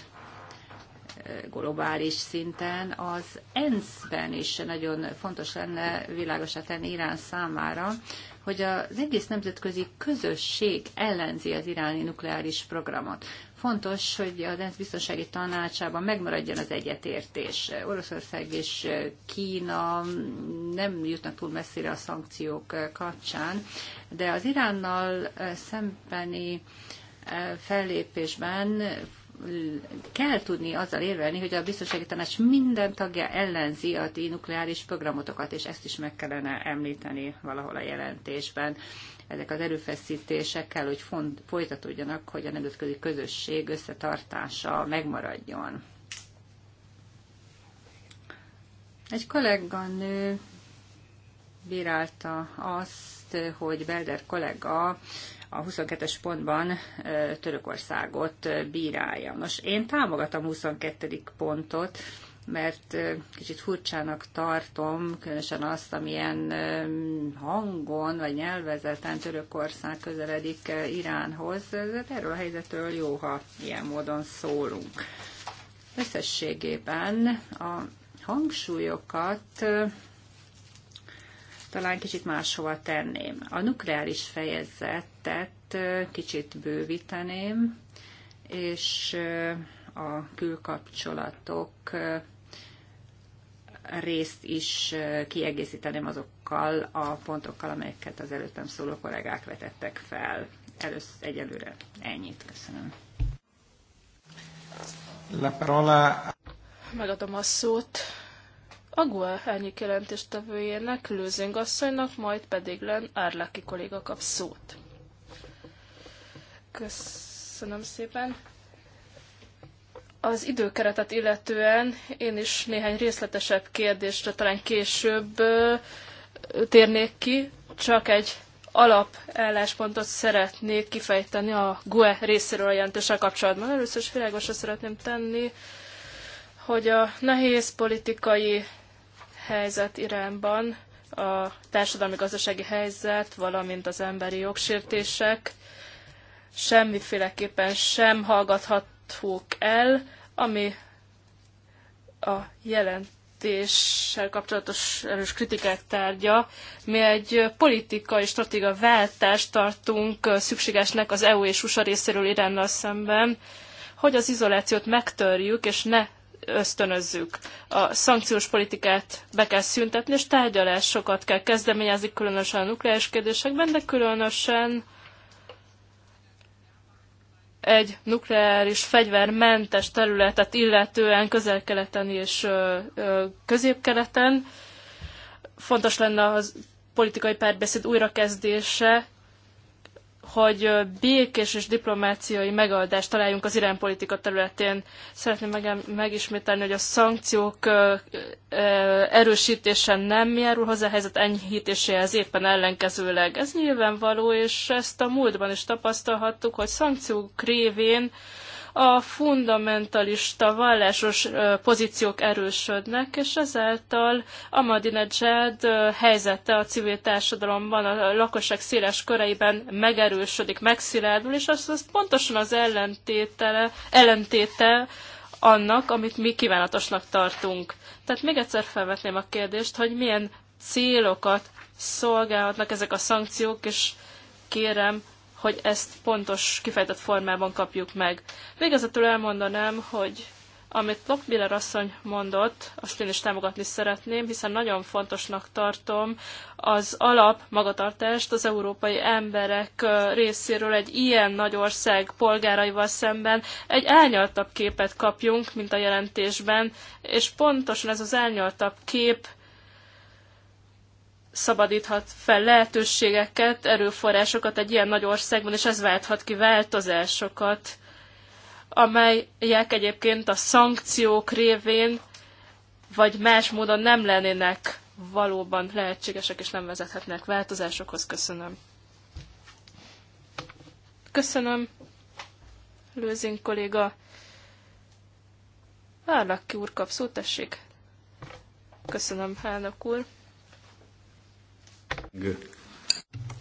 D: globális szinten az ENSZ-ben is nagyon fontos lenne világosá tenni Irán számára, hogy az egész nemzetközi közösség ellenzi az iráni nukleáris programot. Fontos, hogy az ENSZ biztonsági tanácsában megmaradjon az egyetértés. Oroszország és Kína nem jutnak túl messzire a szankciók kapcsán, de az Iránnal szembeni fellépésben kell tudni azzal érvelni, hogy a biztonsági tanács minden tagja ellenzi a nukleáris programotokat, és ezt is meg kellene említeni valahol a jelentésben. Ezek az erőfeszítések kell, hogy font, folytatódjanak, hogy a nemzetközi közösség összetartása megmaradjon. Egy kolléganő bírálta azt, hogy Belder kollega a 22-es pontban Törökországot bírálja. Nos, én támogatom 22. pontot, mert kicsit furcsának tartom, különösen azt, amilyen hangon vagy nyelvezeten Törökország közeledik Iránhoz. De erről a helyzetről jó, ha ilyen módon szólunk. Összességében a hangsúlyokat talán kicsit máshova tenném. A nukleáris fejezetet kicsit bővíteném, és a külkapcsolatok részt is kiegészíteném azokkal a pontokkal, amelyeket az előttem szóló kollégák vetettek fel. Először egyelőre ennyit. Köszönöm.
C: La parola...
A: Megadom a szót a GUE elnyik jelentéstevőjének, Lőzing asszonynak, majd pedig Len Árláki kolléga kap szót. Köszönöm szépen. Az időkeretet illetően én is néhány részletesebb kérdésre talán később térnék ki, csak egy alapálláspontot szeretnék kifejteni a GUE részéről a jelentéssel kapcsolatban. Először is világosra szeretném tenni, hogy a nehéz politikai helyzet Iránban, a társadalmi-gazdasági helyzet, valamint az emberi jogsértések semmiféleképpen sem hallgathatók el, ami a jelentéssel kapcsolatos erős kritikák tárgya. Mi egy politikai stratégia váltást tartunk szükségesnek az EU és USA részéről Iránnal szemben, hogy az izolációt megtörjük, és ne ösztönözzük. A szankciós politikát be kell szüntetni, és tárgyalásokat kell kezdeményezni, különösen a nukleáris kérdésekben, de különösen egy nukleáris fegyvermentes területet illetően közel-keleten és közép-keleten. Fontos lenne az politikai párbeszéd újrakezdése, hogy békés és diplomáciai megoldást találjunk az Irán területén. Szeretném megismételni, hogy a szankciók erősítése nem járul hozzá a helyzet enyhítéséhez, éppen ellenkezőleg. Ez nyilvánvaló, és ezt a múltban is tapasztalhattuk, hogy szankciók révén a fundamentalista vallásos pozíciók erősödnek, és ezáltal Ahmadinejad helyzete a civil társadalomban, a lakosság széles köreiben megerősödik, megszilárdul, és az, az pontosan az ellentétele, ellentéte annak, amit mi kívánatosnak tartunk. Tehát még egyszer felvetném a kérdést, hogy milyen célokat szolgálhatnak ezek a szankciók, és kérem, hogy ezt pontos, kifejtett formában kapjuk meg. Végezetül elmondanám, hogy amit Lockmiller asszony mondott, azt én is támogatni szeretném, hiszen nagyon fontosnak tartom az alap magatartást az európai emberek részéről egy ilyen nagy ország polgáraival szemben egy elnyaltabb képet kapjunk, mint a jelentésben, és pontosan ez az elnyaltabb kép szabadíthat fel lehetőségeket, erőforrásokat egy ilyen nagy országban, és ez válthat ki változásokat, amelyek egyébként a szankciók révén vagy más módon nem lennének valóban lehetségesek, és nem vezethetnek változásokhoz. Köszönöm. Köszönöm, Lőzin kolléga. Várlak ki úr, kapszó, tessék. Köszönöm, elnök úr.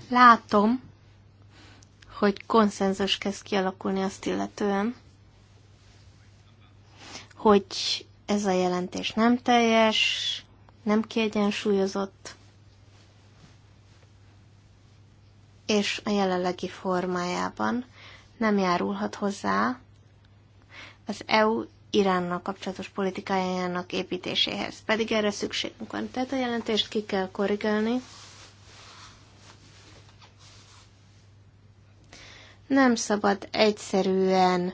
B: Látom, hogy konszenzus kezd kialakulni azt illetően, hogy ez a jelentés nem teljes, nem kiegyensúlyozott, és a jelenlegi formájában nem járulhat hozzá az EU Iránnal kapcsolatos politikájának építéséhez. Pedig erre szükségünk van. Tehát a jelentést ki kell korrigálni, Nem szabad egyszerűen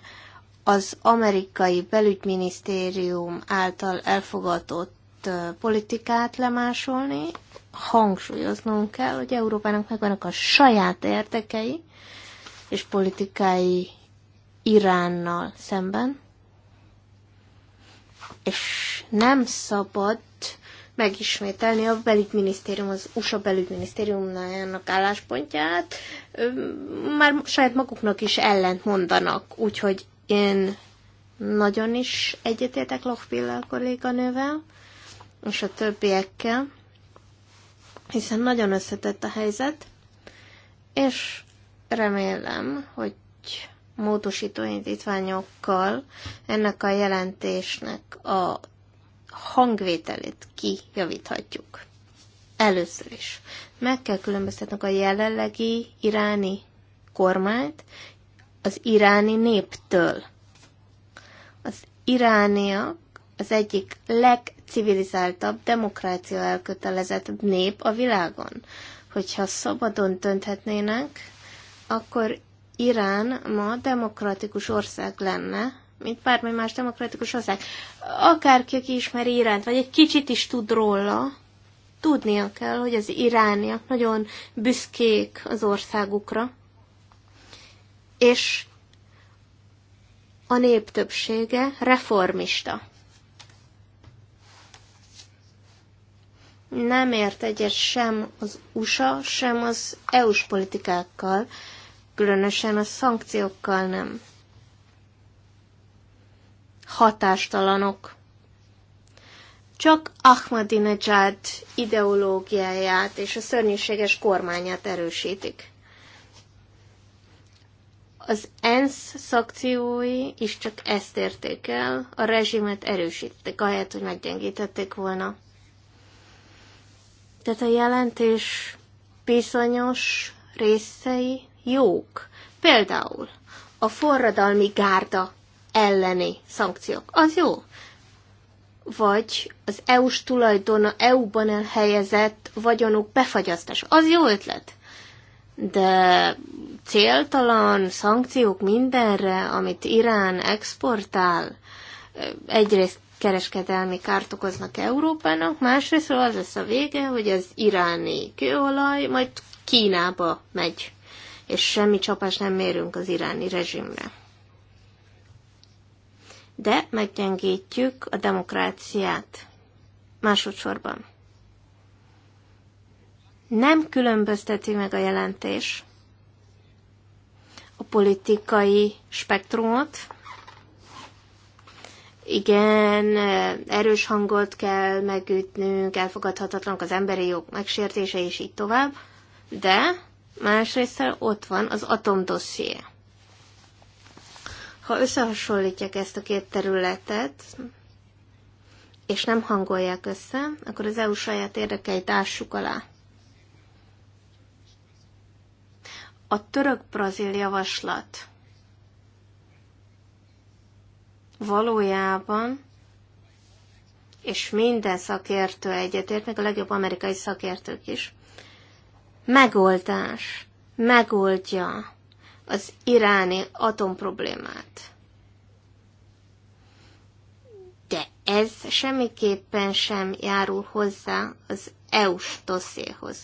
B: az amerikai belügyminisztérium által elfogadott politikát lemásolni, hangsúlyoznunk kell, hogy Európának megvannak a saját érdekei és politikai Iránnal szemben, és nem szabad megismételni a belügyminisztérium, az USA belügyminisztériumnájának álláspontját. Már saját maguknak is ellent mondanak, úgyhogy én nagyon is egyetértek Lochbiller kolléganővel, és a többiekkel, hiszen nagyon összetett a helyzet, és remélem, hogy módosító indítványokkal ennek a jelentésnek a hangvételét kijavíthatjuk. Először is. Meg kell különböztetnünk a jelenlegi iráni kormányt az iráni néptől. Az irániak az egyik legcivilizáltabb, demokrácia elkötelezett nép a világon. Hogyha szabadon dönthetnének, akkor Irán ma demokratikus ország lenne, mint bármely más demokratikus ország. Akárki, aki ismeri Iránt, vagy egy kicsit is tud róla, tudnia kell, hogy az irániak nagyon büszkék az országukra, és a nép többsége reformista. Nem ért egyet sem az USA, sem az EU-s politikákkal, különösen a szankciókkal nem hatástalanok. Csak Ahmadinejad ideológiáját és a szörnyűséges kormányát erősítik. Az ENSZ szakciói is csak ezt érték el, a rezsimet erősítették, ahelyett, hogy meggyengítették volna. Tehát a jelentés bizonyos részei jók. Például a forradalmi gárda elleni szankciók. Az jó. Vagy az EU-s tulajdona EU-ban elhelyezett vagyonok befagyasztása. Az jó ötlet. De céltalan szankciók mindenre, amit Irán exportál, egyrészt kereskedelmi kárt okoznak Európának, másrészt az lesz a vége, hogy az iráni kőolaj majd Kínába megy, és semmi csapás nem mérünk az iráni rezsimre de meggyengítjük a demokráciát. Másodszorban. Nem különbözteti meg a jelentés a politikai spektrumot. Igen, erős hangot kell megütnünk, elfogadhatatlanak az emberi jog megsértése, és így tovább. De másrészt ott van az atomdosszié ha összehasonlítják ezt a két területet, és nem hangolják össze, akkor az EU saját érdekeit ássuk alá. A török-brazil javaslat valójában, és minden szakértő egyetért, meg a legjobb amerikai szakértők is, megoldás, megoldja az iráni atomproblémát. De ez semmiképpen sem járul hozzá az EU-s dosszéhoz.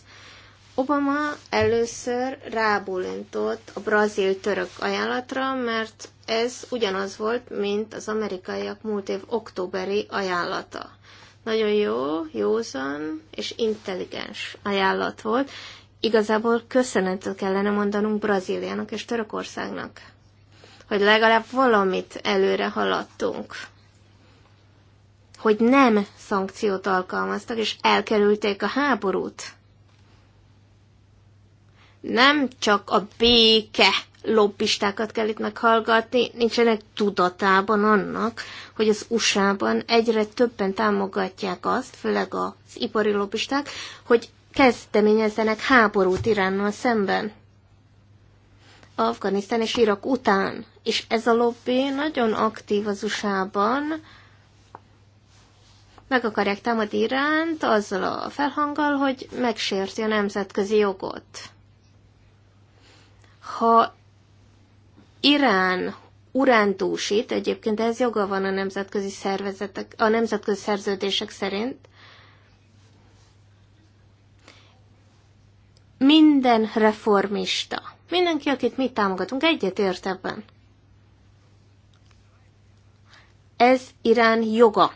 B: Obama először rábólintott a brazil-török ajánlatra, mert ez ugyanaz volt, mint az amerikaiak múlt év októberi ajánlata. Nagyon jó, józan és intelligens ajánlat volt, Igazából köszönetet kellene mondanunk Brazíliának és Törökországnak, hogy legalább valamit előre haladtunk, hogy nem szankciót alkalmaztak, és elkerülték a háborút. Nem csak a béke lobbistákat kell itt meghallgatni, nincsenek tudatában annak, hogy az USA-ban egyre többen támogatják azt, főleg az ipari lobbisták, hogy kezdeményezzenek háborút Iránnal szemben. Afganisztán és Irak után. És ez a lobby nagyon aktív az USA-ban. Meg akarják támadni Iránt azzal a felhanggal, hogy megsérti a nemzetközi jogot. Ha Irán urántúsít, egyébként ez joga van a nemzetközi szervezetek, a nemzetközi szerződések szerint, Minden reformista, mindenki, akit mi támogatunk, egyet ért ebben. Ez Irán joga.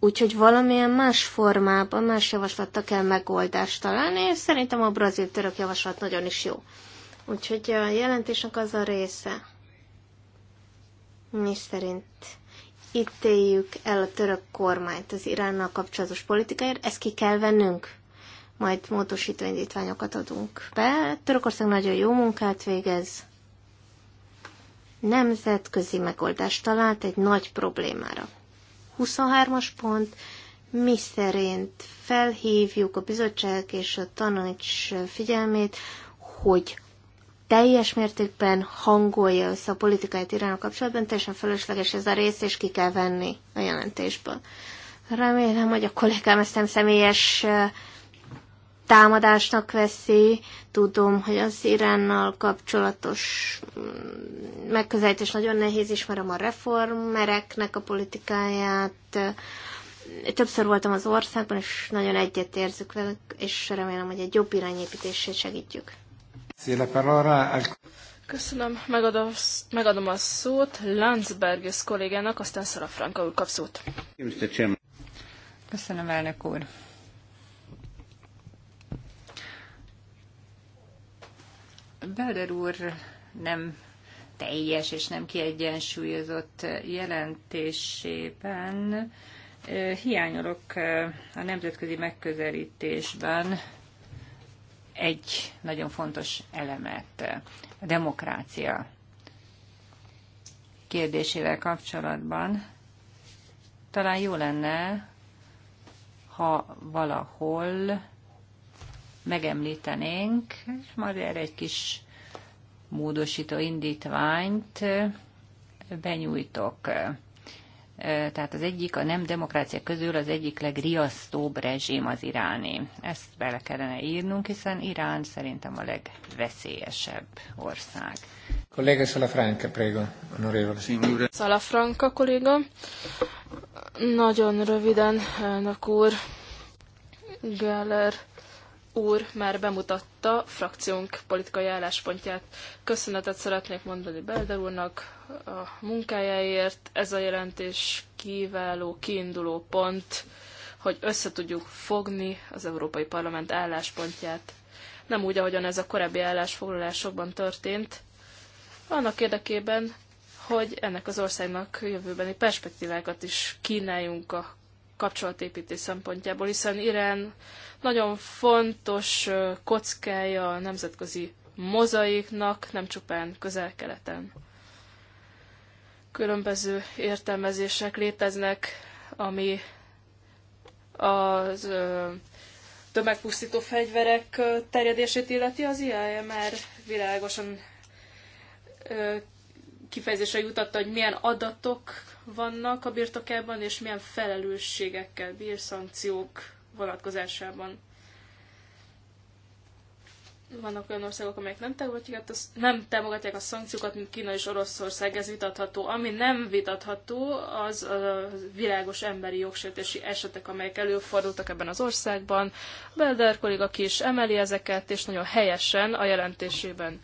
B: Úgyhogy valamilyen más formában, más javaslattal kell megoldást találni, és szerintem a brazil-török javaslat nagyon is jó. Úgyhogy a jelentésnek az a része, mi szerint ítéljük el a török kormányt az Iránnal kapcsolatos politikáért, ezt ki kell vennünk majd módosító indítványokat adunk be. Törökország nagyon jó munkát végez. Nemzetközi megoldást talált egy nagy problémára. 23-as pont, mi szerint felhívjuk a bizottság és a tanács figyelmét, hogy teljes mértékben hangolja össze a politikai irányok kapcsolatban, teljesen fölösleges ez a rész, és ki kell venni a jelentésből. Remélem, hogy a kollégám ezt nem személyes támadásnak veszi. Tudom, hogy az Iránnal kapcsolatos mm, megközelítés nagyon nehéz, ismerem a reformereknek a politikáját. Többször voltam az országban, és nagyon egyetérzük velük, és remélem, hogy egy jobb irányépítését segítjük. Köszönöm, megadom,
A: megadom a szót Landsbergis kollégának, aztán Szara Franka úr kap szót.
D: Köszönöm, elnök úr. Belder úr nem teljes és nem kiegyensúlyozott jelentésében hiányolok a nemzetközi megközelítésben egy nagyon fontos elemet, a demokrácia kérdésével kapcsolatban. Talán jó lenne, ha valahol megemlítenénk, és majd erre egy kis módosító indítványt benyújtok. Tehát az egyik, a nem demokrácia közül az egyik legriasztóbb rezsim az iráni. Ezt bele kellene írnunk, hiszen Irán szerintem a legveszélyesebb ország.
C: Kolléga Salafranca, prego, onorevole.
D: Salafranca kolléga.
A: Nagyon röviden, elnök úr. Geller úr már bemutatta frakciónk politikai álláspontját. Köszönetet szeretnék mondani Belder úrnak a munkájáért. Ez a jelentés kiváló kiinduló pont, hogy összetudjuk fogni az Európai Parlament álláspontját. Nem úgy, ahogyan ez a korábbi állásfoglalásokban történt, annak érdekében, hogy ennek az országnak jövőbeni perspektívákat is kínáljunk a kapcsolatépítés szempontjából, hiszen Irán nagyon fontos kockája a nemzetközi mozaiknak, nem csupán közel-keleten. Különböző értelmezések léteznek, ami az tömegpusztító fegyverek terjedését illeti, az IAE, mert világosan kifejezésre jutatta, hogy milyen adatok vannak a birtokában, és milyen felelősségekkel bír szankciók vonatkozásában. Vannak olyan országok, amelyek nem támogatják, nem támogatják a szankciókat, mint Kína és Oroszország, ez vitatható. Ami nem vitatható, az a világos emberi jogsértési esetek, amelyek előfordultak ebben az országban. Belder kolléga ki is emeli ezeket, és nagyon helyesen a jelentésében.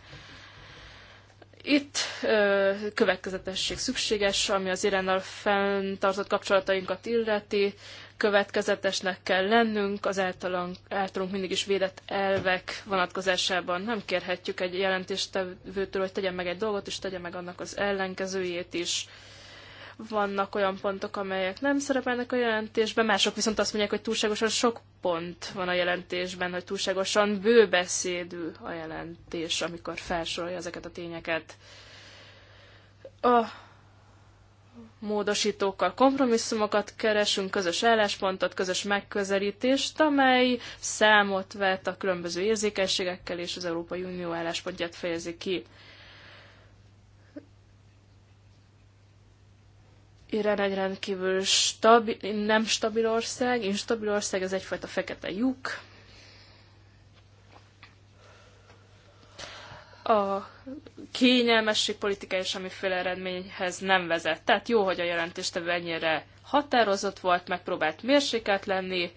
A: Itt ö, következetesség szükséges, ami az Iránnal fenntartott kapcsolatainkat illeti, következetesnek kell lennünk az általunk, általunk mindig is védett elvek vonatkozásában. Nem kérhetjük egy jelentéstevőtől, hogy tegyen meg egy dolgot, és tegyen meg annak az ellenkezőjét is. Ö, vannak olyan pontok, amelyek nem szerepelnek a jelentésben, mások viszont azt mondják, hogy túlságosan sok pont van a jelentésben, hogy túlságosan bőbeszédű a jelentés, amikor felsorolja ezeket a tényeket. A módosítókkal kompromisszumokat keresünk, közös álláspontot, közös megközelítést, amely számot vett a különböző érzékenységekkel és az Európai Unió álláspontját fejezi ki. Irán egy rendkívül stabi- nem stabil ország, instabil ország, ez egyfajta fekete lyuk. A kényelmesség és amiféle eredményhez nem vezet. Tehát jó, hogy a jelentéstevő ennyire határozott volt, megpróbált mérsékelt lenni,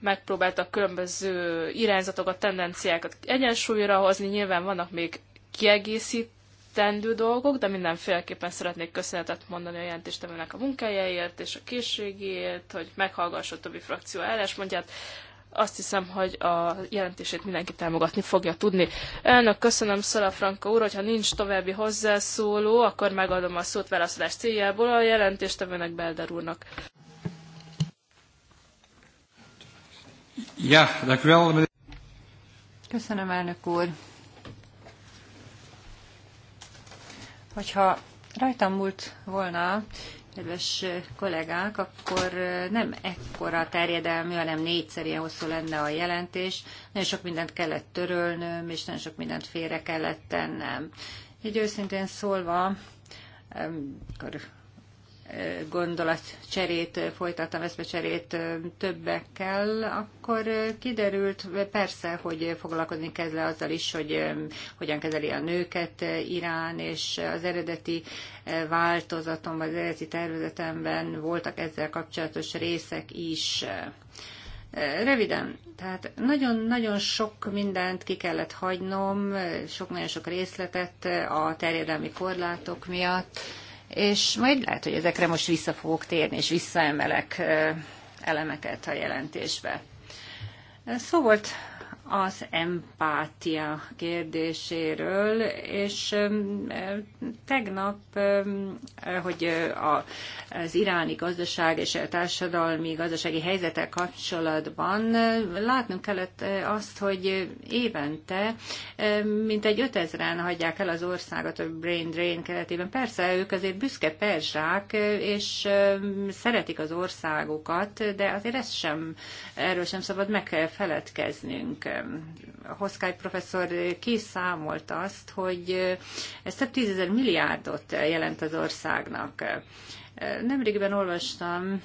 A: megpróbált a különböző irányzatokat, tendenciákat egyensúlyra hozni. Nyilván vannak még kiegészít, teendő dolgok, de mindenféleképpen szeretnék köszönetet mondani a jelentéstevőnek a munkájáért és a készségéért, hogy meghallgassa a többi frakció álláspontját. Azt hiszem, hogy a jelentését mindenki támogatni fogja tudni. Elnök, köszönöm Szala Franka úr, hogyha nincs további hozzászóló, akkor megadom a szót válaszolás céljából a jelentéstevőnek Belder úrnak.
C: Ja,
D: Köszönöm, elnök úr. Hogyha rajtam múlt volna, kedves kollégák, akkor nem ekkora terjedelmű, hanem négyszer ilyen hosszú lenne a jelentés. Nagyon sok mindent kellett törölnöm, és nagyon sok mindent félre kellett tennem. Így őszintén szólva, akkor gondolatcserét folytattam, eszmecserét többekkel, akkor kiderült persze, hogy foglalkozni kezdve azzal is, hogy hogyan kezeli a nőket Irán, és az eredeti változatom az eredeti tervezetemben voltak ezzel kapcsolatos részek is. Röviden, tehát nagyon-nagyon sok mindent ki kellett hagynom, sok-nagyon sok részletet a terjedelmi korlátok miatt, és majd lehet, hogy ezekre most vissza fogok térni, és visszaemelek elemeket a jelentésbe. Szó volt az empátia kérdéséről, és tegnap, hogy az iráni gazdaság és a társadalmi gazdasági helyzetek kapcsolatban látnunk kellett azt, hogy évente mintegy 5000-en hagyják el az országot a brain drain keretében. Persze ők azért büszke perzsák, és szeretik az országukat, de azért ezt sem, erről sem szabad megfeledkeznünk. Hoszkály professzor kiszámolt azt, hogy ez több tízezer milliárdot jelent az országnak. Nemrégiben olvastam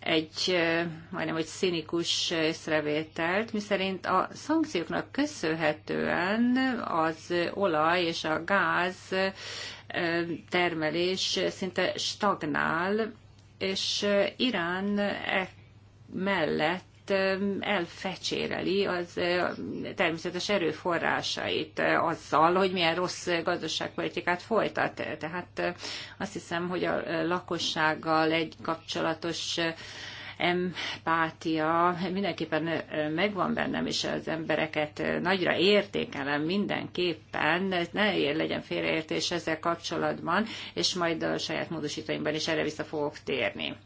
D: egy majdnem, egy színikus észrevételt, miszerint a szankcióknak köszönhetően az olaj és a gáz termelés szinte stagnál, és Irán e mellett elfecséreli az természetes erőforrásait azzal, hogy milyen rossz gazdaságpolitikát folytat. Tehát azt hiszem, hogy a lakossággal egy kapcsolatos empátia mindenképpen megvan bennem, és az embereket nagyra értékelem mindenképpen, ne legyen félreértés ezzel kapcsolatban, és majd a saját módosítóimban is erre vissza fogok térni.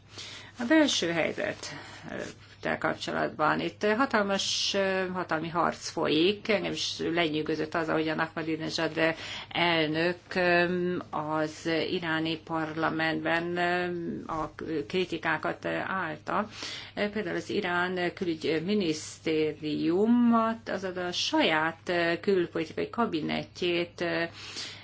D: A belső helyzet te kapcsolatban. Itt hatalmas hatalmi harc folyik, engem is lenyűgözött az, ahogyan Ahmadinejad elnök az iráni parlamentben a kritikákat állta. Például az Irán külügyminisztériumot, azaz a saját külpolitikai kabinetjét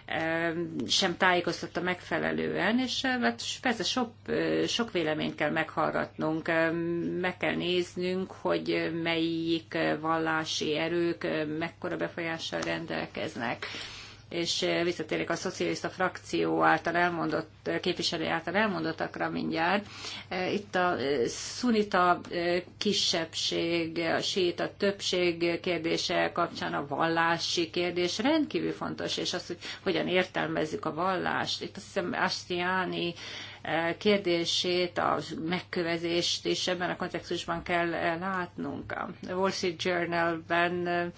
D: Ehm, sem tájékoztatta megfelelően, és ehm, hát persze sok, eh, sok véleményt kell meghallgatnunk, ehm, meg kell néznünk, hogy melyik eh, vallási erők eh, mekkora befolyással rendelkeznek és eh, visszatérek a szocialista frakció által elmondott, eh, képviselő által elmondottakra mindjárt. Eh, itt a szunita kisebbség, a a többség kérdése kapcsán a vallási kérdés rendkívül fontos, és az, hogy hogyan értelmezzük a vallást. Itt azt hiszem Astiani kérdését, a megkövezést is ebben a kontextusban kell látnunk. A Wall Street Journal-ben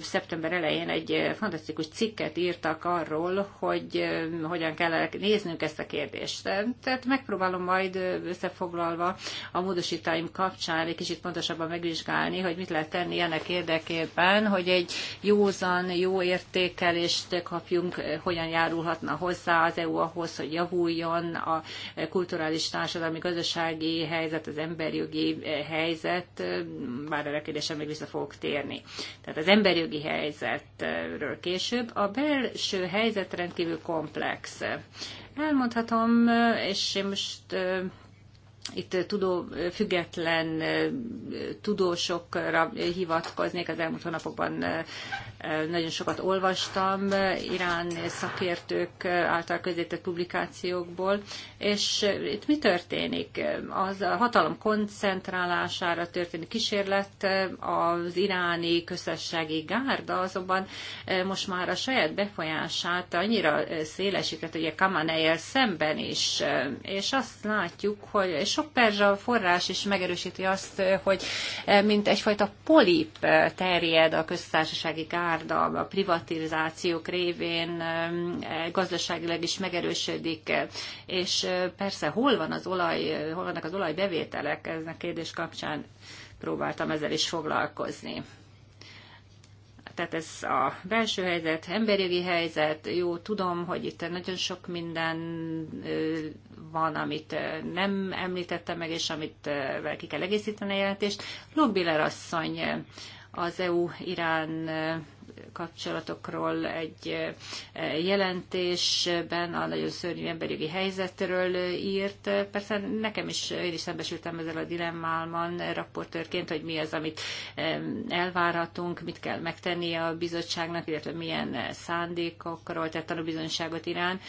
D: szeptember elején egy fantasztikus cikket írtak arról, hogy hogyan kell néznünk ezt a kérdést. Tehát megpróbálom majd összefoglalva a módosítáim kapcsán egy kicsit pontosabban megvizsgálni, hogy mit lehet tenni ennek érdekében, hogy egy józan, jó értékelést kapjunk, hogyan járulhatna hozzá az EU ahhoz, hogy javuljon a kulturális, társadalmi, gazdasági helyzet, az emberjogi eh, helyzet, eh, bár erre kérdésem még vissza fogok térni. Tehát az emberjogi helyzetről később. A belső helyzet rendkívül komplex. Elmondhatom, eh, és én most itt tudó, független tudósokra hivatkoznék. Az elmúlt hónapokban nagyon sokat olvastam irán szakértők által közzétett publikációkból, és itt mi történik? Az a hatalom koncentrálására történő kísérlet az iráni közösségi gárda azonban most már a saját befolyását annyira szélesített, a Kamanejel szemben is, és azt látjuk, hogy sok perzsa forrás is megerősíti azt, hogy mint egyfajta polip terjed a köztársasági gárda, a privatizációk révén gazdaságilag is megerősödik, és persze hol van az olaj, hol vannak az olajbevételek, ez a kérdés kapcsán próbáltam ezzel is foglalkozni tehát ez a belső helyzet, emberjogi helyzet, jó, tudom, hogy itt nagyon sok minden van, amit nem említettem meg, és amit ki kell egészíteni a jelentést. Logbiller asszony az EU-Irán kapcsolatokról egy jelentésben a nagyon szörnyű emberjogi helyzetről írt. Persze nekem is, én is szembesültem ezzel a dilemmálman raportőrként, hogy mi az, amit elvárhatunk, mit kell megtenni a bizottságnak, illetve milyen szándékokról tehát tanúbizonyságot irán.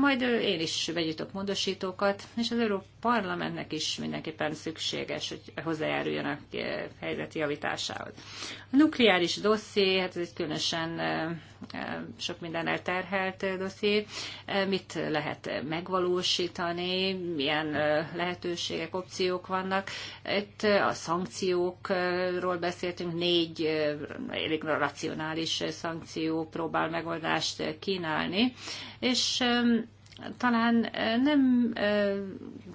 D: Majd én is begyújtok módosítókat, és az Európa Parlamentnek is mindenképpen szükséges, hogy hozzájáruljanak helyzeti javításához. A nukleáris dosszié, hát ez egy különösen sok minden elterhelt dosszié. Mit lehet megvalósítani, milyen lehetőségek, opciók vannak. Itt a szankciókról beszéltünk, négy elég racionális szankció próbál megoldást kínálni, és talán nem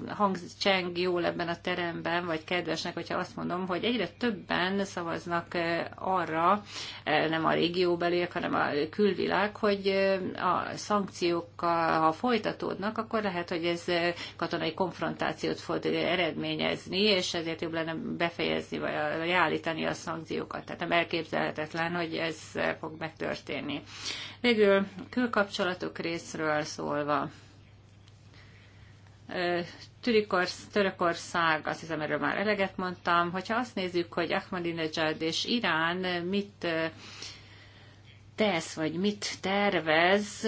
D: hangcseng jól ebben a teremben, vagy kedvesnek, hogyha azt mondom, hogy egyre többen szavaznak arra, nem a régióbeliek, hanem a külvilág, hogy a szankciók, ha folytatódnak, akkor lehet, hogy ez katonai konfrontációt fog eredményezni, és ezért jobb lenne befejezni, vagy állítani a szankciókat. Tehát nem elképzelhetetlen, hogy ez fog megtörténni. Végül külkapcsolatok részről szólva. Türikorsz, Törökország, azt hiszem erről már eleget mondtam, hogyha azt nézzük, hogy Ahmadinejad és Irán mit tesz, vagy mit tervez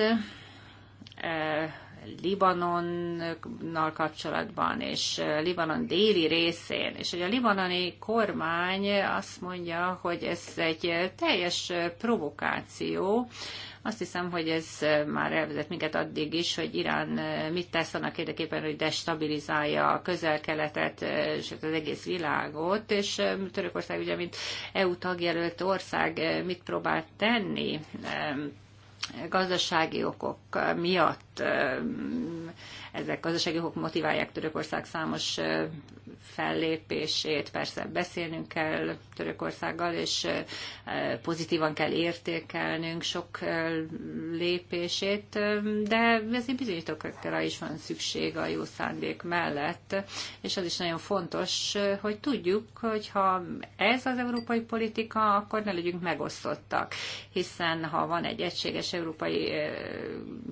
D: Libanonnal kapcsolatban, és Libanon déli részén, és hogy a libanoni kormány azt mondja, hogy ez egy teljes provokáció, azt hiszem, hogy ez már elvezet minket addig is, hogy Irán mit tesz annak érdekében, hogy destabilizálja a közel-keletet és az egész világot, és Törökország ugye, mint EU tagjelölt ország mit próbál tenni? gazdasági okok miatt ezek gazdasági okok motiválják Törökország számos fellépését. Persze beszélnünk kell Törökországgal, és pozitívan kell értékelnünk sok lépését, de ezért bizonyítókra is van szükség a jó szándék mellett, és az is nagyon fontos, hogy tudjuk, hogy ha ez az európai politika, akkor ne legyünk megosztottak, hiszen ha van egy egységes európai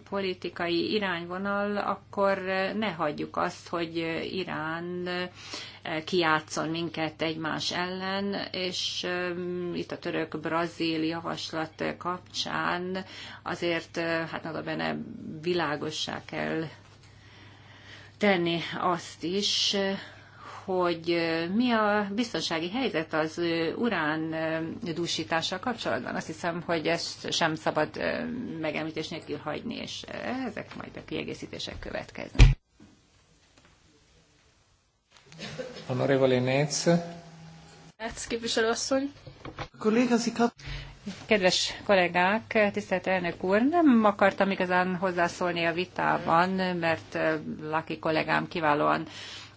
D: politikai irányvonal, akkor ne hagyjuk azt, hogy Irán kiátszon minket egymás ellen, és mm, itt a török-brazil javaslat kapcsán azért hát oda benne világossá kell tenni azt is, hogy mi a biztonsági helyzet az urán dúsítással kapcsolatban. Azt hiszem, hogy ezt sem szabad megemlítés nélkül hagyni, és ezek majd a kiegészítések következnek.
C: Honorevole Netz.
D: Képviselő asszony. Kedves kollégák, tisztelt elnök úr, nem akartam igazán hozzászólni a vitában, mert Laki kollégám kiválóan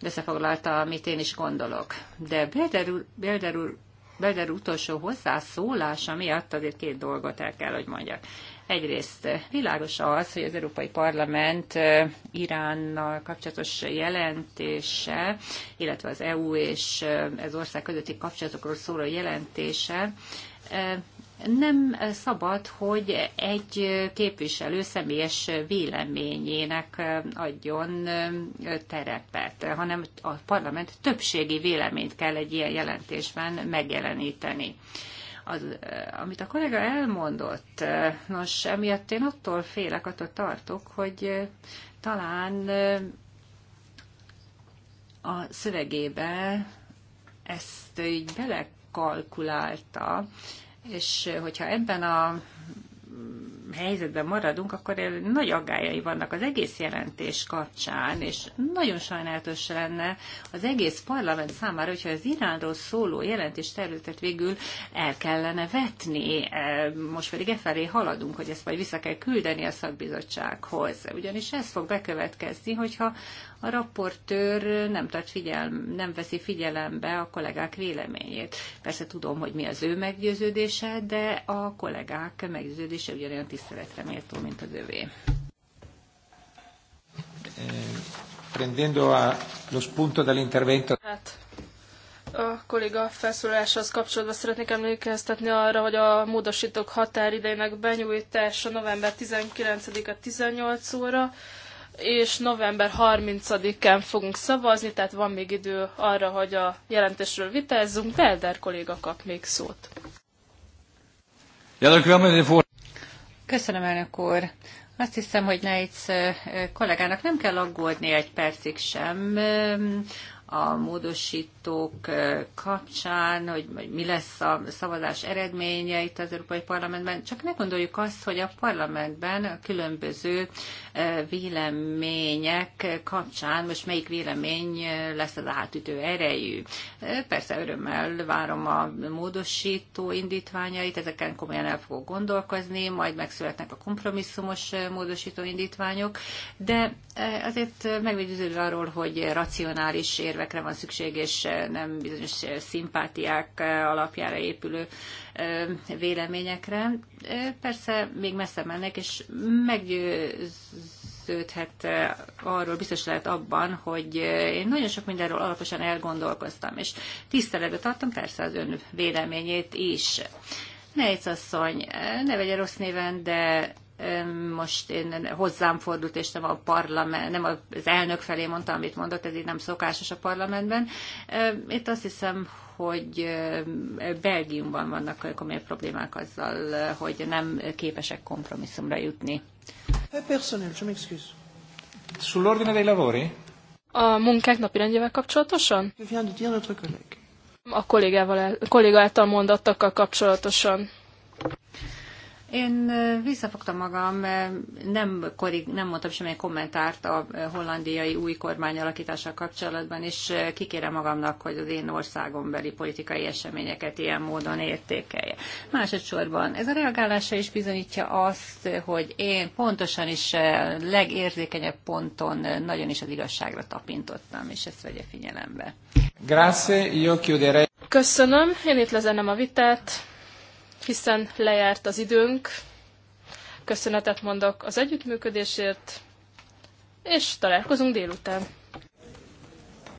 D: összefoglalta, amit én is gondolok. De Belder úr, Belder úr Belder utolsó hozzászólása miatt azért két dolgot el kell, hogy mondjak. Egyrészt világos az, hogy az Európai Parlament Iránnal kapcsolatos jelentése, illetve az EU és ez ország közötti kapcsolatokról szóló jelentése nem szabad, hogy egy képviselő személyes véleményének adjon terepet, hanem a parlament többségi véleményt kell egy ilyen jelentésben megjeleníteni. Az, amit a kollega elmondott, nos, emiatt én attól félek, attól tartok, hogy talán a szövegébe ezt így belekalkulálta, és hogyha ebben a mm, helyzetben maradunk, akkor nagy aggályai vannak az egész jelentés kapcsán, és nagyon sajnálatos lenne az egész parlament számára, hogyha az Iránról szóló jelentés területet végül el kellene vetni. Most pedig e felé haladunk, hogy ezt majd vissza kell küldeni a szakbizottsághoz. Ugyanis ez fog bekövetkezni, hogyha a raportőr nem, tart figyel, nem veszi figyelembe a kollégák véleményét. Persze tudom, hogy mi az ő meggyőződése, de a kollégák meggyőződése ugyanolyan tiszteletre méltó, mint az övé.
C: Eh, prendendo a lo spunto dell'intervento.
A: Hát, a kolléga felszólaláshoz kapcsolatban szeretnék emlékeztetni arra, hogy a módosítók határidejének benyújtása november 19-a 18 óra, és november 30-án fogunk szavazni, tehát van még idő arra, hogy a jelentésről vitázzunk. Belder
D: kolléga kap még szót. Köszönöm, elnök úr. Azt hiszem, hogy Neitz kollégának nem kell aggódni egy percig sem a módosítók kapcsán, hogy mi lesz a szavazás eredménye itt az Európai Parlamentben. Csak ne gondoljuk azt, hogy a parlamentben a különböző vélemények kapcsán most melyik vélemény lesz az átütő erejű. Persze örömmel várom a módosító indítványait, ezeken komolyan el fogok gondolkozni, majd megszületnek a kompromisszumos módosító indítványok, de azért megvédőződve arról, hogy racionális érve érvekre van szükség, és nem bizonyos szimpátiák alapjára épülő véleményekre. Persze még messze mennek, és meggyőződhet arról, biztos lehet abban, hogy én nagyon sok mindenről alaposan elgondolkoztam, és tiszteletbe tartom persze az ön véleményét is. Nejc asszony, ne vegye rossz néven, de most én hozzám fordult, és nem, a parlament, nem az elnök felé mondta, amit mondott, ez így nem szokásos a parlamentben. Itt azt hiszem, hogy Belgiumban vannak komoly problémák azzal, hogy nem képesek kompromisszumra jutni.
A: A munkák rendjével kapcsolatosan? A kollégával el, kolléga által mondottakkal kapcsolatosan.
D: Én visszafogtam magam, nem, korrig, nem mondtam semmilyen kommentárt a hollandiai új kormány alakítással kapcsolatban, és kikérem magamnak, hogy az én országom beli politikai eseményeket ilyen módon értékelje. Másodszorban ez a reagálása is bizonyítja azt, hogy én pontosan is legérzékenyebb ponton nagyon is az igazságra tapintottam, és ezt vegye figyelembe.
C: Grazie, io chiuderei. Köszönöm,
A: én itt lezenem a vitát hiszen lejárt az időnk. Köszönetet mondok az együttműködésért, és találkozunk délután.